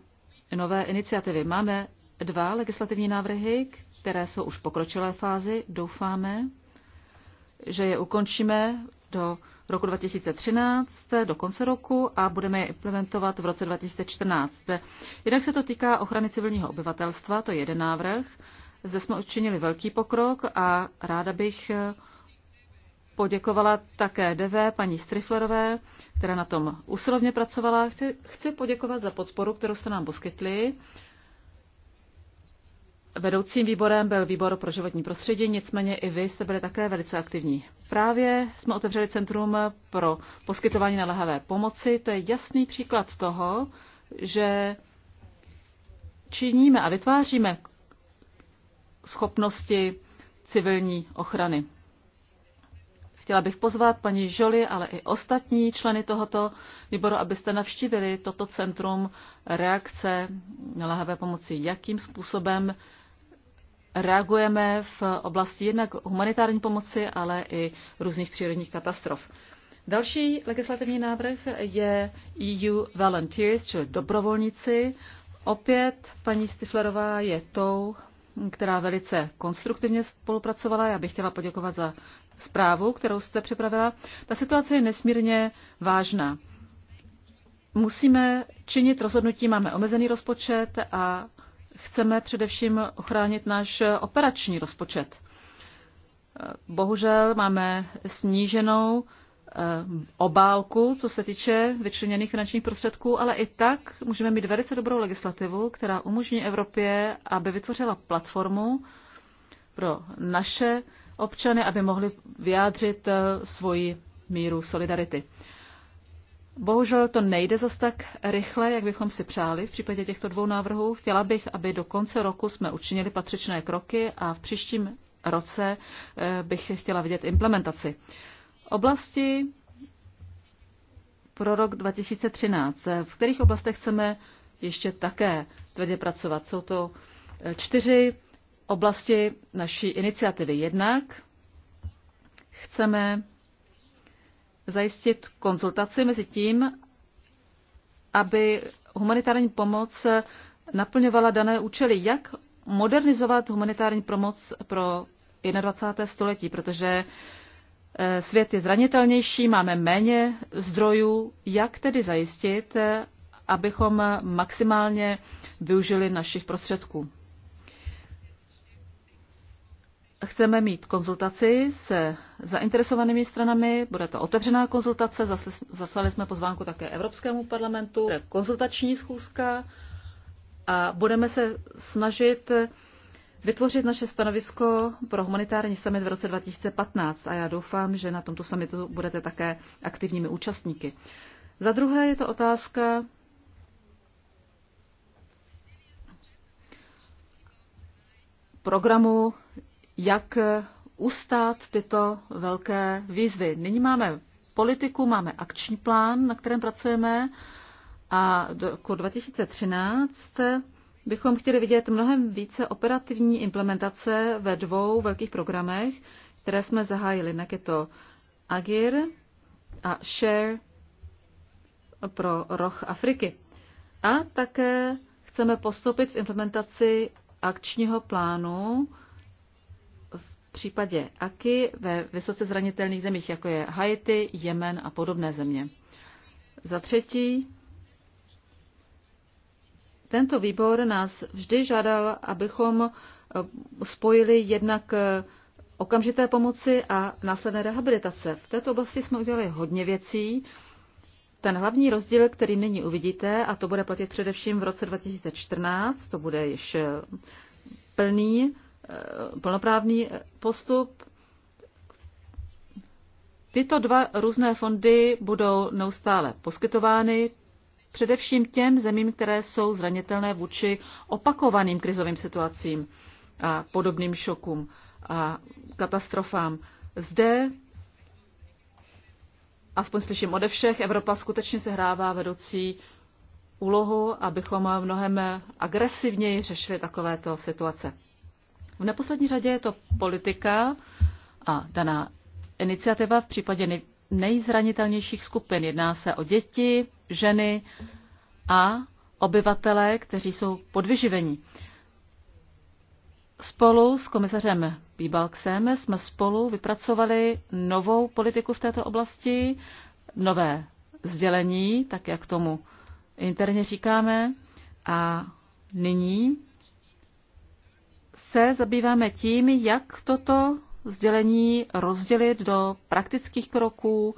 nové iniciativy. Máme dva legislativní návrhy, které jsou už v pokročilé fázi, doufáme že je ukončíme do roku 2013, do konce roku a budeme je implementovat v roce 2014. Jinak se to týká ochrany civilního obyvatelstva, to je jeden návrh. Zde jsme učinili velký pokrok a ráda bych poděkovala také DV paní Striflerové, která na tom usilovně pracovala. Chci, chci poděkovat za podporu, kterou jste nám poskytli Vedoucím výborem byl výbor pro životní prostředí, nicméně i vy jste byli také velice aktivní. Právě jsme otevřeli Centrum pro poskytování nalehavé pomoci. To je jasný příklad toho, že činíme a vytváříme schopnosti civilní ochrany. Chtěla bych pozvat paní Žoli, ale i ostatní členy tohoto výboru, abyste navštívili toto centrum reakce na lahavé pomoci, jakým způsobem reagujeme v oblasti jednak humanitární pomoci, ale i různých přírodních katastrof. Další legislativní návrh je EU Volunteers, čili dobrovolníci. Opět paní Stiflerová je tou, která velice konstruktivně spolupracovala. Já bych chtěla poděkovat za zprávu, kterou jste připravila. Ta situace je nesmírně vážná. Musíme činit rozhodnutí, máme omezený rozpočet a chceme především ochránit náš operační rozpočet. Bohužel máme sníženou eh, obálku, co se týče vyčleněných finančních prostředků, ale i tak můžeme mít velice dobrou legislativu, která umožní Evropě, aby vytvořila platformu pro naše občany, aby mohli vyjádřit eh, svoji míru solidarity. Bohužel to nejde zas tak rychle, jak bychom si přáli v případě těchto dvou návrhů. Chtěla bych, aby do konce roku jsme učinili patřičné kroky a v příštím roce eh, bych chtěla vidět implementaci. Oblasti pro rok 2013. V kterých oblastech chceme ještě také tvrdě pracovat? Jsou to eh, čtyři oblasti naší iniciativy. Jednak chceme zajistit konzultaci mezi tím, aby humanitární pomoc naplňovala dané účely. Jak modernizovat humanitární pomoc pro 21. století, protože eh, svět je zranitelnější, máme méně zdrojů. Jak tedy zajistit, eh, abychom maximálně využili našich prostředků? chceme mít konzultaci se zainteresovanými stranami, bude to otevřená konzultace, zaslali jsme pozvánku také Evropskému parlamentu, bude konzultační schůzka a budeme se snažit vytvořit naše stanovisko pro humanitární summit v roce 2015 a já doufám, že na tomto summitu budete také aktivními účastníky. Za druhé je to otázka programu jak eh, ustát tyto velké výzvy. Nyní máme politiku, máme akční plán, na kterém pracujeme a do roku 2013 bychom chtěli vidět mnohem více operativní implementace ve dvou velkých programech, které jsme zahájili. Jednak je to Agir a Share pro roh Afriky. A také chceme postoupit v implementaci akčního plánu v případě aky ve vysoce zranitelných zemích, jako je Haiti, Jemen a podobné země. Za třetí, tento výbor nás vždy žádal, abychom eh, spojili jednak eh, okamžité pomoci a následné rehabilitace. V této oblasti jsme udělali hodně věcí. Ten hlavní rozdíl, který nyní uvidíte, a to bude platit především v roce 2014, to bude již eh, plný Eh, plnoprávný postup. Tyto dva různé fondy budou neustále poskytovány především těm zemím, které jsou zranitelné vůči opakovaným krizovým situacím a podobným šokům a katastrofám. Zde, aspoň slyším ode všech, Evropa skutečně sehrává vedoucí úlohu, abychom mnohem agresivněji řešili takovéto situace. V neposlední řadě je to politika a daná iniciativa v případě nejzranitelnějších skupin. Jedná se o děti, ženy a obyvatele, kteří jsou podvyživení. Spolu s komisařem Bíbalksem jsme spolu vypracovali novou politiku v této oblasti, nové sdělení, tak jak tomu interně říkáme. A nyní se zabýváme tím, jak toto sdělení rozdělit do praktických kroků,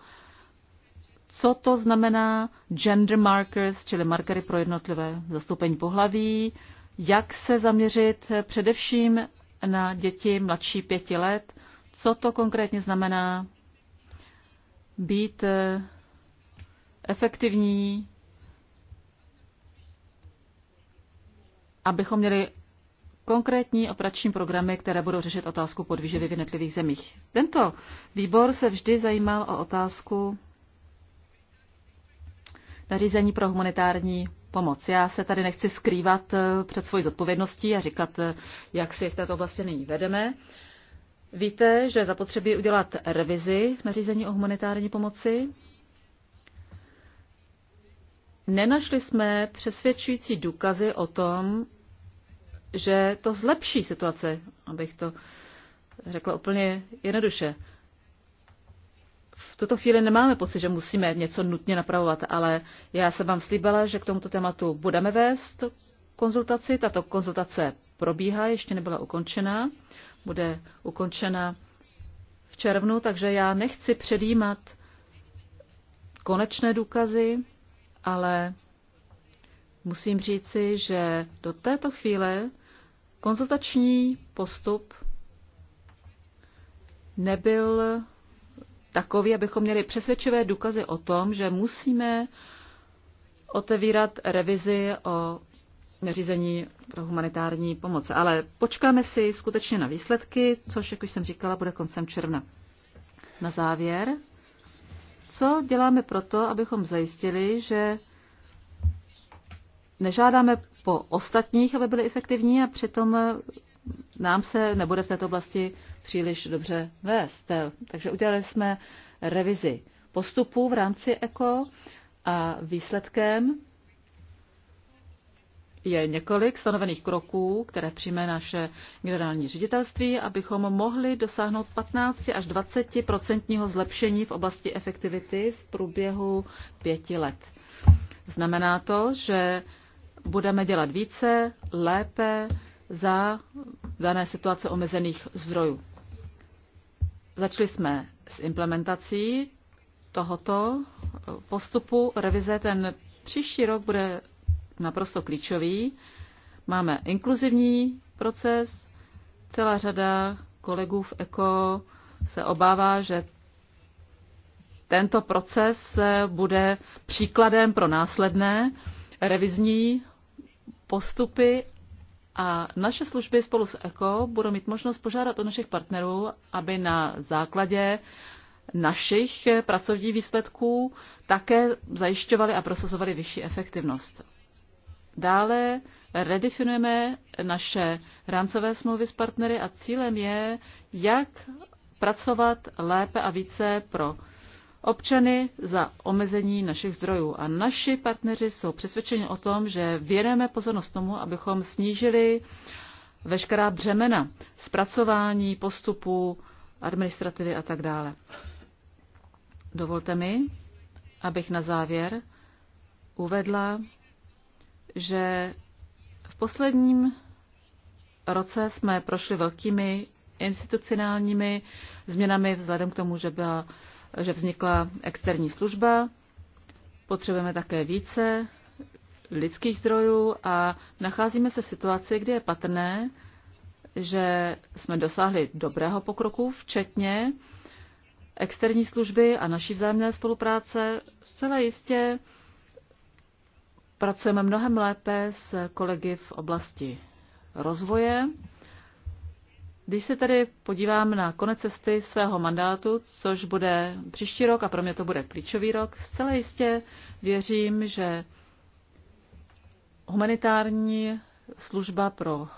co to znamená gender markers, čili markery pro jednotlivé zastoupení pohlaví, jak se zaměřit především na děti mladší pěti let, co to konkrétně znamená být eh, efektivní, abychom měli konkrétní operační programy, které budou řešit otázku podvýživy v jednotlivých zemích. Tento výbor se vždy zajímal o otázku nařízení pro humanitární pomoc. Já se tady nechci skrývat eh, před svojí zodpovědností a říkat, eh, jak si v této oblasti nyní vedeme. Víte, že zapotřebí udělat revizi nařízení o humanitární pomoci. Nenašli jsme přesvědčující důkazy o tom, že to zlepší situaci, abych to řekla úplně jednoduše. V tuto chvíli nemáme pocit, že musíme něco nutně napravovat, ale já jsem vám slíbala, že k tomuto tématu budeme vést konzultaci. Tato konzultace probíhá, ještě nebyla ukončena. Bude ukončena v červnu, takže já nechci předjímat konečné důkazy, ale musím říci, že do této chvíle Konzultační postup nebyl takový, abychom měli přesvědčivé důkazy o tom, že musíme otevírat revizi o nařízení pro humanitární pomoc. Ale počkáme si skutečně na výsledky, což, jak už jsem říkala, bude koncem června. Na závěr, co děláme proto, abychom zajistili, že nežádáme po ostatních, aby byly efektivní a přitom eh, nám se nebude v této oblasti příliš dobře vést. Eh, takže udělali jsme revizi postupů v rámci ECO a výsledkem je několik stanovených kroků, které přijme naše generální ředitelství, abychom mohli dosáhnout 15 až 20 zlepšení v oblasti efektivity v průběhu pěti let. Znamená to, že budeme dělat více, lépe za dané situace omezených zdrojů. Začali jsme s implementací tohoto postupu revize. Ten příští rok bude naprosto klíčový. Máme inkluzivní proces. Celá řada kolegů v ECO se obává, že tento proces bude příkladem pro následné revizní postupy a naše služby spolu s ECO budou mít možnost požádat od našich partnerů, aby na základě našich pracovních výsledků také zajišťovali a prosazovali vyšší efektivnost. Dále redefinujeme naše rámcové smlouvy s partnery a cílem je, jak pracovat lépe a více pro občany za omezení našich zdrojů. A naši partneři jsou přesvědčeni o tom, že věnujeme pozornost tomu, abychom snížili veškerá břemena zpracování, postupů, administrativy a tak dále. Dovolte mi, abych na závěr uvedla, že v posledním roce jsme prošli velkými institucionálními změnami vzhledem k tomu, že byla že vznikla externí služba. Potřebujeme také více lidských zdrojů a nacházíme se v situaci, kdy je patrné, že jsme dosáhli dobrého pokroku, včetně externí služby a naší vzájemné spolupráce. Zcela jistě pracujeme mnohem lépe s kolegy v oblasti rozvoje. Když se tedy podívám na konec cesty svého mandátu, což bude příští rok a pro mě to bude klíčový rok, zcela jistě věřím, že humanitární služba pro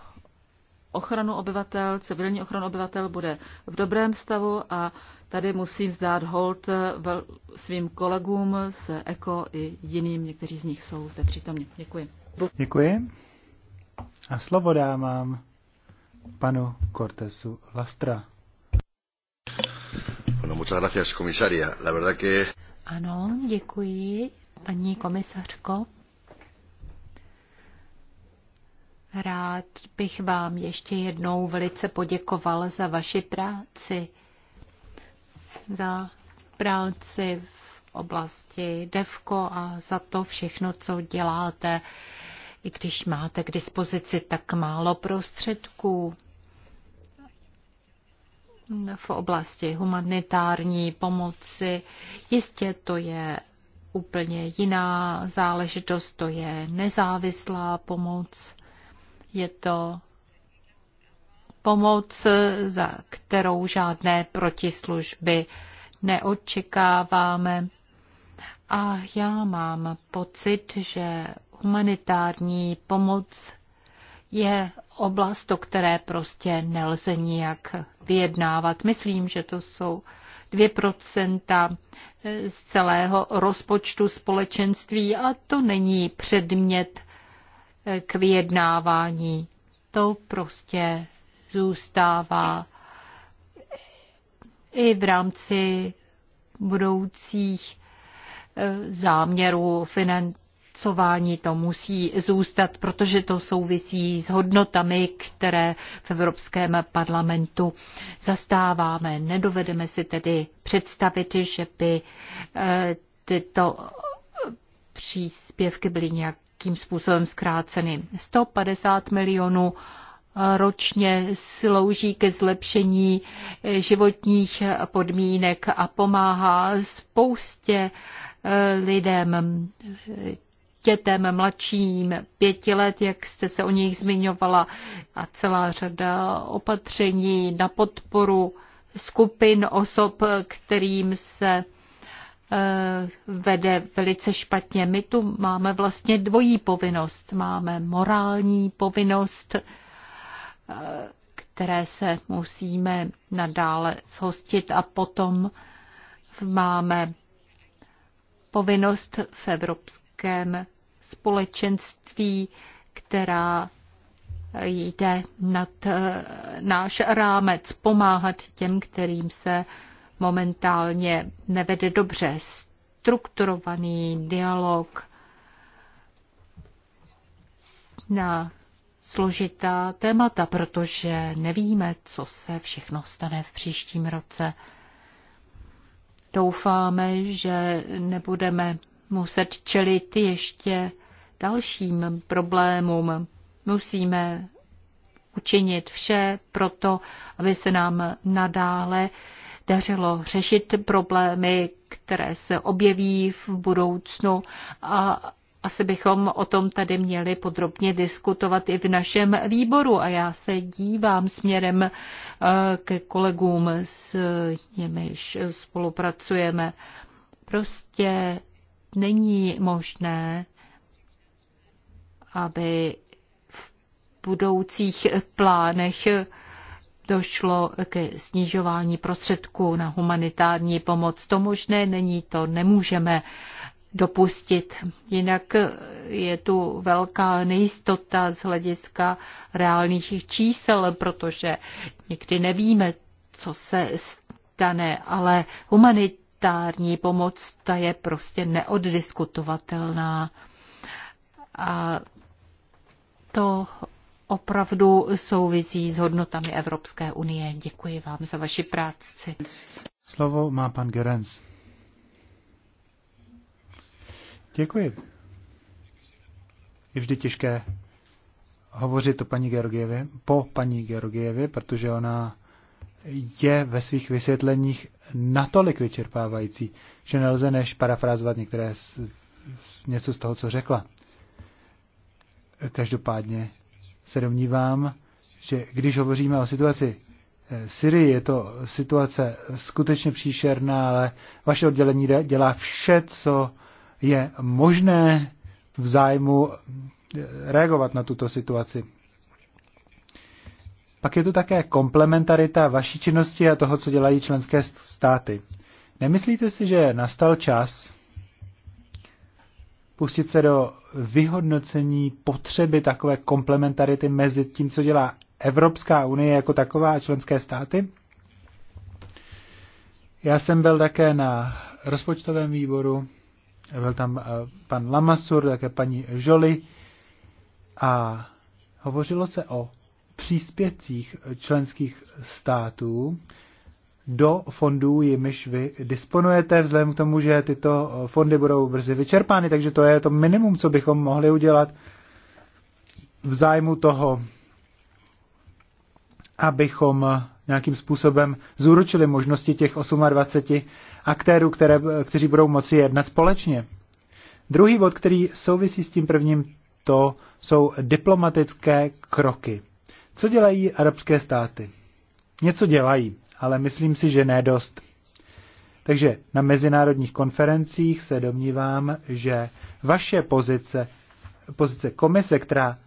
ochranu obyvatel, civilní ochranu obyvatel bude v dobrém stavu a tady musím zdát hold svým kolegům z ECO i jiným, někteří z nich jsou zde přítomni. Děkuji. Děkuji. A slovo dávám panu Cortesu Lastra. Bueno, muchas gracias, La verdad que... Ano, děkuji, paní komisařko. Rád bych vám ještě jednou velice poděkoval za vaši práci, za práci v oblasti DEVKO a za to všechno, co děláte i když máte k dispozici tak málo prostředků v oblasti humanitární pomoci. Jistě to je úplně jiná záležitost, to je nezávislá pomoc. Je to pomoc, za kterou žádné protislužby neočekáváme. A já mám pocit, že humanitární pomoc je oblast, o které prostě nelze nijak vyjednávat. Myslím, že to jsou 2% z celého rozpočtu společenství a to není předmět k vyjednávání. To prostě zůstává i v rámci budoucích eh, záměrů finan- financování to musí zůstat, protože to souvisí s hodnotami, které v Evropském parlamentu zastáváme. Nedovedeme si tedy představit, že by eh, tyto příspěvky byly nějakým způsobem zkráceny. 150 milionů eh, ročně slouží ke zlepšení eh, životních podmínek a pomáhá spoustě lidem dětem mladším pěti let, jak jste se o nich zmiňovala, a celá řada opatření na podporu skupin osob, kterým se eh, vede velice špatně. My tu máme vlastně dvojí povinnost. Máme morální povinnost, eh, které se musíme nadále zhostit a potom máme povinnost v Evropském společenství, která jde nad eh, náš rámec, pomáhat těm, kterým se momentálně nevede dobře. Strukturovaný dialog na složitá témata, protože nevíme, co se všechno stane v příštím roce. Doufáme, že nebudeme muset čelit ještě dalším problémům. Musíme učinit vše proto, aby se nám nadále dařilo řešit problémy, které se objeví v budoucnu a asi bychom o tom tady měli podrobně diskutovat i v našem výboru a já se dívám směrem eh, ke kolegům, s nimiž spolupracujeme. Prostě není možné, aby v budoucích plánech došlo ke snižování prostředků na humanitární pomoc. To možné není, to nemůžeme dopustit. Jinak je tu velká nejistota z hlediska reálných čísel, protože nikdy nevíme, co se stane, ale humanitární humanitární pomoc, ta je prostě neoddiskutovatelná. A to opravdu souvisí s hodnotami Evropské unie. Děkuji vám za vaši práci. Slovo má pan Gerenc. Děkuji. Je vždy těžké hovořit o paní Georgievě, po paní Georgievě, protože ona je ve svých vysvětleních natolik vyčerpávající, že nelze než parafrázovat některé z, něco z toho, co řekla. Každopádně se domnívám, že když hovoříme o situaci eh, Syrii, je to situace skutečně příšerná, ale vaše oddělení dělá vše, co je možné v zájmu eh, reagovat na tuto situaci. Pak je tu také komplementarita vaší činnosti a toho, co dělají členské státy. Nemyslíte si, že nastal čas pustit se do vyhodnocení potřeby takové komplementarity mezi tím, co dělá Evropská unie jako taková a členské státy? Já jsem byl také na rozpočtovém výboru, byl tam eh, pan Lamasur, také paní Žoli a hovořilo se o příspěcích členských států do fondů, jimiž vy disponujete, vzhledem k tomu, že tyto fondy budou brzy vyčerpány, takže to je to minimum, co bychom mohli udělat v zájmu toho, abychom nějakým způsobem zúročili možnosti těch 28 aktérů, které, kteří budou moci jednat společně. Druhý bod, který souvisí s tím prvním, to jsou diplomatické kroky. Co dělají arabské státy? Něco dělají, ale myslím si, že ne dost. Takže na mezinárodních konferencích se domnívám, že vaše pozice, pozice komise, která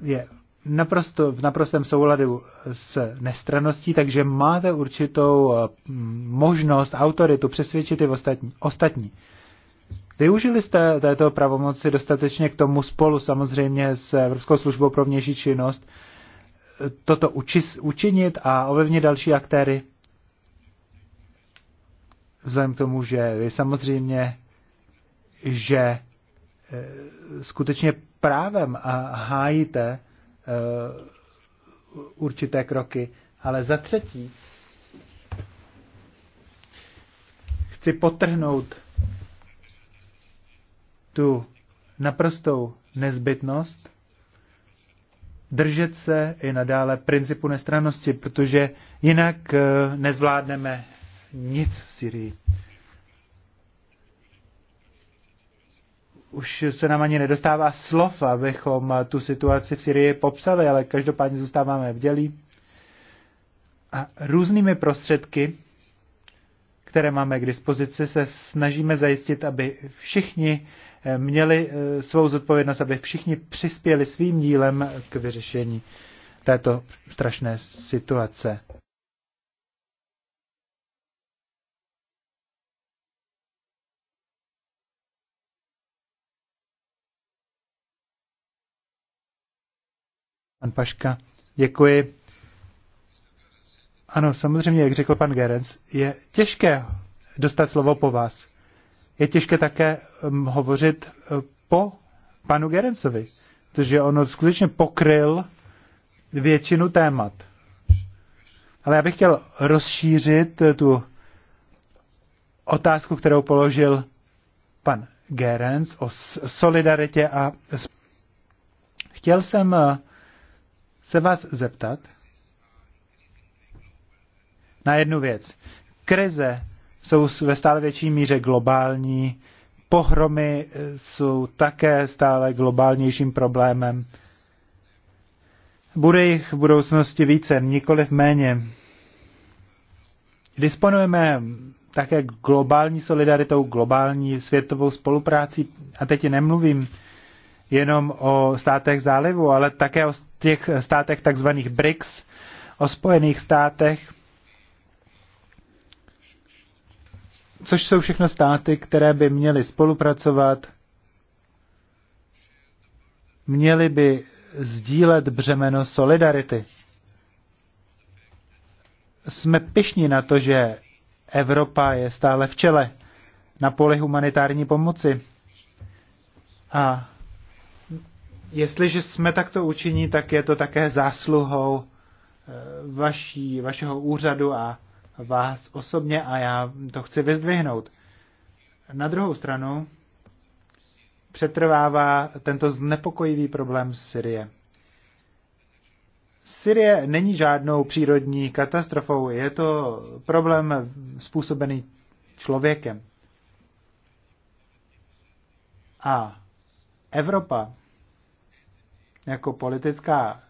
je naprosto, v naprostém souladu s nestraností, takže máte určitou eh, možnost, autoritu přesvědčit i ostatní. ostatní. Využili jste této pravomoci dostatečně k tomu spolu samozřejmě s Evropskou službou pro vnější činnost, toto učis, učinit a ovlivnit další aktéry? Vzhledem k tomu, že je samozřejmě, že e, skutečně právem a hájíte e, určité kroky, ale za třetí chci potrhnout tu naprostou nezbytnost držet se i nadále principu nestrannosti, protože jinak eh, nezvládneme nic v Syrii. Už se nám ani nedostává slov, abychom eh, tu situaci v Syrii popsali, ale každopádně zůstáváme v dělí. A různými prostředky, které máme k dispozici, se snažíme zajistit, aby všichni měli eh, svou zodpovědnost, aby všichni přispěli svým dílem k vyřešení této strašné situace. Pan Paška, děkuji. Ano, samozřejmě, jak řekl pan Gerens, je těžké dostat slovo po vás je těžké také um, hovořit uh, po panu Gerencovi, protože on skutečně pokryl většinu témat. Ale já bych chtěl rozšířit eh, tu otázku, kterou položil pan Gerenc o solidaritě a chtěl jsem eh, se vás zeptat na jednu věc. Krize jsou ve stále větší míře globální, pohromy eh, jsou také stále globálnějším problémem. Bude jich v budoucnosti více, nikoliv méně. Disponujeme také globální solidaritou, globální světovou spoluprácí. A teď nemluvím jenom o státech zálivu, ale také o těch státech takzvaných BRICS, o spojených státech, což jsou všechno státy, které by měly spolupracovat, měly by sdílet břemeno solidarity. Jsme pišní na to, že Evropa je stále v čele na poli humanitární pomoci. A jestliže jsme takto učiní, tak je to také zásluhou eh, vaší, vašeho úřadu a vás osobně a já to chci vyzdvihnout. Na druhou stranu přetrvává tento znepokojivý problém Syrie. Syrie není žádnou přírodní katastrofou, je to problém způsobený člověkem. A Evropa jako politická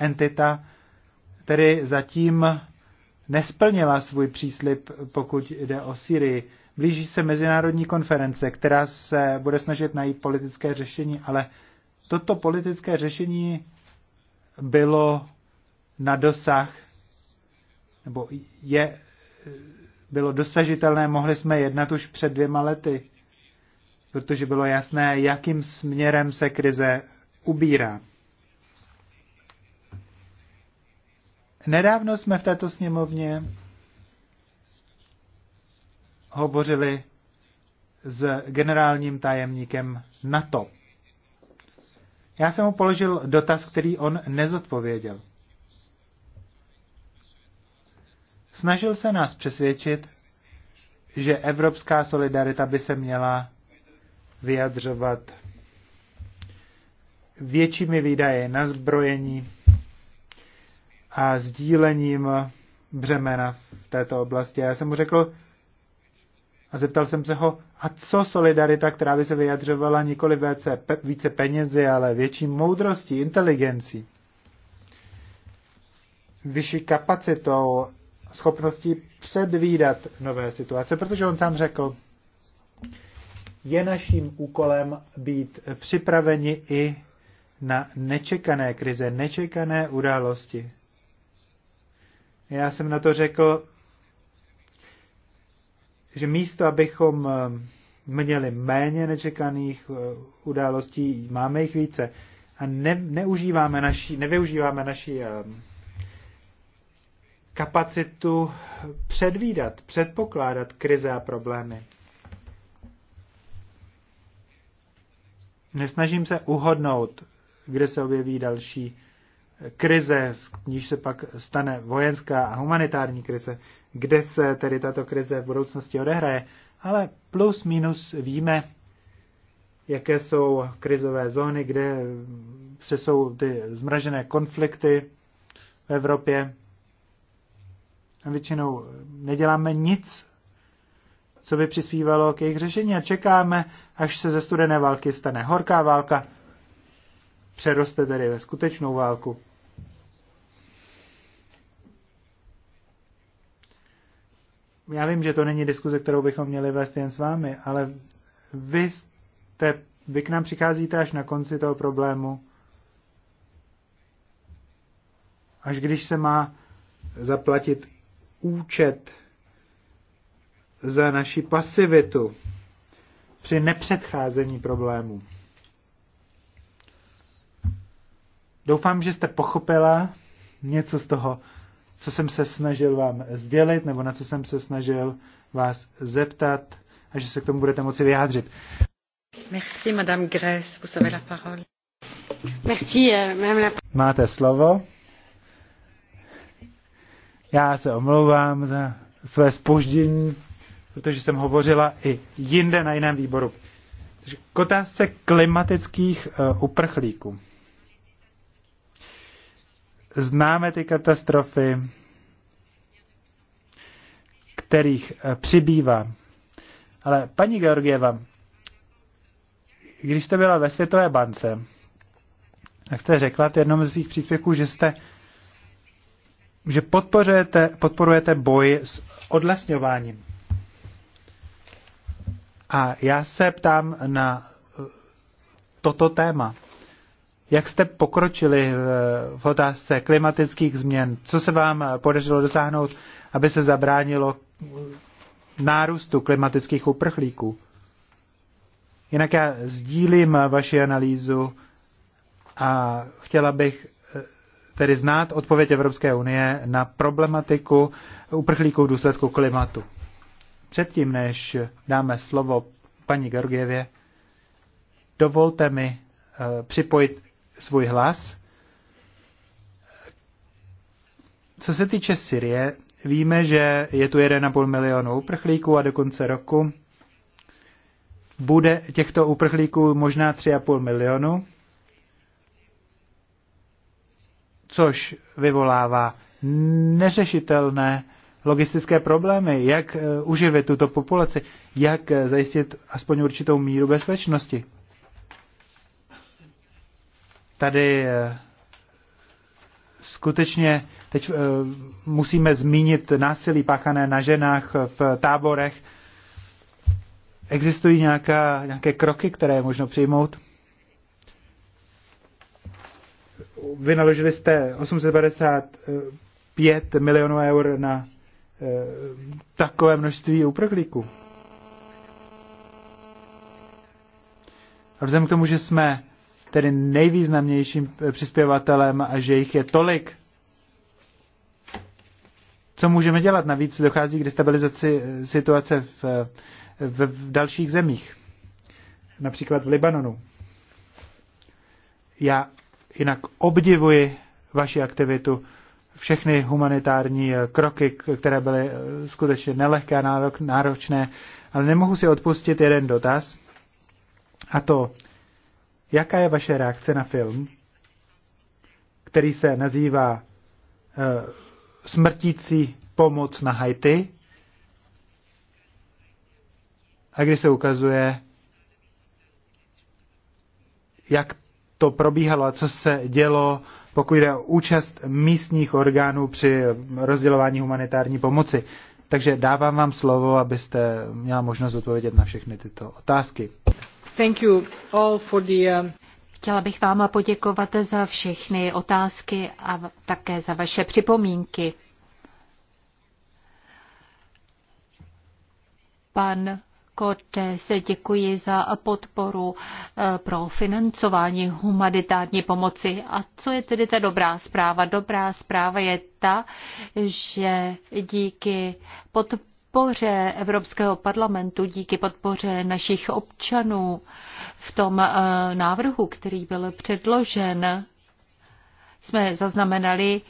entita tedy zatím nesplnila svůj příslip, pokud jde o Syrii. Blíží se mezinárodní konference, která se bude snažit najít politické řešení, ale toto politické řešení bylo na dosah, nebo je, bylo dosažitelné, mohli jsme jednat už před dvěma lety, protože bylo jasné, jakým směrem se krize ubírá. Nedávno jsme v této sněmovně hovořili s generálním tajemníkem NATO. Já jsem mu položil dotaz, který on nezodpověděl. Snažil se nás přesvědčit, že evropská solidarita by se měla vyjadřovat většími výdaje na zbrojení, a sdílením břemena v této oblasti. A já jsem mu řekl a zeptal jsem se ho, a co solidarita, která by se vyjadřovala nikoli více, více penězi, ale větší moudrosti, inteligencí, vyšší kapacitou, schopností předvídat nové situace, protože on sám řekl, je naším úkolem být připraveni i na nečekané krize, nečekané události. Já jsem na to řekl, že místo, abychom eh, měli méně nečekaných eh, událostí, máme jich více. A ne, neužíváme naši, nevyužíváme naši eh, kapacitu předvídat, předpokládat krize a problémy. Nesnažím se uhodnout, kde se objeví další krize, z níž se pak stane vojenská a humanitární krize, kde se tedy tato krize v budoucnosti odehraje, ale plus minus víme, jaké jsou krizové zóny, kde se jsou ty zmražené konflikty v Evropě. A většinou neděláme nic, co by přispívalo k jejich řešení a čekáme, až se ze studené války stane horká válka, přeroste tedy ve skutečnou válku. já vím, že to není diskuze, kterou bychom měli vést jen s vámi, ale vy, jste, vy k nám přicházíte až na konci toho problému, až když se má zaplatit účet za naši pasivitu při nepředcházení problému. Doufám, že jste pochopila něco z toho, co jsem se snažil vám sdělit, nebo na co jsem se snažil vás zeptat a že se k tomu budete moci vyjádřit. Merci, Madame Grace, vous avez la parole. Merci, euh, Madame la... Máte slovo. Já se omlouvám za své spoždění, protože jsem hovořila i jinde na jiném výboru. Takže k otázce klimatických uh, uprchlíků. Známe ty katastrofy, kterých eh, přibývá. Ale paní Georgieva, když jste byla ve Světové bance, tak jste řekla v jednom ze svých příspěvků, že jste že podporujete, podporujete boj s odlesňováním. A já se ptám na eh, toto téma. Jak jste pokročili v otázce klimatických změn? Co se vám podařilo dosáhnout, aby se zabránilo nárůstu klimatických uprchlíků? Jinak já sdílím vaši analýzu a chtěla bych eh, tedy znát odpověď Evropské unie na problematiku uprchlíků v důsledku klimatu. Předtím, než dáme slovo paní Georgievě, dovolte mi eh, připojit svůj hlas. Co se týče Syrie, víme, že je tu 1,5 milionu uprchlíků a do konce roku bude těchto uprchlíků možná 3,5 milionu, což vyvolává neřešitelné logistické problémy, jak eh, uživit tuto populaci, jak eh, zajistit aspoň určitou míru bezpečnosti tady eh, skutečně teď eh, musíme zmínit násilí páchané na ženách v táborech. Existují nějaká, nějaké kroky, které je možno přijmout? Vynaložili jste 855 milionů eur na eh, takové množství uprchlíků. A vzhledem k tomu, že jsme tedy nejvýznamnějším eh, přispěvatelem a že jich je tolik. Co můžeme dělat? Navíc dochází k destabilizaci eh, situace v, eh, v, v dalších zemích, například v Libanonu. Já jinak obdivuji vaši aktivitu, všechny humanitární kroky, které byly skutečně nelehké a náročné, ale nemohu si odpustit jeden dotaz, a to Jaká je vaše reakce na film, který se nazývá uh, Smrtící pomoc na Haiti a kdy se ukazuje, jak to probíhalo a co se dělo, pokud jde o účast místních orgánů při rozdělování humanitární pomoci. Takže dávám vám slovo, abyste měla možnost odpovědět na všechny tyto otázky. Uh, Chtěla bych vám poděkovat za všechny otázky a také za vaše připomínky. Pan se děkuji za podporu eh, pro financování humanitární pomoci. A co je tedy ta dobrá zpráva? Dobrá zpráva je ta, že díky podporu podpoře Evropského parlamentu, díky podpoře našich občanů v tom eh, návrhu, který byl předložen, jsme zaznamenali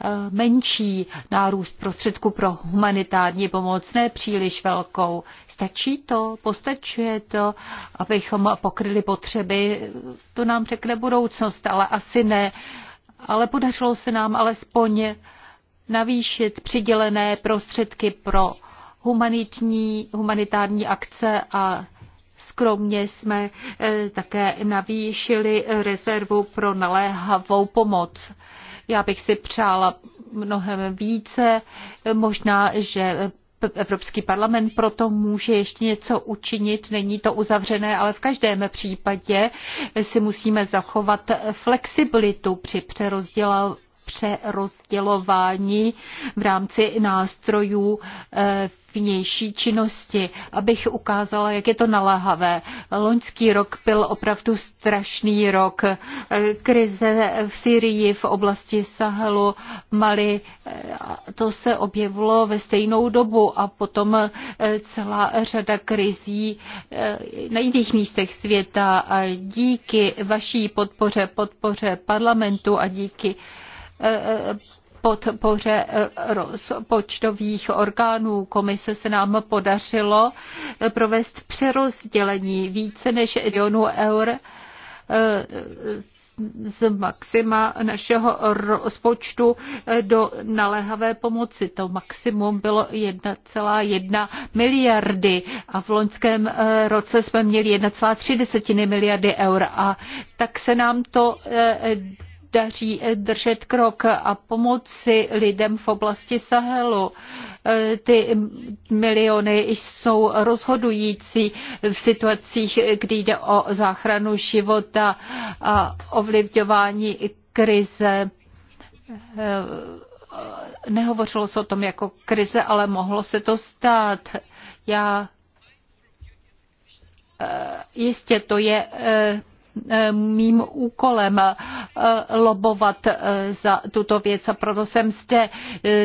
eh, menší nárůst prostředků pro humanitární pomoc, ne příliš velkou. Stačí to? Postačuje to, abychom pokryli potřeby? To nám řekne budoucnost, ale asi ne. Ale podařilo se nám alespoň navýšit přidělené prostředky pro humanitní, humanitární akce a skromně jsme eh, také navýšili rezervu pro naléhavou pomoc. Já bych si přála mnohem více, možná, že Evropský parlament proto může ještě něco učinit. Není to uzavřené, ale v každém případě si musíme zachovat flexibilitu při přerozdělování přerozdělování v rámci nástrojů eh, vnější činnosti, abych ukázala, jak je to naléhavé. Loňský rok byl opravdu strašný rok. Eh, krize v Syrii, v oblasti Sahelu, Mali, eh, to se objevilo ve stejnou dobu a potom celá řada krizí na jiných místech světa. A díky vaší podpoře, podpoře parlamentu a díky Eh, podpoře eh, rozpočtových orgánů komise se nám podařilo eh, provést přerozdělení více než milionů eur z maxima našeho rozpočtu do naléhavé pomoci. To maximum bylo 1,1 miliardy a v loňském roce jsme měli 1,3 miliardy eur a tak se nám to daří držet krok a pomoci lidem v oblasti Sahelu. Ty miliony jsou rozhodující v situacích, kdy jde o záchranu života a ovlivňování krize nehovořilo se o tom jako krize, ale mohlo se to stát. Já eh, jistě to je eh, Eh, mým úkolem eh, lobovat eh, za tuto věc a proto jsem zde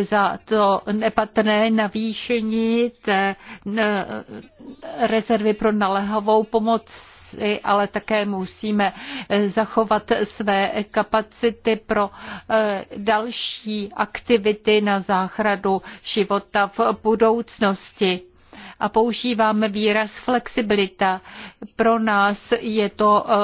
za to nepatrné navýšení té rezervy pro naléhavou pomoc ale také musíme zachovat své kapacity pro další aktivity na záchranu života v budoucnosti a používáme výraz flexibilita. Pro nás je to e,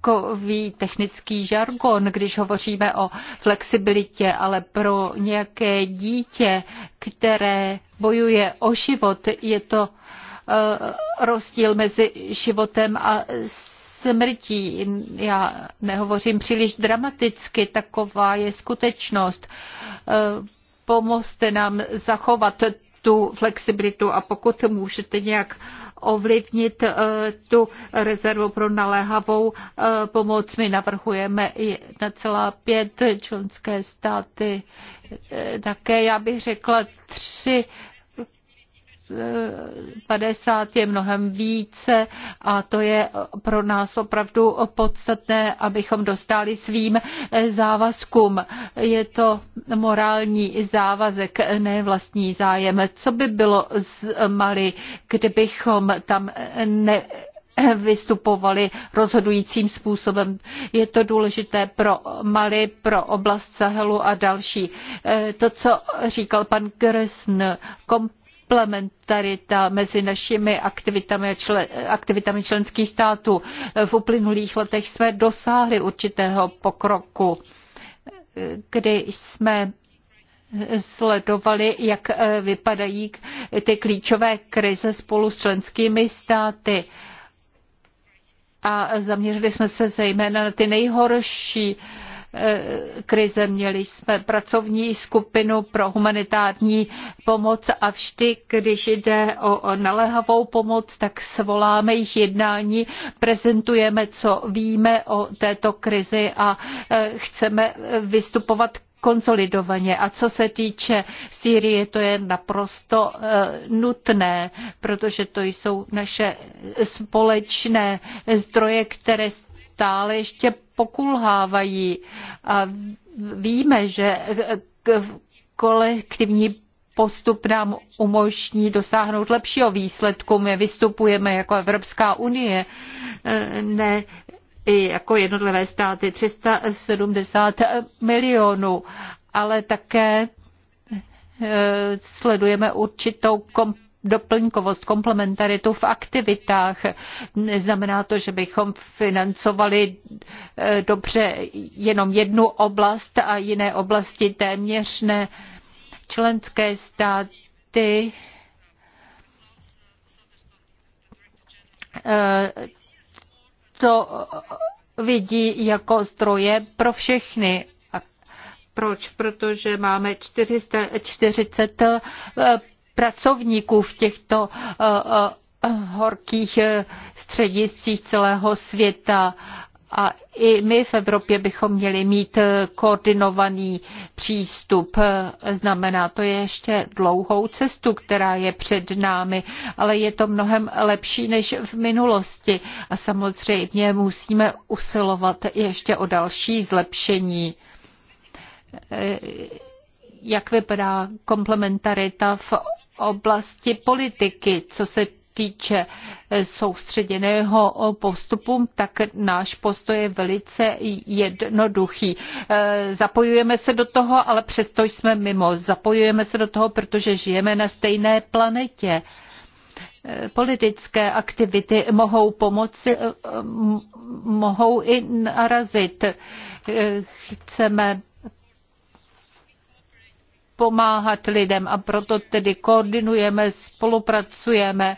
takový technický žargon, když hovoříme o flexibilitě, ale pro nějaké dítě, které bojuje o život, je to e, rozdíl mezi životem a smrtí. Já nehovořím příliš dramaticky, taková je skutečnost. E, pomozte nám zachovat tu flexibilitu a pokud můžete nějak ovlivnit eh, tu rezervu pro naléhavou eh, pomoc, my navrhujeme i na celá pět členské státy eh, také, já bych řekla, tři 50 je mnohem více a to je pro nás opravdu podstatné, abychom dostali svým závazkům. Je to morální závazek, ne vlastní zájem. Co by bylo z Mali, kdybychom tam ne vystupovali rozhodujícím způsobem. Je to důležité pro Mali, pro oblast Sahelu a další. To, co říkal pan Gresn, komp- komplementarita mezi našimi aktivitami, člen, aktivitami členských států. V uplynulých letech jsme dosáhli určitého pokroku, kdy jsme sledovali, jak eh, vypadají ty klíčové krize spolu s členskými státy. A zaměřili jsme se zejména na ty nejhorší uh, Eh, krize. Měli jsme pracovní skupinu pro humanitární pomoc a vždy, když jde o naléhavou pomoc, tak svoláme jich jednání, prezentujeme, co víme o této krizi a eh, chceme vystupovat konsolidovaně. A co se týče Sýrie, to je naprosto eh, nutné, protože to jsou naše společné zdroje, které stále ještě pokulhávají. A víme, že kolektivní postup nám umožní dosáhnout lepšího výsledku. My vystupujeme jako Evropská unie, ne i jako jednotlivé státy 370 milionů, ale také eh, sledujeme určitou kompetenci doplňkovost, komplementaritu v aktivitách. Neznamená to, že bychom financovali eh, dobře jenom jednu oblast a jiné oblasti téměř ne. Členské státy eh, to vidí jako zdroje pro všechny. Proč? Protože máme 440 pracovníků v těchto eh, eh, horkých eh, střediscích celého světa. A i my v Evropě bychom měli mít koordinovaný přístup. Znamená to je ještě dlouhou cestu, která je před námi, ale je to mnohem lepší než v minulosti. A samozřejmě musíme usilovat ještě o další zlepšení. Jak vypadá komplementarita v oblasti politiky, co se týče eh, soustředěného eh, postupu, tak náš postoj je velice jednoduchý. Eh, zapojujeme se do toho, ale přesto jsme mimo. Zapojujeme se do toho, protože žijeme na stejné planetě. Politické aktivity mohou pomoci, mohou i narazit. Chceme pomáhat lidem a proto tedy koordinujeme, spolupracujeme,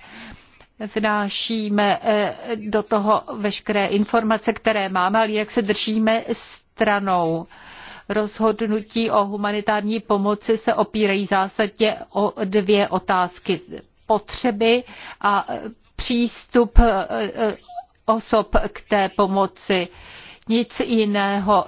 vnášíme eh, do toho veškeré informace, které máme, ale jak se držíme stranou. Rozhodnutí o humanitární pomoci se opírají zásadně o dvě otázky. Potřeby a přístup eh, eh, osob k té pomoci nic jiného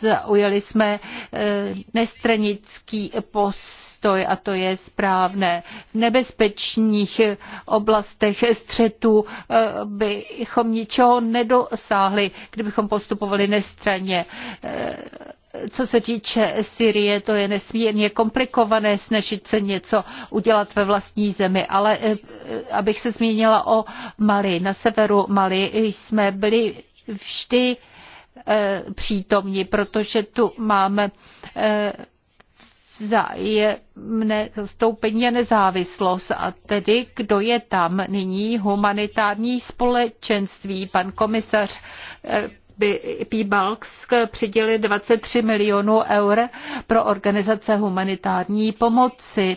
zaujali jsme eh, nestranický postoj a to je správné. V nebezpečných oblastech střetu eh, bychom ničeho nedosáhli, kdybychom postupovali nestraně eh, co se týče Syrie, to je nesmírně komplikované snažit se něco udělat ve vlastní zemi, ale abych se zmínila o Mali. Na severu Mali jsme byli vždy Eh, přítomni, protože tu máme eh, vzájemné zastoupení a nezávislost. A tedy, kdo je tam nyní humanitární společenství? Pan komisař eh, Pibalsk přidělil 23 milionů eur pro organizace humanitární pomoci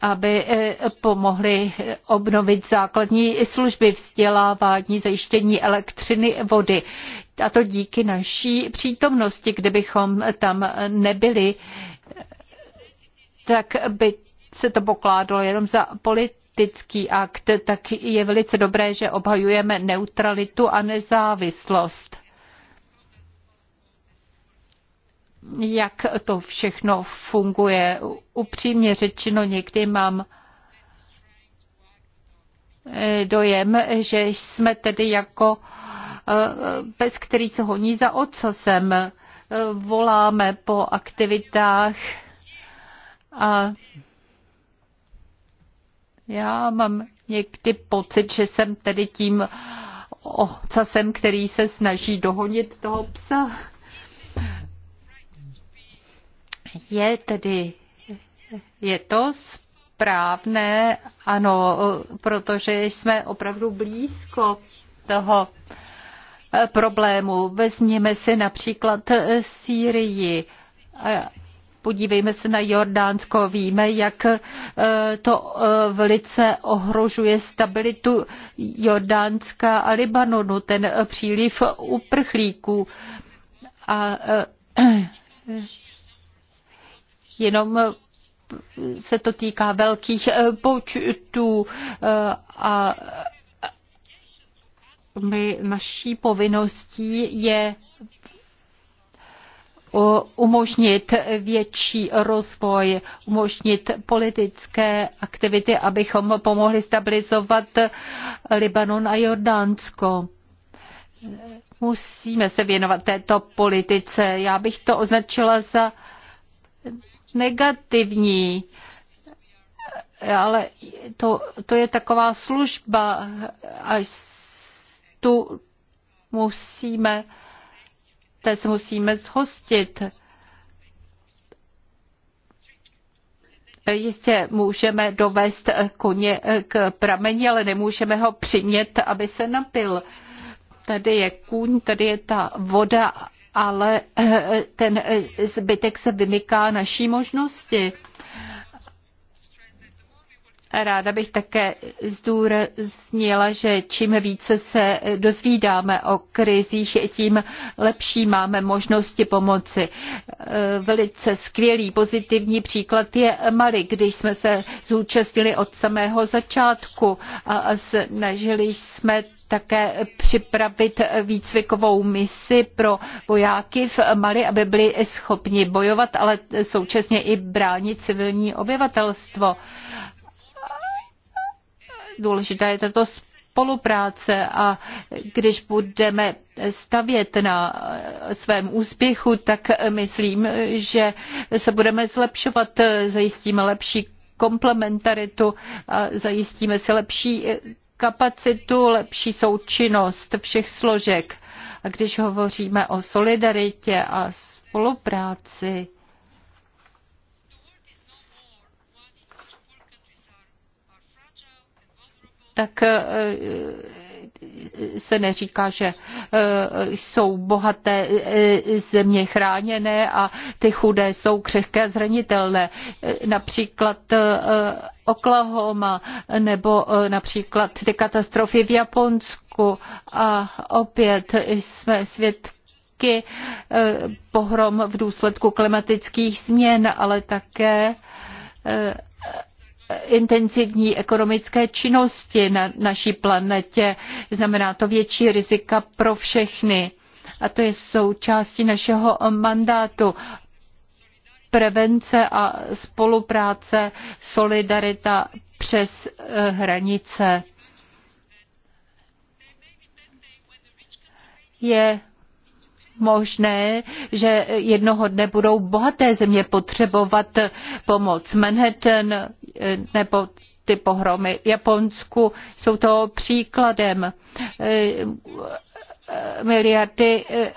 aby pomohli obnovit základní služby, vzdělávání, zajištění elektřiny, vody a to díky naší přítomnosti. Kdybychom tam nebyli, tak by se to pokládalo jenom za politický akt, tak je velice dobré, že obhajujeme neutralitu a nezávislost. Jak to všechno funguje? Upřímně řečeno, někdy mám eh, dojem, že jsme tedy jako Eh, eh, pes, který se honí za ocasem. Eh, voláme po aktivitách a já mám někdy pocit, že jsem tedy tím ocasem, který se snaží dohonit toho psa. Je tedy, je to správné, ano, protože jsme opravdu blízko toho Eh, problémů. Vezměme si například eh, Sýrii. Podívejme se na Jordánsko. Víme, jak eh, to velice ohrožuje stabilitu Jordánska a Libanonu, ten příliv uprchlíků. A jenom se to týká velkých počtů a my, naší povinností je umožnit větší rozvoj, umožnit politické aktivity, abychom pomohli stabilizovat Libanon a Jordánsko. Musíme se věnovat této politice. Já bych to označila za negativní, ale to, to je taková služba, až tu musíme, té se musíme zhostit. Jistě můžeme dovést koně k prameni, ale nemůžeme ho přimět, aby se napil. Tady je kůň, tady je ta voda, ale ten zbytek se vymyká naší možnosti. Ráda bych také zdůraznila, že čím více se dozvídáme o krizích, tím lepší máme možnosti pomoci. E, velice skvělý pozitivní příklad je Mali, když jsme se zúčastnili od samého začátku a snažili jsme také připravit výcvikovou misi pro vojáky v Mali, aby byli schopni bojovat, ale současně i bránit civilní obyvatelstvo důležitá je tato spolupráce a když budeme stavět na svém úspěchu, tak myslím, že se budeme zlepšovat, zajistíme lepší komplementaritu, a zajistíme si lepší kapacitu, lepší součinnost všech složek. A když hovoříme o solidaritě a spolupráci, tak eh, se neříká, že eh, jsou bohaté eh, země chráněné a ty chudé jsou křehké a zranitelné. Například Oklahoma nebo například ty katastrofy v Japonsku a opět jsme svědky pohrom v důsledku klimatických změn, ale také intenzivní ekonomické činnosti na naší planetě. Znamená to větší rizika pro všechny. A to je součástí našeho mandátu. Prevence a spolupráce, solidarita přes eh, hranice. Je možné, že jednoho dne budou bohaté země potřebovat pomoc. Manhattan eh, nebo ty pohromy Japonsku jsou to příkladem. Eh, miliardy eh,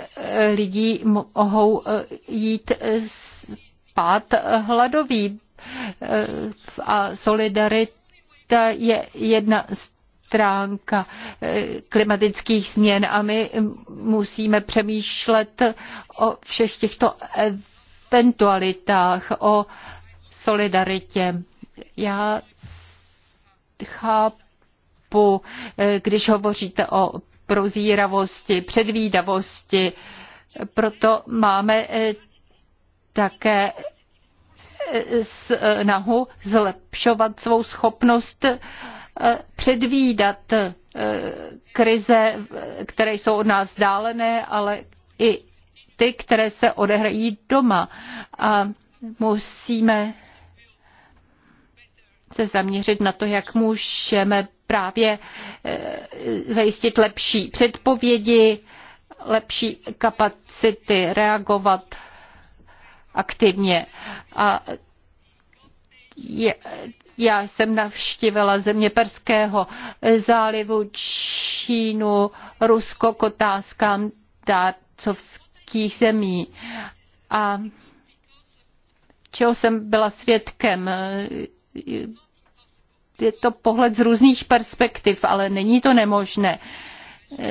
lidí mohou jít spát hladoví a solidarita je jedna z stránka eh, klimatických změn a my musíme přemýšlet o všech těchto eventualitách, o solidaritě. Já chápu, eh, když hovoříte o prozíravosti, předvídavosti, proto máme eh, také snahu zlepšovat svou schopnost Eh, předvídat eh, krize, které jsou od nás dálené, ale i ty, které se odehrají doma. A musíme se zaměřit na to, jak můžeme právě eh, zajistit lepší předpovědi, lepší kapacity reagovat aktivně. A já jsem navštívila země Perského zálivu, Čínu, Rusko k otázkám dárcovských zemí. A čeho jsem byla svědkem, je to pohled z různých perspektiv, ale není to nemožné.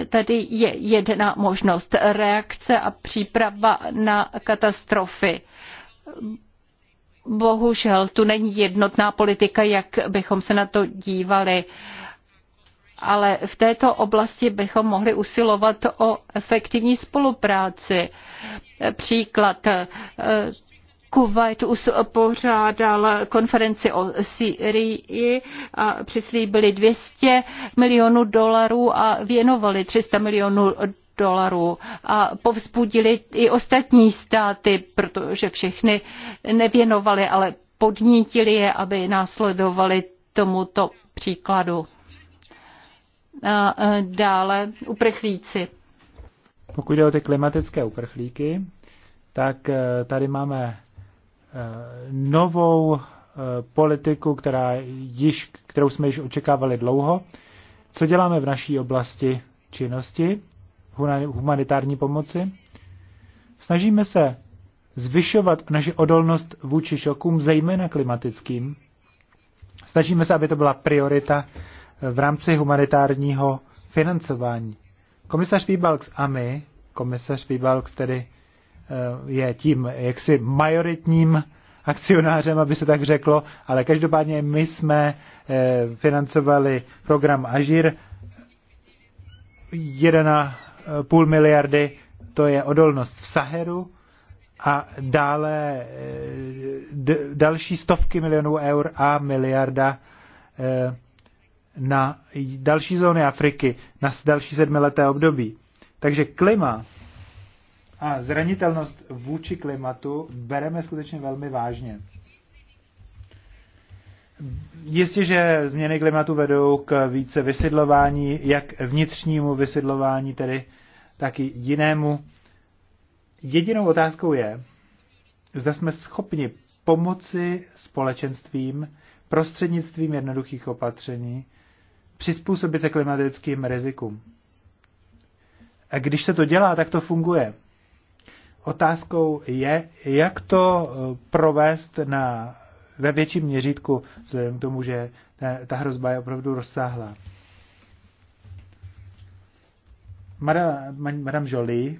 Tady je jedna možnost reakce a příprava na katastrofy bohužel tu není jednotná politika, jak bychom se na to dívali. Ale v této oblasti bychom mohli usilovat o efektivní spolupráci. Příklad eh, Kuwait pořádal konferenci o Syrii a přislíbili 200 milionů dolarů a věnovali 300 milionů dolarů a povzbudili i ostatní státy, protože všechny nevěnovali, ale podnítili je, aby následovali tomuto příkladu. A e, dále uprchlíci. Pokud jde o ty klimatické uprchlíky, tak e, tady máme e, novou politiku, která již, kterou jsme již očekávali dlouho. Co děláme v naší oblasti činnosti? humanitární pomoci. Snažíme se zvyšovat naši odolnost vůči šokům, zejména klimatickým. Snažíme se, aby to byla priorita v rámci humanitárního financování. Komisař Výbalks a my, komisař Výbalks tedy eh, je tím jaksi majoritním akcionářem, aby se tak řeklo, ale každopádně my jsme eh, financovali program Ažir půl miliardy, to je odolnost v Saheru a dále eh, další stovky milionů eur a miliarda eh, na další zóny Afriky, na další sedmileté období. Takže klima a zranitelnost vůči klimatu bereme skutečně velmi vážně. Jistě, že změny klimatu vedou k více vysidlování, jak vnitřnímu vysidlování, tedy tak i jinému. Jedinou otázkou je, zda jsme schopni pomoci společenstvím prostřednictvím jednoduchých opatření přizpůsobit se klimatickým rizikům. A když se to dělá, tak to funguje. Otázkou je, jak to eh, provést na ve větším měřítku, vzhledem k tomu, že ta, ta hrozba je opravdu rozsáhlá. Madame, Madame Jolie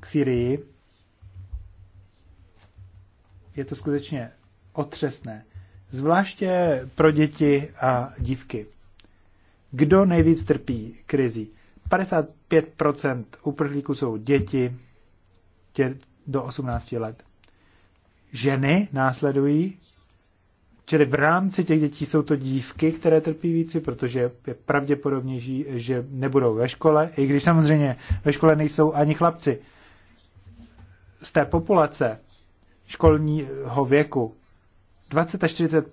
k Syrii je to skutečně otřesné. Zvláště pro děti a dívky. Kdo nejvíc trpí krizi? 55% uprchlíků jsou děti tě, do 18 let ženy následují, čili v rámci těch dětí jsou to dívky, které trpí víci, protože je pravděpodobnější, že nebudou ve škole, i když samozřejmě ve škole nejsou ani chlapci. Z té populace školního věku 20 až 30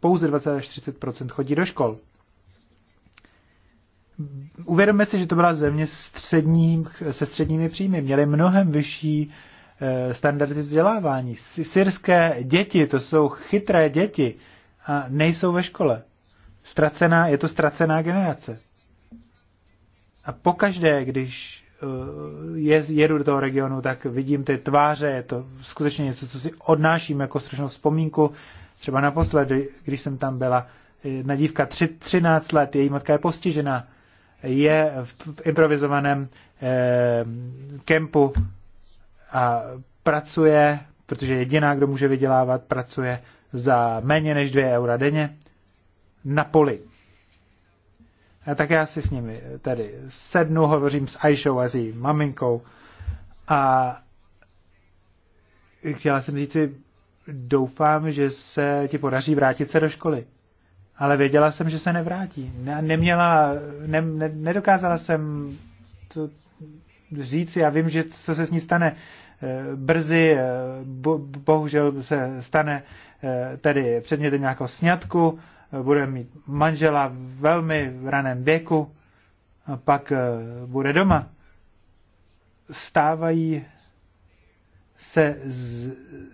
pouze 20 až 30 chodí do škol. Uvědomme si, že to byla země středním, se středními příjmy. Měli mnohem vyšší Eh, standardy vzdělávání. Syrské děti, to jsou chytré děti a nejsou ve škole. Ztracená, je to ztracená generace. A pokaždé, když eh, je, jedu do toho regionu, tak vidím ty tváře, je to skutečně něco, co si odnáším jako strašnou vzpomínku. Třeba naposledy, když jsem tam byla, eh, jedna dívka 13 let, její matka je postižena, je v, v improvizovaném eh, kempu a pracuje, protože jediná, kdo může vydělávat, pracuje za méně než 2 eura denně na poli. A tak já si s nimi tady sednu, hovořím s Aishou a s její maminkou a chtěla jsem říct si, doufám, že se ti podaří vrátit se do školy. Ale věděla jsem, že se nevrátí. Ne, neměla, ne, ne, nedokázala jsem to, říct. Já vím, že co se s ní stane eh, brzy, eh, bo, bohužel se stane eh, tedy předmětem nějakého sňatku, bude mít manžela v velmi raném věku, a pak bude doma. Stávají se z,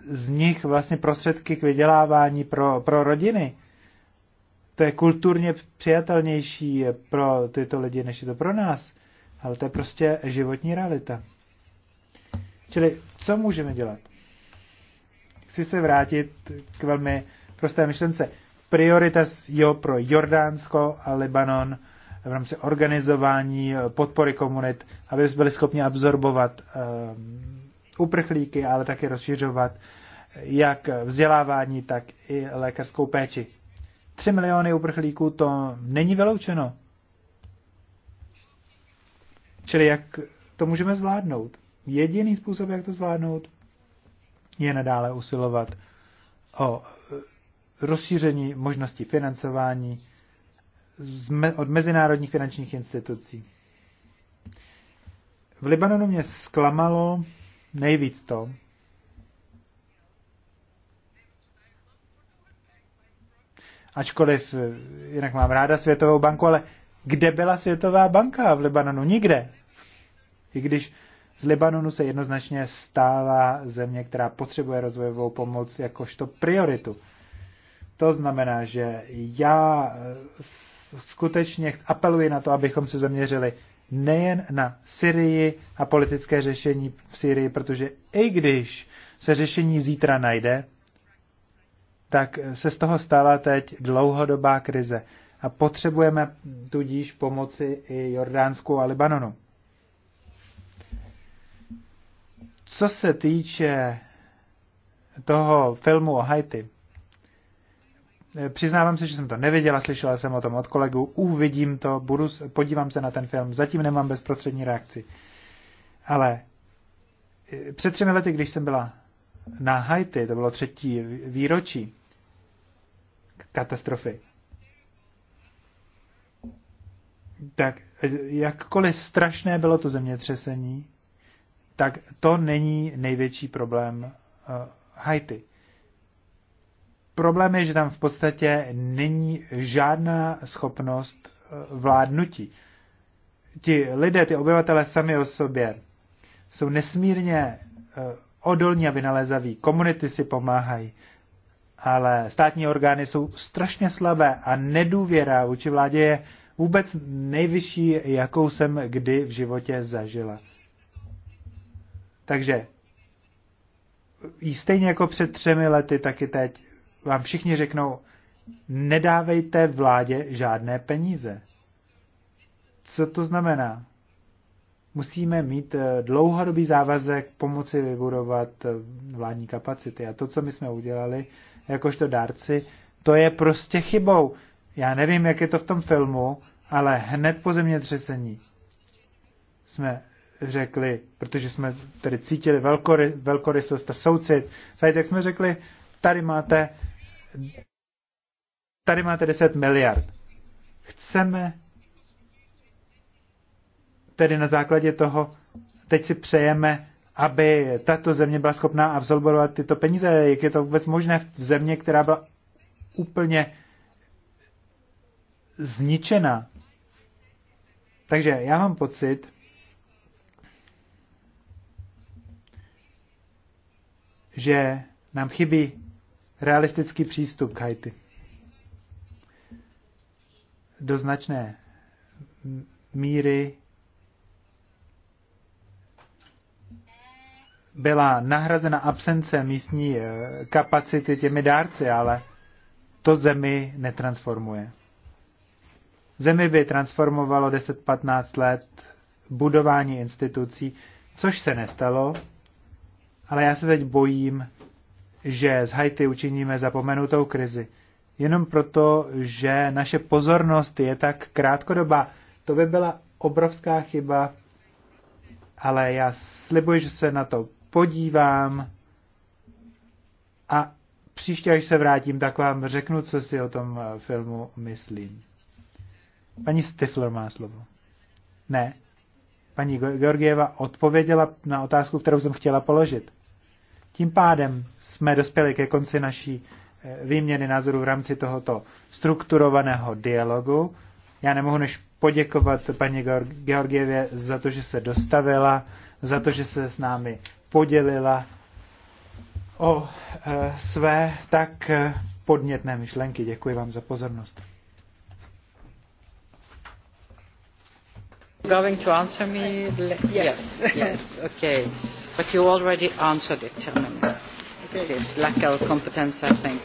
z nich vlastně prostředky k vydělávání pro, pro rodiny. To je kulturně přijatelnější pro tyto lidi, než je to pro nás. Ale to je prostě životní realita. Čili co můžeme dělat? Chci se vrátit k velmi prosté myšlence. Priorita jo, pro Jordánsko a Libanon v rámci organizování eh, podpory komunit, aby byli schopni absorbovat um, uprchlíky, ale také rozšiřovat eh, jak vzdělávání, tak i lékařskou péči. 3 miliony uprchlíků to není vyloučeno. Čili jak to můžeme zvládnout? Jediný způsob, jak to zvládnout, je nadále usilovat o eh, rozšíření možností financování od mezinárodních finančních institucí. V Libanonu mě zklamalo nejvíc to, ačkoliv eh, jinak mám ráda Světovou banku, ale kde byla Světová banka v Libanonu? Nikde. I když z Libanonu se jednoznačně stává země, která potřebuje rozvojovou pomoc jakožto prioritu. To znamená, že já eh, skutečně apeluji na to, abychom se zaměřili nejen na Syrii a politické řešení v Syrii, protože i když se řešení zítra najde, tak se z toho stává teď dlouhodobá krize. A potřebujeme tudíž pomoci i Jordánsku a Libanonu. Co se týče toho filmu o Haiti, přiznávám se, že jsem to neviděla, slyšela jsem o tom od kolegů, uvidím to, budu, podívám se na ten film, zatím nemám bezprostřední reakci. Ale eh, před třemi lety, když jsem byla na Haiti, to bylo třetí výročí katastrofy, tak eh, jakkoliv strašné bylo to zemětřesení, tak to není největší problém eh, Haiti. Problém je, že tam v podstatě není žádná schopnost eh, vládnutí. Ti lidé, ty obyvatele sami o sobě jsou nesmírně eh, odolní a vynalézaví, komunity si pomáhají, ale státní orgány jsou strašně slabé a nedůvěra vůči vládě je vůbec nejvyšší, jakou jsem kdy v životě zažila. Takže stejně jako před třemi lety, taky teď vám všichni řeknou, nedávejte vládě žádné peníze. Co to znamená? Musíme mít eh, dlouhodobý závazek pomoci vybudovat eh, vládní kapacity. A to, co my jsme udělali, jakožto dárci, to je prostě chybou. Já nevím, jak je to v tom filmu, ale hned po zemětřesení jsme řekli, protože jsme tedy cítili velkory, velkorysost a soucit, tady tak jsme řekli, tady máte, tady máte 10 miliard. Chceme tedy na základě toho, teď si přejeme, aby tato země byla schopná absorbovat tyto peníze. Jak je to vůbec možné v země, která byla úplně zničena? Takže já mám pocit, že nám chybí realistický přístup k Haiti. Do značné míry byla nahrazena absence místní eh, kapacity těmi dárci, ale to zemi netransformuje. Zemi by transformovalo 10-15 let budování institucí, což se nestalo, ale já se teď bojím, že z Haiti učiníme zapomenutou krizi. Jenom proto, že naše pozornost je tak krátkodobá. To by byla obrovská chyba, ale já slibuji, že se na to podívám a příště, až se vrátím, tak vám řeknu, co si o tom eh, filmu myslím. Paní Stifler má slovo. Ne. Paní Georgieva odpověděla na otázku, kterou jsem chtěla položit. Tím pádem jsme dospěli ke konci naší eh, výměny názorů v rámci tohoto strukturovaného dialogu. Já nemohu než poděkovat paní Georgievě za to, že se dostavila, za to, že se s námi podělila o eh, své tak eh, podnětné myšlenky. Děkuji vám za pozornost. Going to answer me? Yes. Yes. yes. Okay but you already answered it. It is lack of competence, I think.